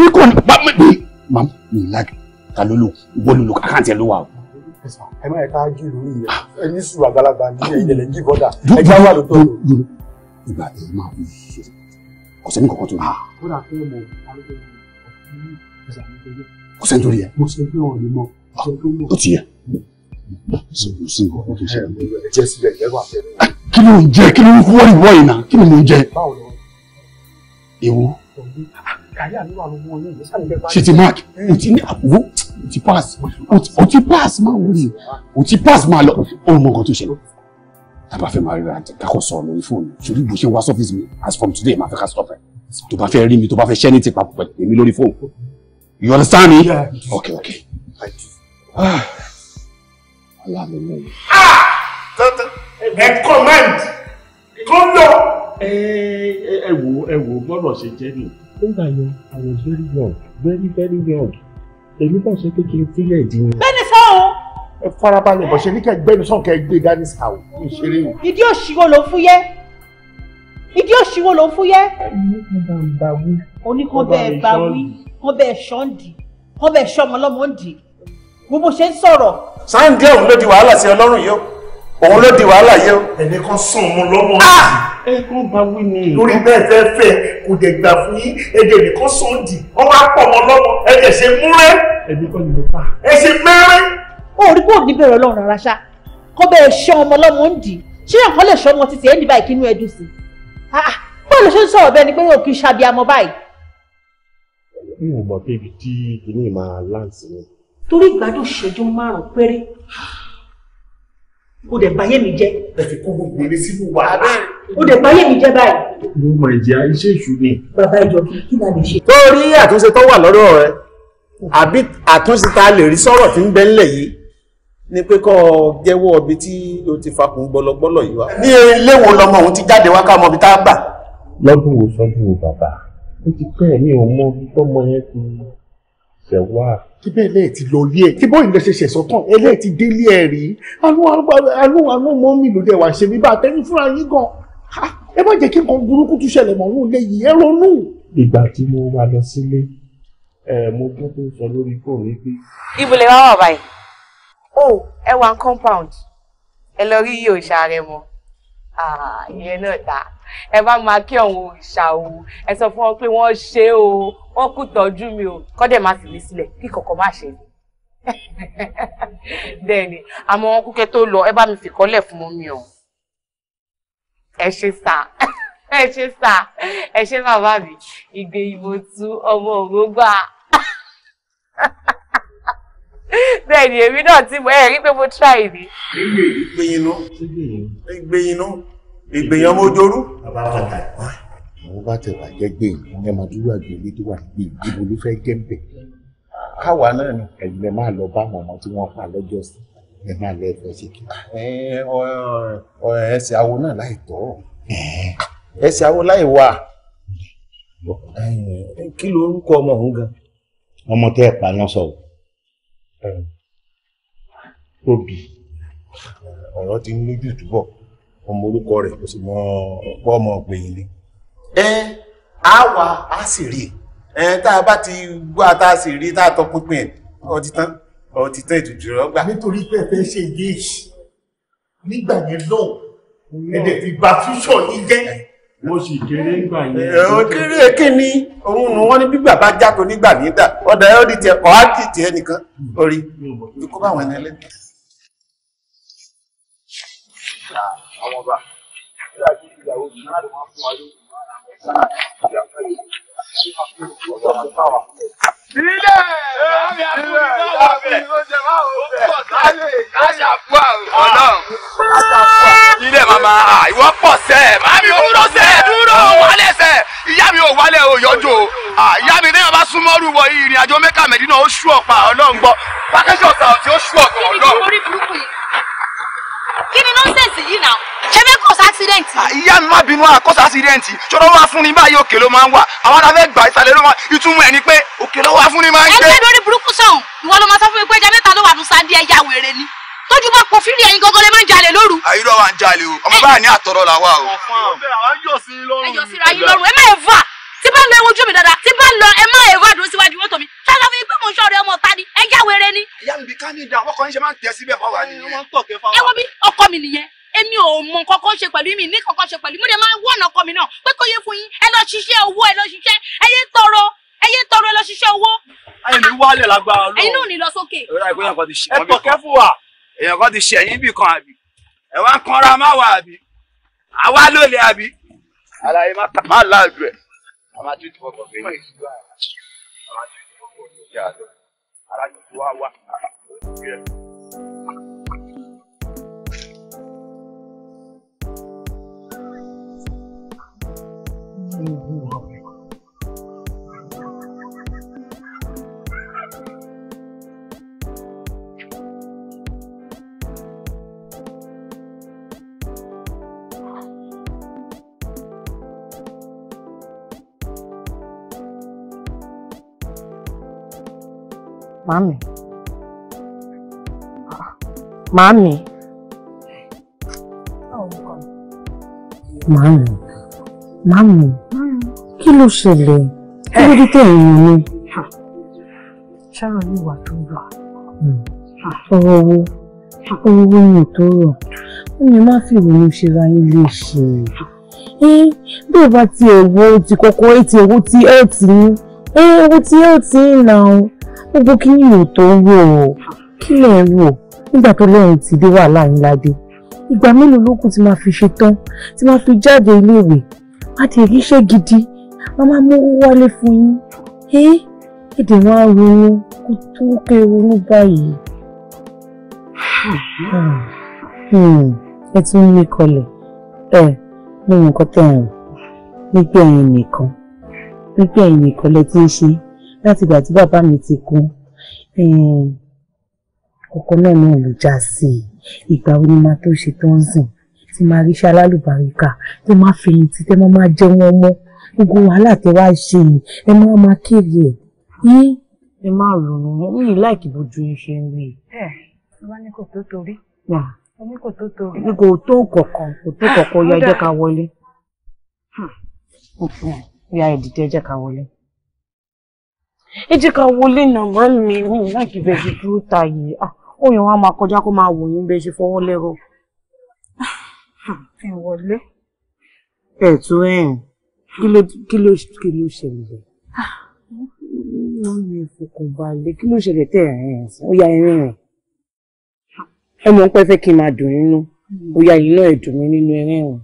ní kú kò bá mi màá mi lágì ta ló lò wọ́n lò àkáǹtì ẹ̀ ló wà o ẹ má yẹ ká jù lórí yẹn ẹ àgbàlagbà ní ilẹ̀ ah. lẹ́jì bọ́dà ẹ wà lótọ́ kò sẹ́ni kankan tó rí. kódà pé mo kò sẹ́ni tó rí ẹ. mo sọ pé wọn ò ní mọ ó ti yẹ kí ló ń jẹ kí ló ń fún wọ́ọ̀rì wọ́ọ̀rì náà kí ló ń jẹ. ewu. ṣe ti mark o ti ní àwọ o ti pass o ti pass máa wọlé o ti pass máa lọ o mọ nǹkan tó ṣẹlẹ̀ a bá fẹ́ máa ríra kakọ sọ̀rọ̀ lórí fóònù ṣòrí bó ṣe wá sọ́fíìsì mi as from today máa fẹ́ ká stop ẹ̀ tó bá fẹ́ rí mi tó bá fẹ́ ṣẹ́ ní ti papọ̀ pẹ̀lú èmi lórí fóònù you understand me? Yeah. okay okay. aláàmì mẹ́rin. ẹ command kó lọ. ẹ wo ẹ eh, wo gbọ́dọ̀ ṣe jẹ́ nìyẹn. nígbà yẹn i was very young very very young èmi kàn sọ pé kí n fílẹ̀ dín ẹ farabalẹ̀ bọ̀ ṣe ní kẹ́ gbẹ́nu sọ̀n kẹ́ gbé dání sàwọ̀ ìṣeré o. ìdí òṣìwò ló fún yẹ ìdí òṣìwò ló fún yẹ. oníkan bẹ́ẹ̀ bá wí kan bẹ́ẹ̀ ṣọ́ǹdì kan bẹ́ẹ̀ ṣọ́mọlọ́mọ ń dì gbogbo ṣe ń sọ̀rọ̀. sáńdé òun ló di wàhálà sí ọlọ́run yìí o òun ló di wàhálà yìí o. ẹni kan sùn mu lọ́mọ ah! ẹ̀gbọ́n bá wí ni. lórí bẹ́ẹ̀ fẹ́ fẹ́ kò dẹ̀ gbà fún yín ẹ̀jẹ̀ nìkan sọ̀ǹdì ọmọ apọ̀ ọmọ lọ́mọ ẹ̀jẹ̀ ṣe múrẹ́. ẹ̀mí kan ló bá. ẹ ṣe mẹ́rẹ́ ó rí kó ní bẹ̀rẹ̀ ọlọ́run rárá ṣá kó bẹ̀rẹ̀ ṣọ́ ọmọ ọlọ́mọ ń dì í ṣé ọ̀kan lè ṣọ́ ọmọ títí ẹ̀ ń dì báyìí kí inú ẹ dùn sí i ah, báwo ló ṣe ń sọ̀rọ̀ bẹ́ẹ̀ ni pé yóò kí ṣàbí amọ báyìí. mi ò mọ̀ pé ibi tí inú ì máa láǹtì ni. torí ìgbádùn ìṣẹ́jú márùn-ún péré ó dẹ̀ báyé mi jẹ́. ẹ fi kó gbogbo eré sínú wàhálà. Ah, ó dẹ̀ báyé mi jẹ́ báyìí. mo mọ ìjìyà iṣẹ́ ìṣù ni. bàbá ìjọ kí kí la lè ṣe. torí àtúnṣe tó wà lọ́dọ̀ rẹ àbí àtúnṣe ta lè rí sọ̀rọ̀ tí ń bẹ ńlẹ̀ yìí ni pé kọ́ jẹ́wọ́ ibi tí o ti fakùn gbọlọgbọlọ yìí wá. ní ilé wo lọmọ òun ti jáde wá káàmọ́ ibi tá a gbà. lọ́dún wo sọ́dún wo bàbá ó ti pẹ́ mi ò mọ tọ́mọ yẹn ti ṣẹ̀ wá. kí bẹ́ẹ̀ lẹ́ẹ̀ ti lọ lé ẹ̀ kí bọ́ọ̀ ìlẹ̀ ṣẹ̀ṣẹ̀ sọ́tàn ẹ lẹ́ẹ̀ ti délé ẹ̀ rí àánú àánú mọ́ mi ló dẹ̀ wá ṣe mí bá tẹ́ni fúnra yín gan ẹ má jẹ́ kí nǹkan burúkú tún ṣẹlẹ̀ mọ́ òun lè yìí ẹ ronú. ìgbà tí oh ẹ wà compound ẹ lọ rí iye òòṣà rẹ mọ ìyẹn ah, náà dá ẹ bá máa kí ọ̀hún òòṣà o ẹ sọ fún wọn pé wọ́n ṣe o wọ́n kú tọ́jú mi o kọ́dẹ̀ má fi mí sílẹ̀ kí kọ̀ọ̀kan má ṣe ni (laughs) bẹ́ẹ̀ ni àmọ́ wọn kúkẹ́ tó lọ ẹ bá mi fìkọ́lẹ̀ fún mọ́mí o ẹ ṣe sá (laughs) ẹ ṣe sá ẹ ṣe bàbá mi ìgbé ìbò tú ọmọ òrógbà. ha (laughs) ha bẹ́ẹ̀ ni èmi náà ti mọ ẹ rí pé mo try ni. ìgbéyin nu ìgbéyin nu ìgbéyan mo jorú. àwọn bá tẹ̀ wá jẹ́ gbẹ̀yìn ẹ máa dúró àgbélé tó wà níbi ìdìbò ló fẹ́ jẹ́ bẹ̀. káwa náà ni ẹ̀yin lè máa lọ bá àwọn ọmọ tí wọ́n pa lọ́jọ́ sí ẹ máa lọ ẹ̀fọ́ sí kí. ẹsẹ̀ awo náà láì tọ́ ẹsẹ̀ awo láì wà. kí lorúkọ ọmọ òun gan. ọmọ tẹ́ ẹ̀ pa náà sọ̀rọ̀ tóbi ọ̀rọ̀ ti ń lójú túbọ̀ ọmọ orúkọ rẹ̀ kò sì mọ ọ̀pọ̀ ọmọ ọ̀gbìn ni. ẹ á wà á sì rí ẹ tá a bá ti gbọ́ tá a sì rí tá a tọ pínpín ẹ̀ ọ ti tán ọ ti tán ìtùtù rẹ gbà. nítorí pé ẹ fẹ́ ṣe engage nígbà yẹn náà ẹ̀dẹ̀ fi gba fíṣọ̀ yín jẹ́ mo sì kéré ńgbà yẹn. ó kéré kíni òun nù wọn ní bí bàbá jáko nígbà nígbà ọ̀dà ẹ̀ di tiẹ̀ kọ́ di tiẹ̀ nìkan orí kó bá wọn ẹni ẹlẹ́ni. àwọn ọba ìyàwó ìyàwó ìyàwó máa ń fún wa lórí ìyàwó Ilé àmì àbúrò náà wà bẹ̀. Aṣàfù àwọn náà. Ilé màmá ìwọ pọ̀ sẹ́. Màmí ò dúró sẹ́ dúró wálẹ̀ sẹ́. Ìyá mi ò wálẹ̀ o yọjọ́. Ìyá mi náà bá súnmọ́ rú wọ ìrìn àjò Mẹ́kà Mẹ́dínà ó ṣú ọ̀pá ọlọ́ngbọ́. Pákẹ́jì ọ̀tà ọ̀tí ó ṣú ọ̀pá ọlọ́ngbọ́. Kini nonsense nọ́ńsẹ̀nsì yìí náà ṣẹ́fẹ́ kò sí accident. Ah, ìyá mi má bínú àkọ́ sí accident ṣọ́rọ́ wá fún ni báyìí òkè ló máa ń wà àwọn aláfẹ́ gbà ìsàlẹ̀ ló máa ìtumọ̀ ẹ̀ ni pé òkè ló wá fún ni máa ń gbé. ẹgbẹ́ lórí burúkú sọ̀hún ìwọ ló máa sọ fún mi pé ẹja mẹ́ta ló wà ní sáńdí ẹja wèrè ni tójú bá pọ̀ fírí ẹ̀yin gangan lè máa ń jalè lóru. àyíró ah, wa ń jalè o ọmọ báyìí ní àtọ̀rọ̀ làwa o. ẹ̀yọ̀ síra yín ẹ má ẹ̀ fà tí bá lọ ẹ wojú mi dáadáa tí bá lọ ẹ má èrò àdúró síwájú mọ́tò mi ṣáṣá fún mi pé mò ń ṣọ̀rẹ́ ọmọ ọ̀tá ni ẹ já wèrè ni. ìyá mi bí ká ní ìdá ọkọ yín ṣe máa ń tẹ síbẹ̀ fáwa nìyẹn. ẹ wo bí ọkọ mi nìyẹn èmi ò mọ nǹkan kan ṣe pẹ̀lú mi ní kankan ṣe pẹ̀lú mi lè máa wọ̀nà ọkọ mi náà pé kó yẹ fún yín ẹ lọ ṣiṣẹ́ owó ẹ lọ ṣiṣẹ́ ẹ yé tọrọ ẹyẹ tọrọ lọ ṣiṣẹ́ owó. ayé mi wálẹ̀ lágbára lọ. ẹ̀yin náà ní lọ sókè. ẹ tọ̀ kẹ́fù wa. èèyàn kan ti ṣe ẹ̀yìn bì kan àbí. ẹ wá ń kanra máa wà àbí. àwa ló lè àbí. àlàyé má láàdù ẹ̀ àmà tó ti fọkàn fún yín àmà tó ti fọkàn fún yín àmà tó ti wá wá. Mami, mami, mami, mami, Kí ló ṣẹlẹ̀? Kí ló dé tẹ̀yìn mi? Ṣáà yìí wà tó wà. Hmm. Ọ̀rọ̀ wo? Ọ̀rọ̀ wo ni tó rọ̀? Ó ní má fi ìrònú ṣe ra yín lè ṣe. Bí o bá ti ẹ̀wọ́ ti kọ́kọ́ ẹ̀ ti ẹ̀wọ́ ti ẹ̀ ti ní. ẹ̀wọ́ ti ẹ̀ ti ń nà ọ́ gbogbo kíní ò tó rò ó kí lẹ̀ ń rò nígbà tó lẹ́yìn ti dé wàhálà yín ládé ìgbà mélòó ló kù tí máa fi ṣe tán tí máa fi jáde iléèwé má ti ríṣẹ́ gidi má má mówó wálé fún yín ẹ èdè wọn á ronú kó tó ké ronú báyìí. Hmm. Hmm. ẹ tún ní kọlẹ̀ ẹ ní nǹkan tẹ̀ ń wípé ẹ̀yin nìkan wípé ẹ̀yin nìkan lẹ ti ń ṣe é láti ìgbà tí bàbá mi ti kú eh, ọkọ náà náà ló já sí i ìgbà wo ni máa tó ṣe tó ń sìn tí máa rí ṣalálùbáríkà tó máa fẹ̀yìntì tẹ́ máa máa jẹun ọmọ gbogbo wàhálà tẹ́ wá ṣe yìí ẹ máa máa kéde ẹ ẹ má ronú mi ì láìkí bójú yín ṣe ń rí i. ẹ wá ní kò tó torí. ní kò tó torí. ní kò tó kọ̀ọ̀kan kò tó kọ̀ọ̀kan ó yá ẹ jẹ́ ká wọlé. ó yá ẹ dìde ẹ jẹ́ ká wọlé ẹ jẹ́ ká wọlé nàmọ́ mi mi láti bẹ̀rẹ̀ dúró ta yìí òyìn ah, wa máa kọjá kó máa wò yín bẹ́ẹ̀ ṣe fọwọ́ lẹ́rọ. Ah, ẹ wọlé. ẹ tó ẹ kí ló kí ló ṣẹlẹ̀ wọ́n mi fọkàn balẹ̀ kí ló ṣẹlẹ̀ tẹ̀ ah, ẹ̀ ó ya ẹ̀rín rẹ̀ ẹ mọ̀ ń pẹ́ fẹ́ kí n máa dùn nínú ó ya ìná ẹ̀dùn mi nínú ẹ̀rín rẹ̀.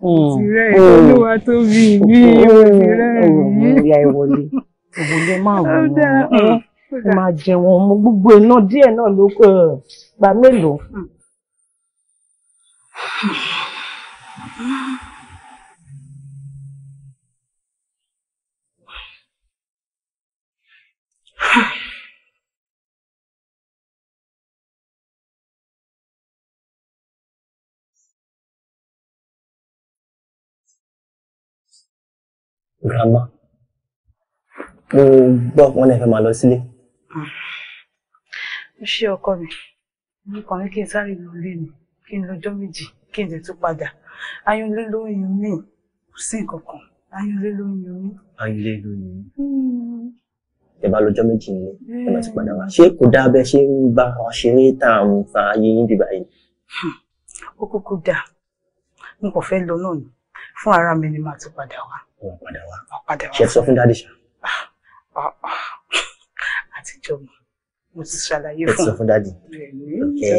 tìrẹ mm. olúwa tó bí ìbí ìwé rẹ̀ yìí. Mm. ó ya ìwọlé òbòlé máa wù wọn mo máa jẹun mo gbogbo iná díẹ̀ náà ló gba mélòó. Grandma mo gbọ́ wọn lè fẹ́ máa lọ sílé. ó ah, ṣe ọkọ mi nǹkan ní kí n sáré lọ lé mi kí n lọ́jọ́ méjì kí n lè tún padà ayọ̀lẹ́ ló ń yún mí kò sí nǹkan kan ayọ̀lẹ́ ló ń yún mí. ayọ̀lẹ́ ló ń yún mí. Hmm. ẹ bá lọ́jọ́ méjì ni ẹ máa ti padà wá hmm. ṣé kò dáa bẹ́ẹ̀ ṣe ń bá wọn ṣe ní ìta àwọn nǹkan ayé yín bíbá yìí. Hmm. ó kúkú dáa n kò fẹ́ lọ náà ni fún ara mi ni màá tún padà wá. wọn padà wá ṣe sọ fún dáadé ṣá. Ah. (sighs) àtijọ́ mo ti ṣàlàyé fún un. ẹ ti sọ fún dáàdì. (laughs)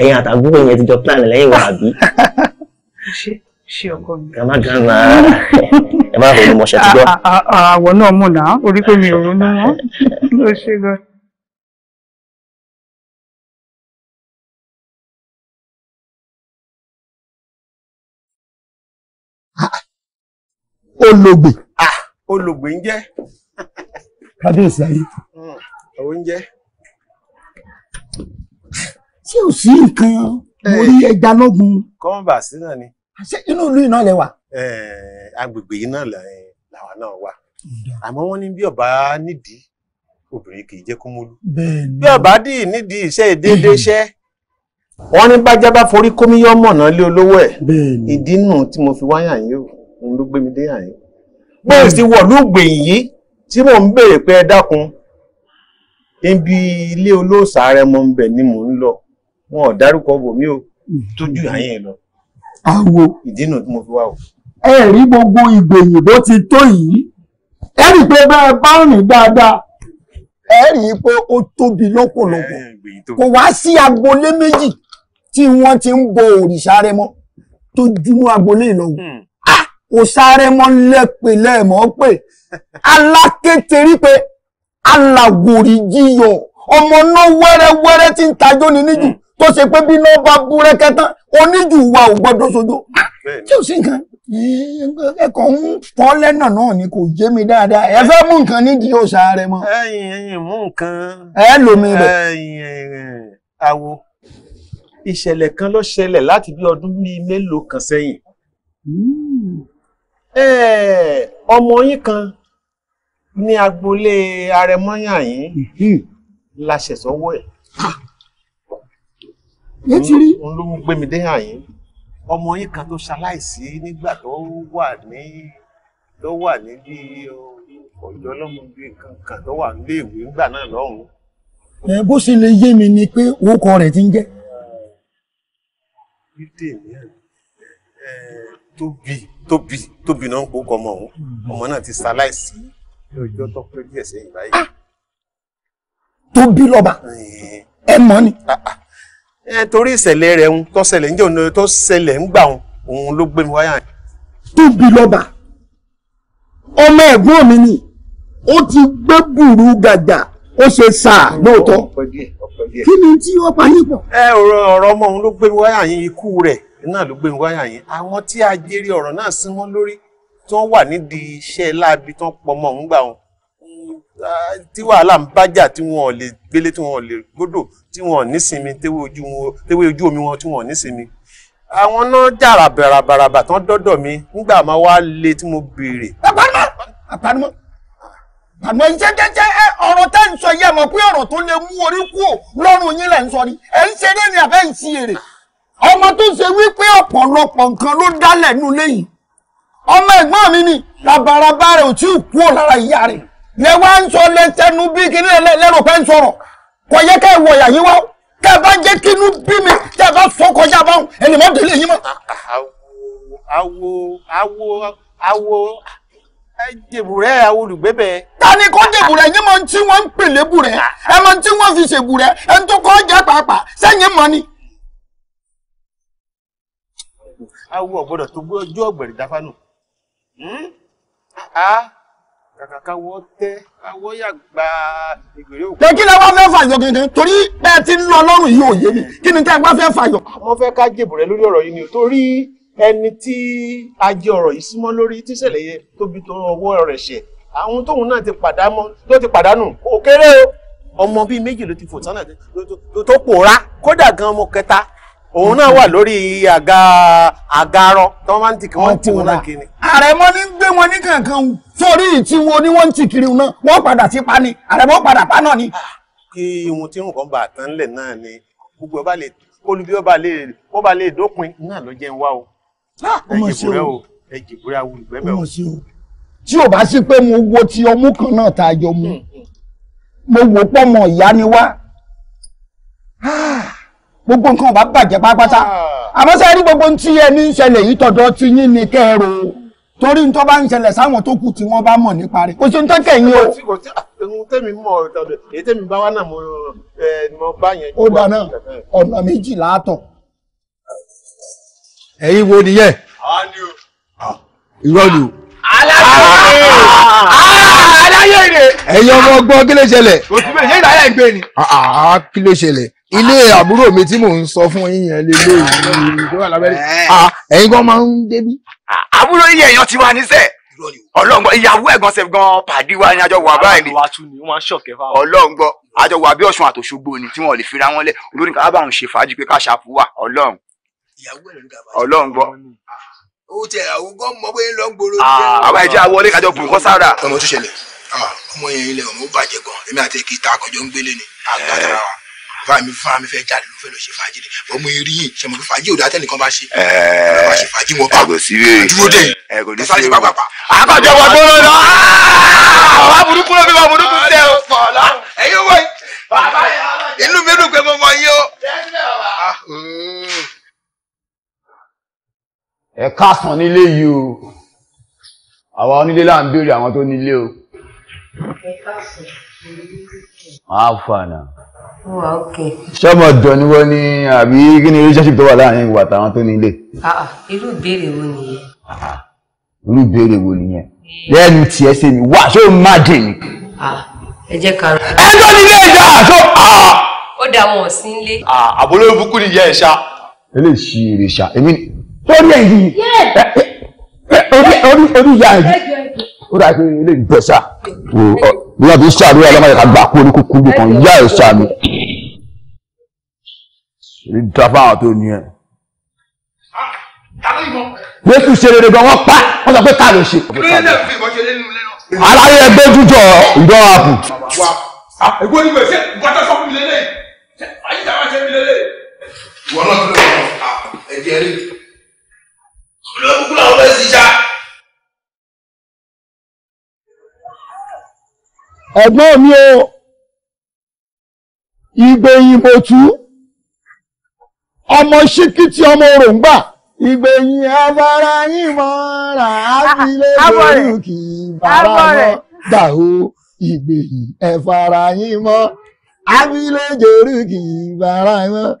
ẹ̀yin àtàbúrò yẹn ti jọ plan lẹ́yìn wa àbí. (laughs) ṣé ṣé ọkọ mi. ẹ má gan na ẹ má ronú mọṣẹ ti gbọ. (laughs) àwọ̀ náà mọ̀ náà orí pé mi ò ronú wọn ló ṣe gan. Ah, olóògbé. Ah, olóògbé ń jẹ́ kábíyèsí ayé. oúnjẹ. ṣé ò sí nǹkan mo rí eh. ẹja lọ́gun. kọ́ńbà sí náà ni. ṣé inú ìlú iná lẹ wà. Eh, agbègbè yìí náà eh, làwa náà wà àmọ́ wọ́n ní bí ọba nídìí obìnrin kì í jẹ́ kó múlú. bí ọba dì nídìí iṣẹ́ ìdédé iṣẹ́ wọ́n ní bájá bá forí kómíyọ́mọ̀ náà lé olówó ẹ̀ ìdí nù tí mo fi wáyà yìí òun ló gbé mi dé àyè. bóyá ti wọ̀ ló yìí tí mò ń béèrè pé ẹ dákun ibi ilé olóòṣà Arẹmọ ń bẹ ni mò ń lọ wọn ò dárúkọ bòmí o tójú àyìn lọ àwo ìdínà tí mo fi wá o. ẹ rí gbogbo ìgbèyìn bó ti tó yìí ẹ rí pé bá ẹ bá rìn dáadáa ẹ rí i pé ó tóbi lọ́pọ̀lọpọ̀ kò wá sí agboolé méjì tí wọ́n ti ń bọ òrìṣà Arẹmọ tó dúró agboolé ìlọ́wọ́. Hmm kò sáré mọ́ lẹ́pẹ̀ lẹ́ẹ̀mọ́ pé alákéterí pé alàgòrí jíyọ̀ ọmọ náà wẹ́rẹ́wẹ́rẹ́ tí ń tajó ni níjù tó ṣe pé bí náà bá búrẹ́kẹ́ tán oníjù wa ò gbọ́dọ̀ sojo tí ò sí nǹkan ẹkọ ń pọ́ lẹ́nà náà ni kò jẹ́ mi dáadáa ẹ fẹ́ mú nǹkan nídìí ò sáré mọ́. ẹ̀yin ẹ̀yin mú nǹkan. ẹ lómi rẹ. ẹ̀yin awo ìṣẹ̀lẹ̀ kan ló ṣẹlẹ̀ láti bí ọdún bíi mélòó kan sẹ́yìn. Hmm. ọmọ yín kan ní agboolé arẹmọ́yà yín hmm. láṣẹ sọ́wọ́ ẹ̀. yé ọmọ yín kan tó ṣaláìsí nígbà wà ní tó wà ní bí wà ìwé nígbà náà lọ́hùn bó ṣe lè yé mi ni pé orúkọ rẹ̀ ti ń jẹ́. ẹ tóbi tóbi náà ń kó kọ ọmọ òun hmm. ọmọ náà ti ṣaláìsí ní ọjọ́ tó pé díẹ̀ sẹ́yìn báyìí. Ah! tóbi lọ́ba eh. ẹ mọ̀ ni. Ah, ah. Eh, torí ìṣẹ̀lẹ̀ rẹ̀ ń tó ṣẹlẹ̀ ń jẹ́ ọ̀nà tó ṣẹlẹ̀ ń gbà òun ló gbé mi wáyà. tóbi lọ́ba ọmọ ẹ̀gbọ́n mi ni ó ti gbé bùrú gàgà ó ṣe sáà lóòótọ́ kí ni tí ó pa yín pọ̀. ẹ ọ̀rọ̀ ọ̀rọ̀ ọmọ òun ló gbé wáyà yín ikú rẹ̀ náà ló gbé wáyà yín àwọn tí a jèrè ọ̀rọ̀ náà sí wọn lórí tí wọ́n wà nídìí iṣẹ́ láabi tí wọ́n pọ̀ mọ́ òun gbà wọn tí wàhálà ń bájà tí wọn ò lè gbélé tí wọn ò lè gbódò tí wọn ò nísinmi tewé ojú omi wọn tí wọn ò nísinmi àwọn náà jàrà bàràbàràbà tán dọ́dọ̀ mi nígbà máa wá le tí mo béèrè. àpánumọ́ àpánumọ́ àmọ́ jẹ́jẹ́jẹ́ ẹ ọ̀rọ̀ tẹ́ ń sọ yìí ẹ mọ̀ pé ọ̀rọ̀ tó lè mú orí kú lọ́rùn yín lẹ̀ ń sọ ni ẹ ń ṣe lẹ́nu àbẹ́ ń ṣe èrè ọmọ tó ṣe wípé ọ̀pọ̀lọpọ̀ nǹkan ló dálẹ̀ nù léyìí ọmọ ẹ̀gbọ́n mi ni labaraba rẹ̀ ò tí ì kú lára ìyá rẹ̀ lẹ wá ń sọ lẹ́sẹ̀nu bí kí lẹ́rọ pẹ́ ń sọ̀rọ̀ kò yẹ kẹ́ ẹ wọ ìyá yín wá kẹ́ ẹ bá jẹ́ kí inú bí mi tẹ́ ẹ bá sọ àwo jèbùrẹ́ àwọn olùgbébẹ̀. ta ni kò jèbùrẹ́ yín mọ tí wọ́n ń pè lébùrẹ́ ẹ mọ tí wọ́n fi ṣèbùrẹ́ ẹ ń tó kọ́ jẹ́ pàápàá sẹ́yìn mọ́ ni. awo ọ̀gbọ́dọ̀ tó gbé ọ̀gbẹ̀rẹ̀ dáfánù. Hmm? a kàkà káwọ tẹ káwọ yàgbà ìgbèrè òkú. pé kí lẹ wá fẹ́ fàyọ gangan torí ẹ ti ń lọ ọlọ́run yìí òye mi kí ni tẹ́ ẹ wá fẹ́ fàyọ. àwọn fẹ́ ká jèbùrẹ́ lórí ọ̀rọ̀ yìí ni torí ẹni tí ajé ọ̀rọ̀ yìí símọ́ lórí tíṣẹ̀lẹ̀ yẹn tóbi tó ọwọ́ rẹ̀ ṣẹ̀ àwọn tóun náà ti pàdánù tó ti pàdánù kò kéré o ọmọ bíi méjì ló ti fò sánà tó pòórá kódà gan ọmọ kẹta òun náà wà lórí àga àgarọ tó máa ń tì kí wọ́n tì wọ́n náà kiri. àrẹ̀mọ ní gbé wọn ní kankan sórí ìtiwo ni wọ́n ń tì kiri náà wọ́n padà sí pa ni àrẹ̀mọ padà pa náà ni. Ah, kí ohun tí nǹkan bá tán lẹ̀ náà ni gbogbo ọba lè olùbí ọba lè dópin náà ló jẹun wá o ẹ̀jìbúrẹ́ o ẹ̀jìbúrẹ́ awù o. tí o bá sí pé mo wo ti ọmú kan náà tá jọ mu mo wò pọ́mọ ìyá ni wá ah, gbogbo nǹkan ò bá bàjẹ́ pátápátá ah. àmọ́ sẹ́yìn ní gbogbo tí ẹ ní ṣẹlẹ̀ yìí tọ̀dọ̀ ti yín ni kẹ́rù torí tó bá ń ṣẹlẹ̀ sáwọn tó kù tí wọ́n bá mọ̀ nípa rẹ̀ kò sí ní tọ́kẹ̀ o. èyí tẹ́mi bá wà náà eh, mo bá yẹn. ó dáná ọ̀nà méjì láàtọ̀ ẹ̀yin wo nìyẹn. irọ́ ni o. aláyé rè. Ah, ẹ̀yin ọmọ ọgbọ́n kí ló ṣẹlẹ̀. òtún bẹ́ẹ̀ ṣé ìdáyà ìgbé ni. Ah, ah, kí ló ṣẹlẹ̀ ilé àbúrò mi tí mò ń sọ fún yín yẹn lè lé ìlú tó wà lábẹ́rẹ́ eh. ẹ̀yin kan máa ń débí. àbúrò yìí èèyàn ti wà níṣẹ́ ọlọ́ngbọ ìyàwó ẹ̀gbọ́n sẹ́f gan pàdé wa ni àjọ wà báyìí ni ọlọ́ngbọ àjọ wà Ọ̀ṣun àtòṣogbo ni tí wọ́n lè fira wọn lẹ̀ olórí kan bá ń ṣe fàájì pé ká ṣàpùwà ọlọ́run ìyàwó ẹ̀ ló ń ga bàjẹ́. ọlọ́run gbọ́. ó ti àwọn gan mọ bóyá lọ ń gbòòrò. Ah, àwọn ẹ̀jẹ̀ àwọlé kájọ bùn kọ́ sára. ọmọ tó ṣẹlẹ̀ ah, ọmọ yẹn ilẹ̀ ọmọ ó bàjẹ́ gan èmi àti èkì ta àkànjọ ń gbélé ni eh. àgbàdàrà wa fa mi fa mi fẹ́ jáde ló fẹ́ lọ ṣe fàájì ni wọn mú irí yìí ṣe mọ pé fàájì òdà tẹnìkan bá ṣe ẹ eh. bá ṣe fàájì wọn bá dúró dé yìí fàájì bá pàpà. àkànjọ wọn gbọ́dọ̀ lọ àwọn aburúkú ló fi wọn burúkú tẹ ọ. ẹ̀yin wọ̀nyí inú mi dùn pé mo mọ yín o ẹ káàsán nílé yìí o àwa onílé là ń béèrè àwọn tó nílé o. ẹ káàsán àfàànà. ṣé ọmọ ọ̀dọ́ ni wọ́n ní àbí kí ni relationship tó wà láàrin ìwà àtàwọn tó nílé. Ah, irú ìbéèrè wo nìyẹn. irú ìbéèrè wo nìyẹn lẹ́nu tiẹ̀ ṣe mi wá ṣé o máa dè mí. Ah, ẹ jẹ́ ká. ẹ tó nílé ìjà àṣọ. ó dà wọn sí nílé. Ah, àbólóyún bukú nìyẹn ṣá. eléyìí ṣì rè ṣá èmi ni sórí ẹ̀yìn eh, eh, eh, orí orí ìyá yìí ó dà pé ilé ìgbẹ̀sà bí wọ́n fi ń ṣàdúrà lọ́mọdé ká gbà kú ní kúkú bí kan ìyá ẹ̀ ṣàmì ìdá fáwọn tó ní ẹ. Ah, Jésù ṣe rere gan wọ́n pa wọ́n sọ pé ká ló ṣe. Aláyé ẹgbẹ́ jújọ ìjọ ààbò. Ègbó ni gbèsè bọ́tà sọ fún mi lélẹ̀. Ayé ìjà máa ṣe mi lélẹ̀. Wọ́n náà ti lọ sọ ẹ̀jẹ̀ rí. okwu na ọbụezija ẹ̀gbọ́n mi o Igbeyin motu ọmọ ṣíkìtì ọmọ òròǹgbà ìgbẹ̀yìn afárá yín mọ́ra ábílẹ̀ ah, lóyún kì í bàbá mọ́ gbà ó ìgbẹ̀yìn ẹ̀fárá yín mọ́ ábílẹ̀ kì í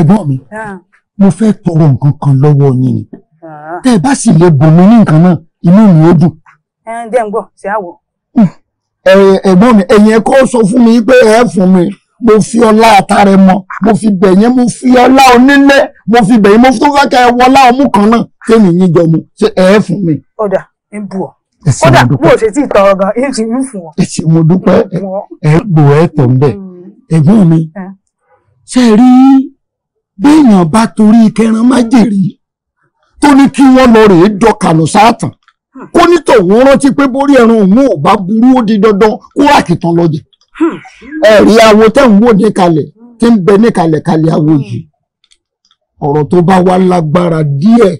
ẹ̀gbọ́n mi mo fẹ́ tọrọ nǹkan kan lọ́wọ́ yín ni tẹ́ ẹ bá sì lè bò mí ní nǹkan náà inú mi ó dùn. Hmm. ẹ ń dẹ́ ń gbọ́ sí àwọ̀. ẹ̀gbọ́n mi ẹ̀yin ẹ̀kọ́ sọ fún mi pé ẹ fún mi mo fi ọlá àtàrẹ mọ mo fi bẹ̀yẹn mo fi ọlá onílé mo fi bẹ̀yẹn mo tó fẹ́ kẹ́ ẹ wọlá ọmú kan náà kéèmì yín jọ mu ṣe ẹ fún mi. ọ̀dà ń bù ọ́ kódà bí o ṣe tí ì tọrọ gan ẹ ti ń fún ọ. ẹ ṣe mo dúpẹ́ ẹ gbò ẹ tọ̀ ń bẹ̀ hmm. ẹ̀gbọ́n mi ṣe rí béèyàn bá torí kẹran májèrè tó ní kí wọ́n lọ rèé dọkànù sáàtàn hmm. kó nítòun rántí pé borí ẹran òun ò bá burú ó di dandan kó àkìtàn lọjẹ hmm. ẹ̀rí awo tẹ́ ń wò níkalẹ̀ tí ń bẹ níkalẹ̀ kalẹ̀ awo yìí ọ̀rọ̀ tó bá wá lágbára díẹ̀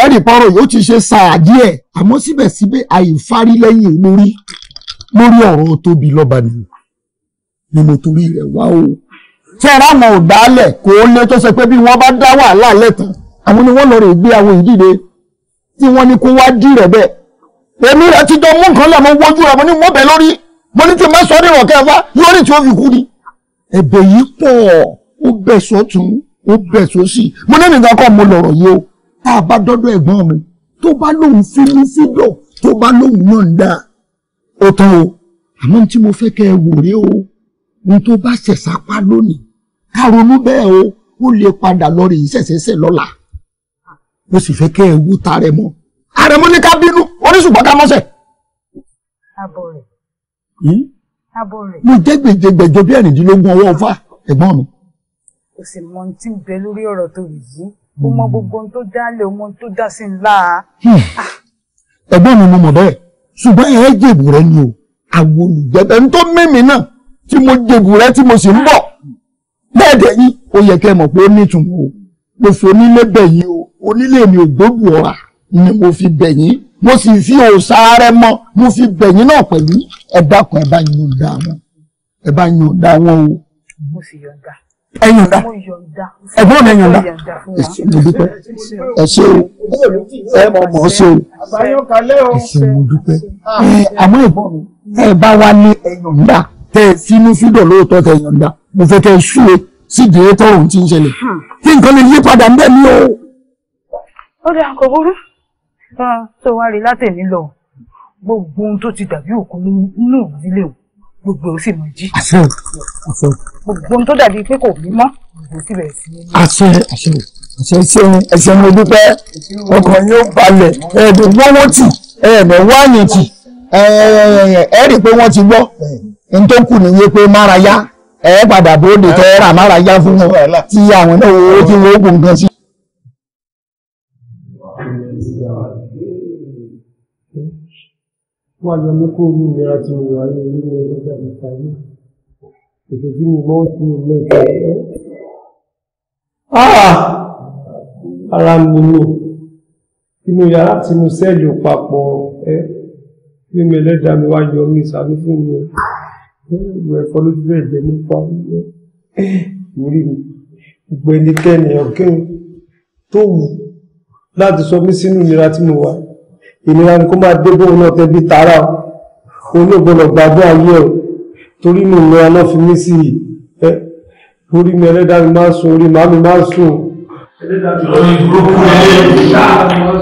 ẹ̀rí pọ́rọ̀ yóò ti ṣe sáà díẹ̀ àmọ́ síbẹ̀síbẹ̀ àìfárí lẹ́yìn olórí lórí ọ̀rọ̀ tóbi lọ́ba nìyí ni mo torí rẹ̀ wá o tí ara àwọn ògbálẹ̀ kò lé tó ṣe pé bí wọ́n bá dá wàhálà lẹ́tàn àwọn ni wọ́n lọ rè gbé àwọn ìdílé tí wọ́n ní kó wá dì rẹ̀ bẹ́ẹ̀ èmi rẹ̀ ti jọ mú nǹkan lẹ̀ mo wojú rẹ̀ mo ní mo bẹ̀ lórí mo ní tí ma sọ ní ìrọ̀kẹ́ fa lórí tí ó fi kú ni ẹ̀bẹ̀ yìí pọ̀ ó bẹ̀ sọ́tún ó bẹ̀ sósì mo ní nìkan kọ́ mo lọ̀rọ̀ yìí o tá a bá dọ́dọ̀ ẹ̀gbọ́n mi tó bá lóun fínú fídọ̀ tó bá lóun náà ń dáa ó tán o àmọ́ tí mo fẹ́ kẹ́ ẹ wò rèé o ohun tó bá ṣẹ̀ṣá pa lónìí ká ronú bẹ́ẹ̀ o ó lè padà lọ rèé sẹ̀sẹ̀sẹ̀ lọ́la mo sì fẹ́ kẹ́ ẹ wú ta rẹ mọ́ àrẹ̀mọ́ ní ká bínú oníṣùgbọ́n ká mọ́sẹ̀. àbọ̀ rẹ̀. àbọ̀ hmm? rẹ̀. mo jẹ́ gbèjègbèjò bí ẹ̀rìndínlógún ọwọ́ ọfà ẹ̀gbọ́n mi. kò sì mọ ohun tí ń bẹ lórí ọ̀rọ̀ tó yìí yìí ó mọ gbogbo ohun tó dálé ọmọ ohun tó dá sí ńlá. Hmm. Ah. ẹ̀gbọ́n mi mo mọ̀ bẹ́ẹ̀ ṣùgbọ́n ẹ̀ jèbù rẹ ni o àwọn olùjẹ́bẹ̀ ń tó mímì náà tí mo jèbù rẹ tí mo sì ń bọ̀ bẹ́ẹ̀ dẹ̀ yín ó yẹ kẹ́ mọ̀ pé ó nítumọ̀ o mo fi onílé bẹ̀ yín o onílé mi ò gbógun ọ̀rà ni mo fi bẹ̀ yín mo sì fi òòsàárẹ̀ mọ́ mo fi bẹ̀ náà pẹ̀lú ẹ dákun yọ̀ǹda wọn ẹ yọ̀ǹda wọn o. ẹ yọ̀ǹda ẹ̀gbọ́n mi yọ̀ǹda ẹ ṣé mo dúpẹ́ ẹ ṣé o ẹ mọ̀ mọ̀ ṣe o ẹ ṣé mo dúpẹ́ àmọ́ ẹ̀gbọ́n mi ẹ bá wa ní ẹ yọ̀ǹda tẹ́ ẹ sínú fídọ̀ lóòótọ́ tẹ́ yọ̀ǹda mo fẹ́ kẹ́ ẹ súre sídìí tọ́rùn tí ń ṣẹlẹ̀ hmm. kí nǹkan lè yí padà ń bẹ̀ ní o. ó dà kò burú tó wá rí látẹ̀mí lọ gbogbo ohun tó ti dàbí òkú nínú ìdílé o gbogbo ó sì mọ jí. àṣẹ àṣẹ. gbogbo ohun tó dàbí pé kò mí mọ́ gbogbo sì bẹ̀rẹ̀ sí ní. àṣẹ àṣẹ àṣẹ ṣeun ẹṣẹ mo dúpẹ́ ọkàn yóò balẹ̀ ẹ̀ẹ́dùn gbọ́wọ́ tì ẹ̀ẹ́dùn wáyé tì ẹ̀ẹ́dùn pé wọ́n ti gbọ́ n tó kù ní wípé mára yá ẹ padà bóde tẹ ẹ rà mára yá fún wọn tí àwọn náà owó tí wọn ó gùn gan sí. wọ́n yọ mú kó omi ìlera tí mo wà ní orí ẹgbẹ́ ìta yìí ètò tí mo mọ́ sí ilé ìta ah! yìí. ara mi nù inú yàrá tí mo sẹ́ẹ̀lì papọ̀ ẹ́ bí mi ẹlẹ́dàá mi wá yọ mí sàbí fún mi ìwé ẹ̀fọ́ lójú bẹ́ẹ̀ jẹ́ nípa orí mi gbogbo ẹnikẹ́ni ọ̀kẹ́hìn tó wù láti sọ mí sínú ìnira tí mo wà ìnira ni kó máa dé bóun náà tẹ́bí tààrà o òun ló gbọ́dọ̀ gbádùn ayé ẹ̀ torí mi ìnira náà fi mí sí ẹ orí mi ẹlẹ́dàá mi máa ń sùn orí màá máa ń sùn. ẹlẹ́dàá mi máa ń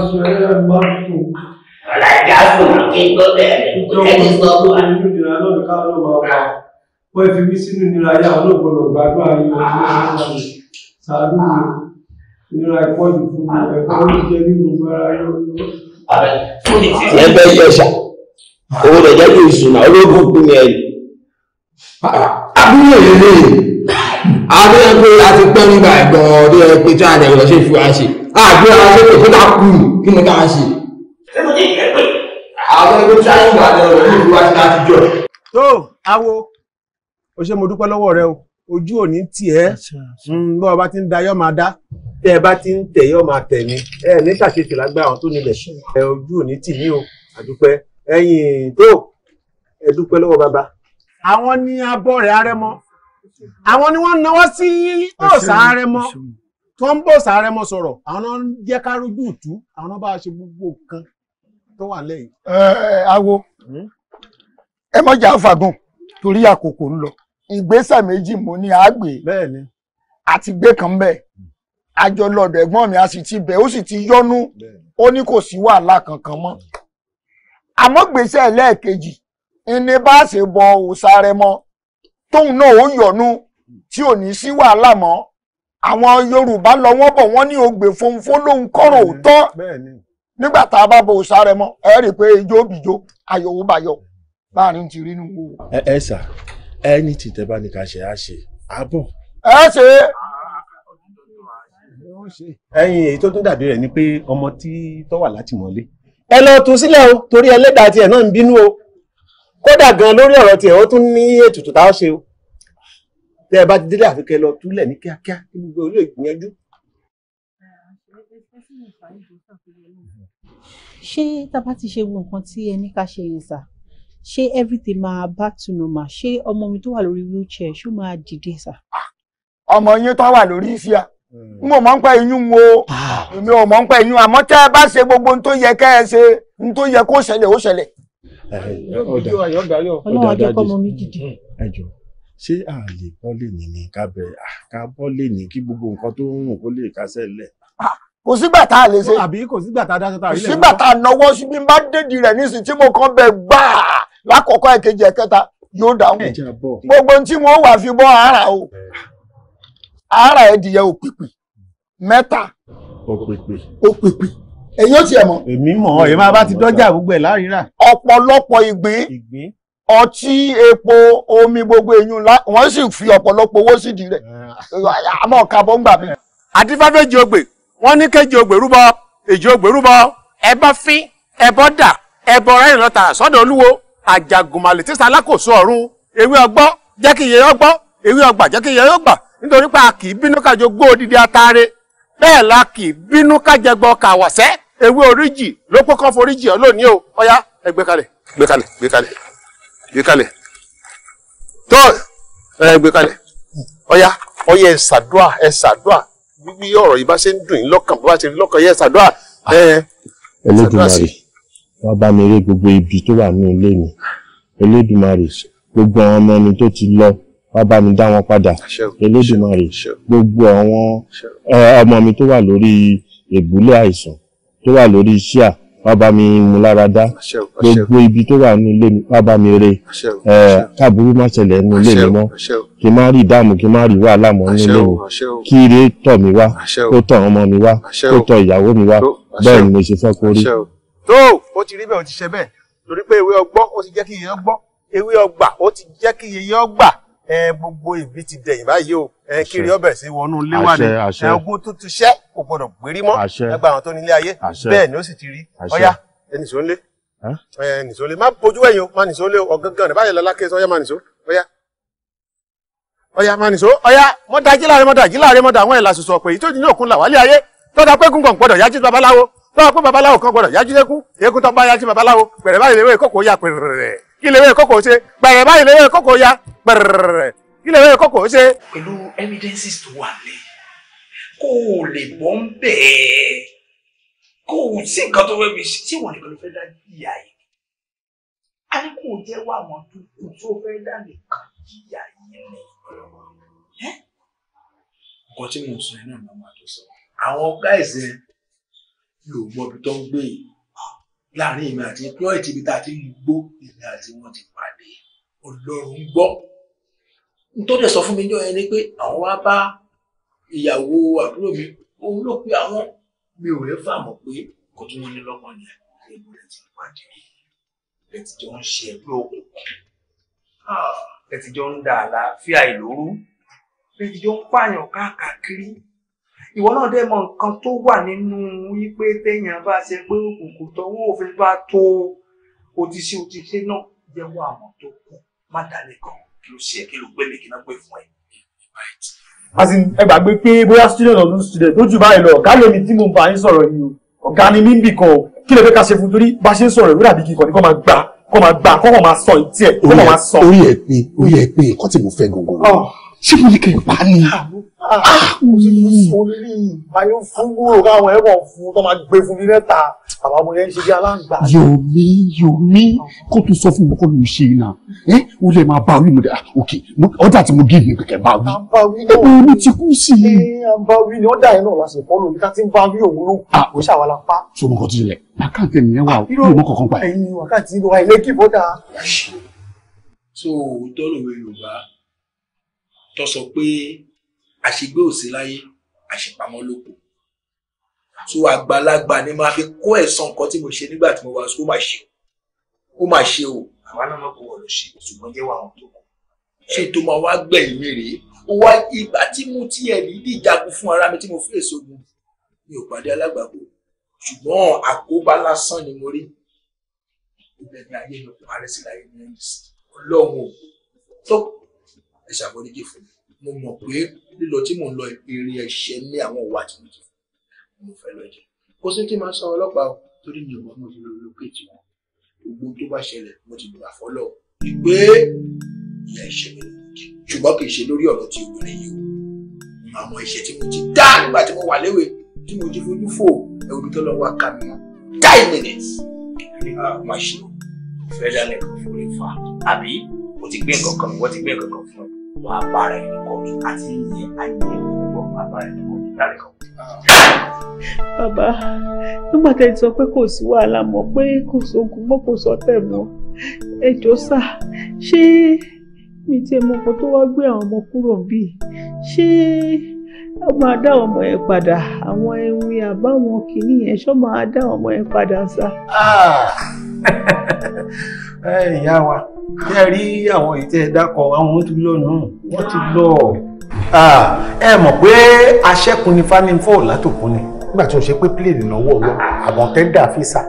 sùn ẹlẹ́dàá mi máa ń sùn àjásùn wọ́n fi mí sínú ìnira yá ọlọ́gbọ̀nà gbàdúrà yìí wọ́n fi mí sínú sàánú mi fún ẹ̀kọ́ ló jẹ́ bí gbogbo ara yóò lọ. ẹgbẹ́ yẹ̀ṣà owó rẹ̀ yóò sùn náà ológun kú ni ẹ̀yìn. abúlé lè àwọn ẹgbẹ́ láti pẹ́ nígbà ẹ̀gbọ́n ọdún ẹgbẹ́ tí a dẹ̀ ṣe fi wá ṣe àgbẹ̀ àwọn kò tó dà kú kí ni ká ṣe àwọn ẹgbẹ́ tí wọ́n wà lọ́rọ̀ ní ìlú àti láti jọ. tó awo o ṣe mo dúpẹ́ lọ́wọ́ rẹ o ojú ò ní tiẹ̀ mm, bí ọba ti ń da yọ́ máa dá tẹ́ ẹ bá ti ń tẹ̀ yọ́ máa tẹ̀ mí ẹ ní kàṣetì lágbá àwọn tó nílẹ̀ ẹ ojú ò tì yín o àdúpẹ́ ẹ̀yin tó ẹ dúpẹ́ lọ́wọ́ bàbá. àwọn ni abọ́ rẹ̀ arẹmọ àwọn ni wọ́n náwó sí òòsà arẹmọ tó ń bòòsà arẹmọ sọ̀rọ̀ àwọn jẹ́ ká rójú ìtú àwọn náà bá ṣe gbogbo nǹkan tó wà lẹ́yìn. awo hmm? ẹ mọ̀jà fàgùn torí àkókò ń lọ ìgbésẹ̀ méjì mo ní àgbè àti gbé kan bẹ́ẹ̀ àjọ lọ́dọ̀ ẹ̀gbọ́n mi a sì ti bẹ̀ ó sì ti yọ́nú ó ní kò sí wàhálà kankan mọ́ àmọ́ gbèsè ẹlẹ́ẹ̀kejì ní bá ṣe bọ òòṣà rẹ mọ́ tóun náà ó yọ̀nú tí ò ní sí wàhálà mọ́ àwọn Yorùbá lọ wọ́n bọ̀ wọ́n ní ogbè fonfon lòun kọ́rọ̀ òótọ́ nígbà tá a bá bo òòṣà rẹ mọ ẹ rí i pé ijó bìjó ayọ̀wò bayọ̀ láàrin ti rí nínú wo. ẹ ẹ sà ẹni tí tẹ bá ní ká ṣe á ṣe àbọ. ẹ ṣe. ẹyin èyí tó tún dàbí rẹ ni pé ọmọ tí tó wà látìmọ́lé ẹ lọ tú sílẹ̀ o torí ẹlẹ́dàá tiẹ̀ náà ń bínú o kódà gan lórí ọ̀rọ̀ tiẹ̀ ó tún ní ètùtù tá a ṣe o tẹ ẹ bá ti délé àfikẹ́ lọ túlẹ̀ ní kíákíá gbogbo olóògbìyànjú ṣé tá a bá ti ṣe gbogbo nǹkan tí ẹni ká ṣe yẹn sà ṣé everything máa back to normal ṣé ọmọ mi tó wà lórí wheelchair ṣó máa dìde sà. ọmọ yín tó wà lórí ìfíà n ò mọ̀ ń pẹ́ yín wo ah. èmi ò mọ̀ ń pẹ́ yín àmọ́ tẹ́ ẹ bá ṣe gbogbo ohun tó yẹ kẹ́ ẹ ṣe ohun tó yẹ kó ṣẹlẹ̀ ó ṣẹlẹ̀. Eh, ọlọ́run ajẹ́kọ́ ọmọ mi dìde. Hmm. ẹ jọ ṣé a lè bọ́ lè ní ní ká bẹ̀rẹ̀ ká bọ́ lè ní kí gbogbo nǹkan tó ń rùn kó lè kásẹ̀ lẹ̀. Ah, kò sígbà tá a lè ṣe àbí kò sígbà tá a dáṣẹ́ tá a rí lẹ́nu kò sígbà tá a nọwọ́ síbi bá dédìí rẹ̀ nísìnyí tí mo kàn bẹ gbáà lákọ̀ọ́kọ́ ẹ̀kejì ẹ̀kẹta yóò dáhùn gbogbo tí wọ́n wà fi bọ́ ara o ara ẹ̀ dìyẹ òpìpì mẹ́ta òpìpì òpìpì èyí ó tiẹ̀ mọ̀. èmi mọ̀ èyí máa bá ti dọ́jà gbogbo ẹ̀ láríra. ọ̀pọ̀lọpọ̀ ìgbín ọtí epo omi gbogbo èyí ńlá wọ́n sì fi ọ̀pọ̀lọpọ̀ owó sídìí rẹ̀ ah. àmọ́ ọ̀ka bọ́ǹgbà mi. àtifáfẹ́jì ogbè wọ́n ní kéjì ògbèrúbọ èjì ògbèrúbọ ẹbọ fín ẹbọ dà ẹbọ rẹ́rìn lọ́ta sọ́dọ̀ olúwo àjàgùnmàlè tí salákòóso ọ̀run ewé ọgbọ́ jẹ́ kí iye ewé ọgbà jẹ́ kí ọgbà nítorí pé a kì í bínú kájọ gbó odidi la kì í o ẹ gbé gbé gbé gbé bí ọ̀rọ̀ yìí bá ṣe ń dùn yín lọ́kàn bá ṣe lọ́kàn yẹ ṣàdúrà. Ah, Elédùmarè wá bá mi rí gbogbo ibi tó wà ní ilé mi Elédùmarè gbogbo àwọn ọmọ mi tó ti lọ wá bá mi dá wọn padà Elédùmarè gbogbo àwọn eh, ọmọ mi tó wà lórí ìgbúlẹ̀ àìsàn tó wà lórí iṣẹ́ à wá bá mi mú lára dá gbogbo ibi tó wà ní ilé mi wá bá mi re káàbùrú má ṣẹlẹ̀ nínú ilé mi mọ́ kí má rí ìdààmú kí má rí wàhálà mọ́ nílé o kí ire tọ̀ mí wá kó tọ̀ ọmọ mi wá kó tọ̀ ìyàwó mi wá bẹ́ẹ̀ ni mo ṣe fẹ́ kó rí. tó o ti rí bẹ́ẹ̀ o ti ṣe bẹ́ẹ̀ torí pé ewé ọgbọ́n ó ti jẹ́ kí èèyàn gbọ́ ewé ọgbà ó ti jẹ́ kí èèyàn gbà ẹ gbogbo ìbí ti dẹ̀yìn báyìí o ẹ kiri ọbẹ̀ sí wọnú léwàdì ẹ ogún tó ti ṣẹ́ kò gbọdọ̀ gbérí mọ́ ẹgbà àwọn tó nílé ayé bẹ́ẹ̀ ni ó sì ti rí ọyá ẹnìṣó ńlé ẹnìṣó ńlé má bójú ẹ̀yìn o má nìṣó ńlé ọ̀gángan rẹ̀ báyìí lọ́lá kéésì ọyá má nìṣó ọyá ọyá má nìṣó ọyá mọ́dájí láàrin mọ́dájí àwọn ìlà sọ̀sọ̀ pé ìtòjì ní tọ́ pé babaláwo kan gbọ́dọ̀ yájú lẹ́kún eégún tó bá yájú babaláwo pẹ̀rẹ̀ báyìí lewé kókò ya pẹ̀rẹ̀rẹ̀ kí lewé kókò ṣe pẹ̀rẹ̀ báyìí lewé kókò ya pẹ̀rẹ̀rẹ̀ kí lewé kókò ṣe. pẹ̀lú evidences tó wà lé kó o lè bọ́ ń bẹ́ẹ̀ kó o sí nǹkan tó fẹ́ fi tí wọ́n nìkan ló fẹ́ dá yíyá yìí a ní kó o jẹ́ wá àwọn tuntun tó fẹ́ dá nìkan yíyá yìí ni nǹkan tí mo sọ yẹn náà máa tó sọ àwọn gáìsì mi mọ ibi tó ń gbé yìí ah, láàrin èmi àti employee ti ibi tá a ti ń gbó èmi àti wọn ti pàdé ọlọ́run gbọ́ nítorí sọ fún mi ní ọyẹn ni pé àwọn wá bá ìyàwó àbúrò mi òun ló pe àwọn mi ò rẹ fà mọ̀ pé kò tún wọn ní lọ́kàn yẹn èmi rẹ ti pàdé rẹ ti jọ ń ṣe ẹgbẹ́ òkùnkùn rẹ ah, ti jọ ń dà àlàáfíà ìlórú rẹ ti jọ ń pààyàn káàkiri ìwọ náà dẹ̀ mọ nǹkan tó wà nínú wípé téèyàn bá ṣe pé òkùnkùn tọwọ́ òfin bá tó òtíṣe òtíṣe náà jẹ́wọ́ àwọn tó kù má dalẹ̀ kan kí ló ṣe ẹ kí ló gbé mi kí náà gbé fún ẹ. àti ẹ gbàgbé pé bóyá student ọ̀dún student lójú báyìí lọ ọ̀gá lèmi tí mo ń bá yín sọ̀rọ̀ yìí o ọ̀gá ni mí ń bì kan o kí lè fẹ́ ká ṣe fún torí bá ṣe ń sọ̀rọ̀ ìwé àbí kíkan ni kò máa gbà kò máa gbà kò máa sọ ìtí ẹ̀ kò máa sọ. orí ẹ pé orí ẹ pé nǹkan tí mo fẹ́ gbogbo ah. ṣé mo ní kí n pa á ni. Ah, Ah, mo yomi yomi kó tún sọ fún mi kó mi ṣe iná ẹ o lè máa bá wí mo ah, ok ọjà tí mo gíìmù kẹkẹ bá wí. ẹ bọ omi ti kú sí i. ẹ bá wí ni ọjà yẹn náà la ṣe fọlọ níta tí ń bá wí òun ló kù ah, kó ṣàwàlà pa. so mo kàn ti yẹlẹ àkáǹtì nìyẹn wà ó mi ò kankan pa ẹ. ẹyin wákàtí ìlú wa ilé kí bọ́dà. so òótọ́ yorùbá tó sọ pé àṣegbé òsè láyé àṣepamọ́ lóko tó àgbàlagbà ni máa fi kó ẹ̀san nǹkan tí mo ṣe nígbà tí mo wá sí ó máa ṣe ó máa ṣe o àwa náà kò wọ̀ lọ ṣe ṣùgbọ́n jẹ́ wà wọn tó kù ṣé tó máa wá gbẹ̀yìn rèé ó wá ìgbà tí mo ti ẹ̀ ní ìjagun fún ara mi tí mo fi èso mu mi ò pàdé alágbàgbọ́ ṣùgbọ́n àkóbá lásán ni mo rí ìbẹ̀ni ayé mi kò parẹ́ sí láyé mi ọlọ́run ò tó ẹ ṣàforíjì fún mi mo mọ̀ pé lílọ tí mò ń lọ ìrìn ẹ̀ṣẹ̀ ní àwọn ìwà tí mo ti mo fẹ́ lọ jẹ kò sí kí n máa san ọlọ́pàá torí mi ò mọ mo ti lọ lókèjì wọn gbogbo tó bá ṣẹlẹ̀ mo ti gbà fọ́lọ́ ìgbé ìyá ẹ̀ṣẹ̀ mi ṣùgbọ́n kì í ṣe lórí ọ̀rọ̀ tí obìnrin yìí o àmọ́ ẹ̀ṣẹ̀ tí mo ti dá nígbà tí mo wà léwe tí mo ti fojú fò ẹ̀wù mi tó lọ wá ká mi mọ́ nine máa ṣe fẹ́ dálẹ̀ kan fún mi fa àbí mo ti gbé nǹkan kan mi wọ́n ti gbé nǹkan kan fún mi wọn abára ẹni kọjú àti ìyẹn ayé ìwọ wọn abára ẹni kọjú dáre kan. bàbá nígbà tẹ́ ti sọ pé kò sí wàhálà mọ́ pé kò sóògùn mọ́ kò sọ́tẹ̀ mọ́ ẹjọ́ sà ṣé mi tiẹ̀ mọ ọkọ tó wá gbé àwọn ọmọ kúrò bí ṣé ó máa dá ọmọ yẹn padà àwọn ewì àbáwọn kìíní yẹn ṣó máa dá ọmọ yẹn padà sá. (laughs) ẹ ìyá wa tẹ rí àwọn ìtẹ dákọ àwọn ti lọnà wọn ti lọ ẹ mọ̀ pé aṣẹ́kùn ni fanning fall látòkún ni nígbà tí o ṣe pé plane lọ́wọ́ lọ àbọ̀tẹ́ndà físà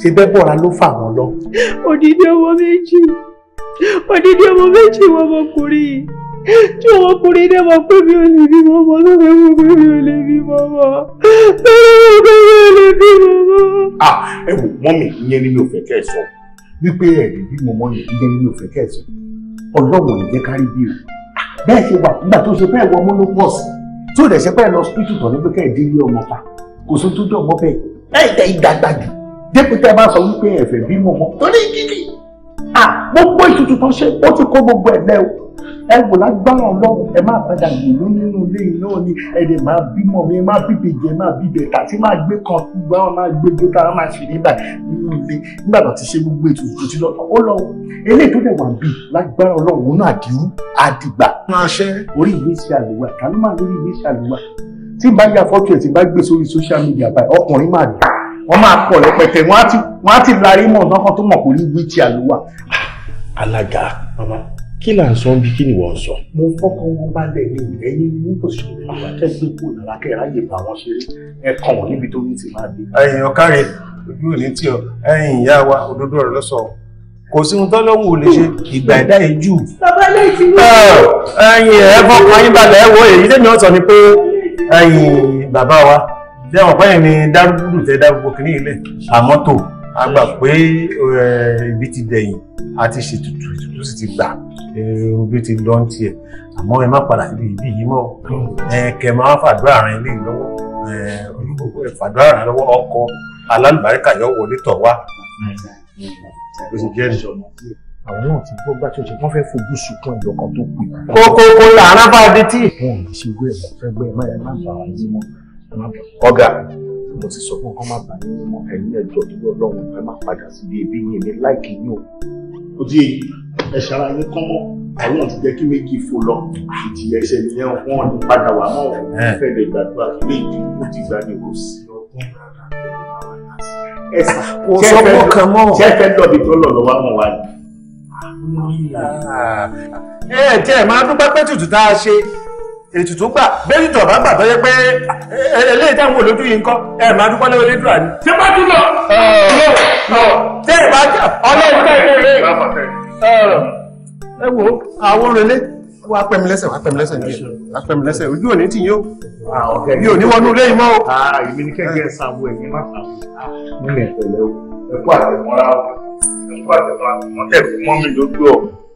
ṣe bẹ́bọ̀ra ló fà wọ́n lọ. odidi ọmọ méjì odidi ọmọ méjì wọn ọmọkùnrin tí ọmọkùnrin náà mọ̀ pé mi ò lè bí mọ́mọ́ tó fẹ́ mọ̀ pé mi ò lè bí mọ́mọ́ tó fẹ́ mọ̀ pé mi ò lè bí mọ́mọ́. ẹ wò mọ́mì ìyẹn ni mi ò fẹ́ kẹ́ ẹ sọ wípé ẹ̀rí bí mo mọ yẹn jẹ́ nínú òfin kẹsàn-án ọlọ́run ò ní jẹ́ kárí bí o bẹ́ẹ̀ ṣe wà nígbà tó ṣe pé ẹ̀wọ̀n monopause tí ò dẹ̀ ṣe pé ẹ̀ lọ spítù tán níbi ká ẹ̀dín ilé ọmọ pa kò sí tó dọ̀mọ́ bẹ́ẹ̀ ẹ̀ tẹ̀ ìdàgbà jù dépò tẹ́ ẹ bá sọ wípé ẹ̀fẹ̀ bí mo mọ torí kíkì à gbogbo ìtutù tó ṣe ó ti kó gbogbo ẹ̀ lẹ́ ẹ wò lágbára ọlọ́run ẹ máa padà gbìyànjú nínú ilé yìí náà ni ẹ lè máa bímọ mi máa bíbè jẹ máa bíbè tà tí máa gbé kan gbá wọn máa gbé gbé kára máa ṣe nígbà nínú ilé nígbà tó ti ṣe gbogbo ètò ìtò ti lọ́tọ̀ ó lọ eléyìí tó dẹ̀ wà bíi lágbára ọlọ́run òun náà dìrú àdìgbà orí ìwé ṣe àlùwà tàbí máa lórí ìwé ṣe àlùwà tí bá yà fọ́tò ẹ̀ tí bá gbé sórí social media báyìí ọkùnrin máa dùn wọ́n máa pọ̀ lẹ́pẹ̀tẹ̀ wọ́n á ti larí mọ̀ náà kan tó mọ̀ kò ní wíìtì àlùwà. Ah, alága mama kí là ń sọ bí kí ni wọ́n sọ. mo fọkàn wọn balẹ̀ ní ìlẹ́yìn ní pòṣùn ní ìwà tẹ́gbẹ́ kò lára kẹ́ra yè bá wọn ṣeré ẹ̀kan wọn níbi tó ní ti máa dé. ẹ̀yin ọ̀kárẹ̀ ojú ò ní tí ọ ẹ̀yin ìyá wa òdodo ọ̀rọ̀ lọ́sọ̀ọ́ kò sí ohun tọ́lọ́wù ò lè ṣe ìgbà ẹ̀dá yìí jù. bàbá lè ti wí. ẹ̀yin ẹ fọkàn yín balẹ̀ ẹ wo èyí tẹ́mi ọ̀sọ̀ ni pé ẹ̀yin bàbá wa lẹ́wọ̀n pẹ́yìn ni dárúgbùdù tẹ́ dárúgbò kìíní ilẹ̀ àmọ́ a gbà pé ibi ti dẹ̀yìn àti ṣètùtù ìtùtù sì ti irun bí ti lọ ń tiẹ̀ àmọ́ ẹ má padà síbi ìbí yìí mọ́ kẹ máa fàdúrà rẹ lé lọ́wọ́ olúkòkò ẹ fàdúrà rẹ lọ́wọ́ ọkọ alálùbáríkà yọ wọlé tọ̀ wá. bó ṣe jẹ́ ìṣọ̀mọ́ àwọn náà ti gbọ́ gbàtí òṣèlú wọn fẹ́ fojú sunkún ẹ̀yọ̀ kan tó kù. kókókó làárá bá dé tí. wọn ò ṣe wé ẹ̀mọ́ fẹ́ gbé ẹ̀mọ́ ẹ̀mọ́ àgbà wọn sí mọ́. ọ̀gá mo ti sọ fún ọmọ àbáyé mọ́ ẹ̀yìn ẹ̀jọ̀ tó lọ́wọ́ ẹ má padà sí ibi ìbí yìí ní láìkì yín o ó ti ẹ̀ṣẹ̀ ara yín kán mọ́ àwọn ti jẹ́ kí méjì fò lọ ìjìyà ẹsẹ̀ nìyẹn wọn ní padà wà mọ́ fẹ́lẹ̀ gbàdúrà kí méjì ó ti gbà ní kò sí ọgbọ́n ẹ̀sà ṣẹ́fẹ́ lọ́bi tó lọ lọ́wọ́ àwọn wa ni. ẹ ẹ tí máa dúpẹ́ pé tùtù tá a ṣe ètò tó gbà bẹ́ẹ̀ tó bá gbà tó yẹ pé eléyìí táwọn olójú yìí ń kọ́ ẹ máa dúpọ́ lọ́wọ́ elédùn àní. ṣé bá dúró. lọ lọ tẹ ẹ bá jà ọlọ́run tẹ ẹ lé. ẹ wo àwọn relé wàá pẹ̀mí lẹ́sẹ̀ wàá pẹ̀mí lẹ́sẹ̀ níbi wàá pẹ̀mí lẹ́sẹ̀ ojú òní tì yín o mi ò ní wọnú ilé yìí mọ́ o. èmi ni kẹ́kẹ́ ṣàbò ẹ̀yìn má ṣàbò nílẹ̀ pẹ̀lẹ́ o ẹ̀kú àtẹ̀mọ́ra ẹ̀kú àtẹ̀mọ́ra ẹ̀kú mọ́mí lójú ọ̀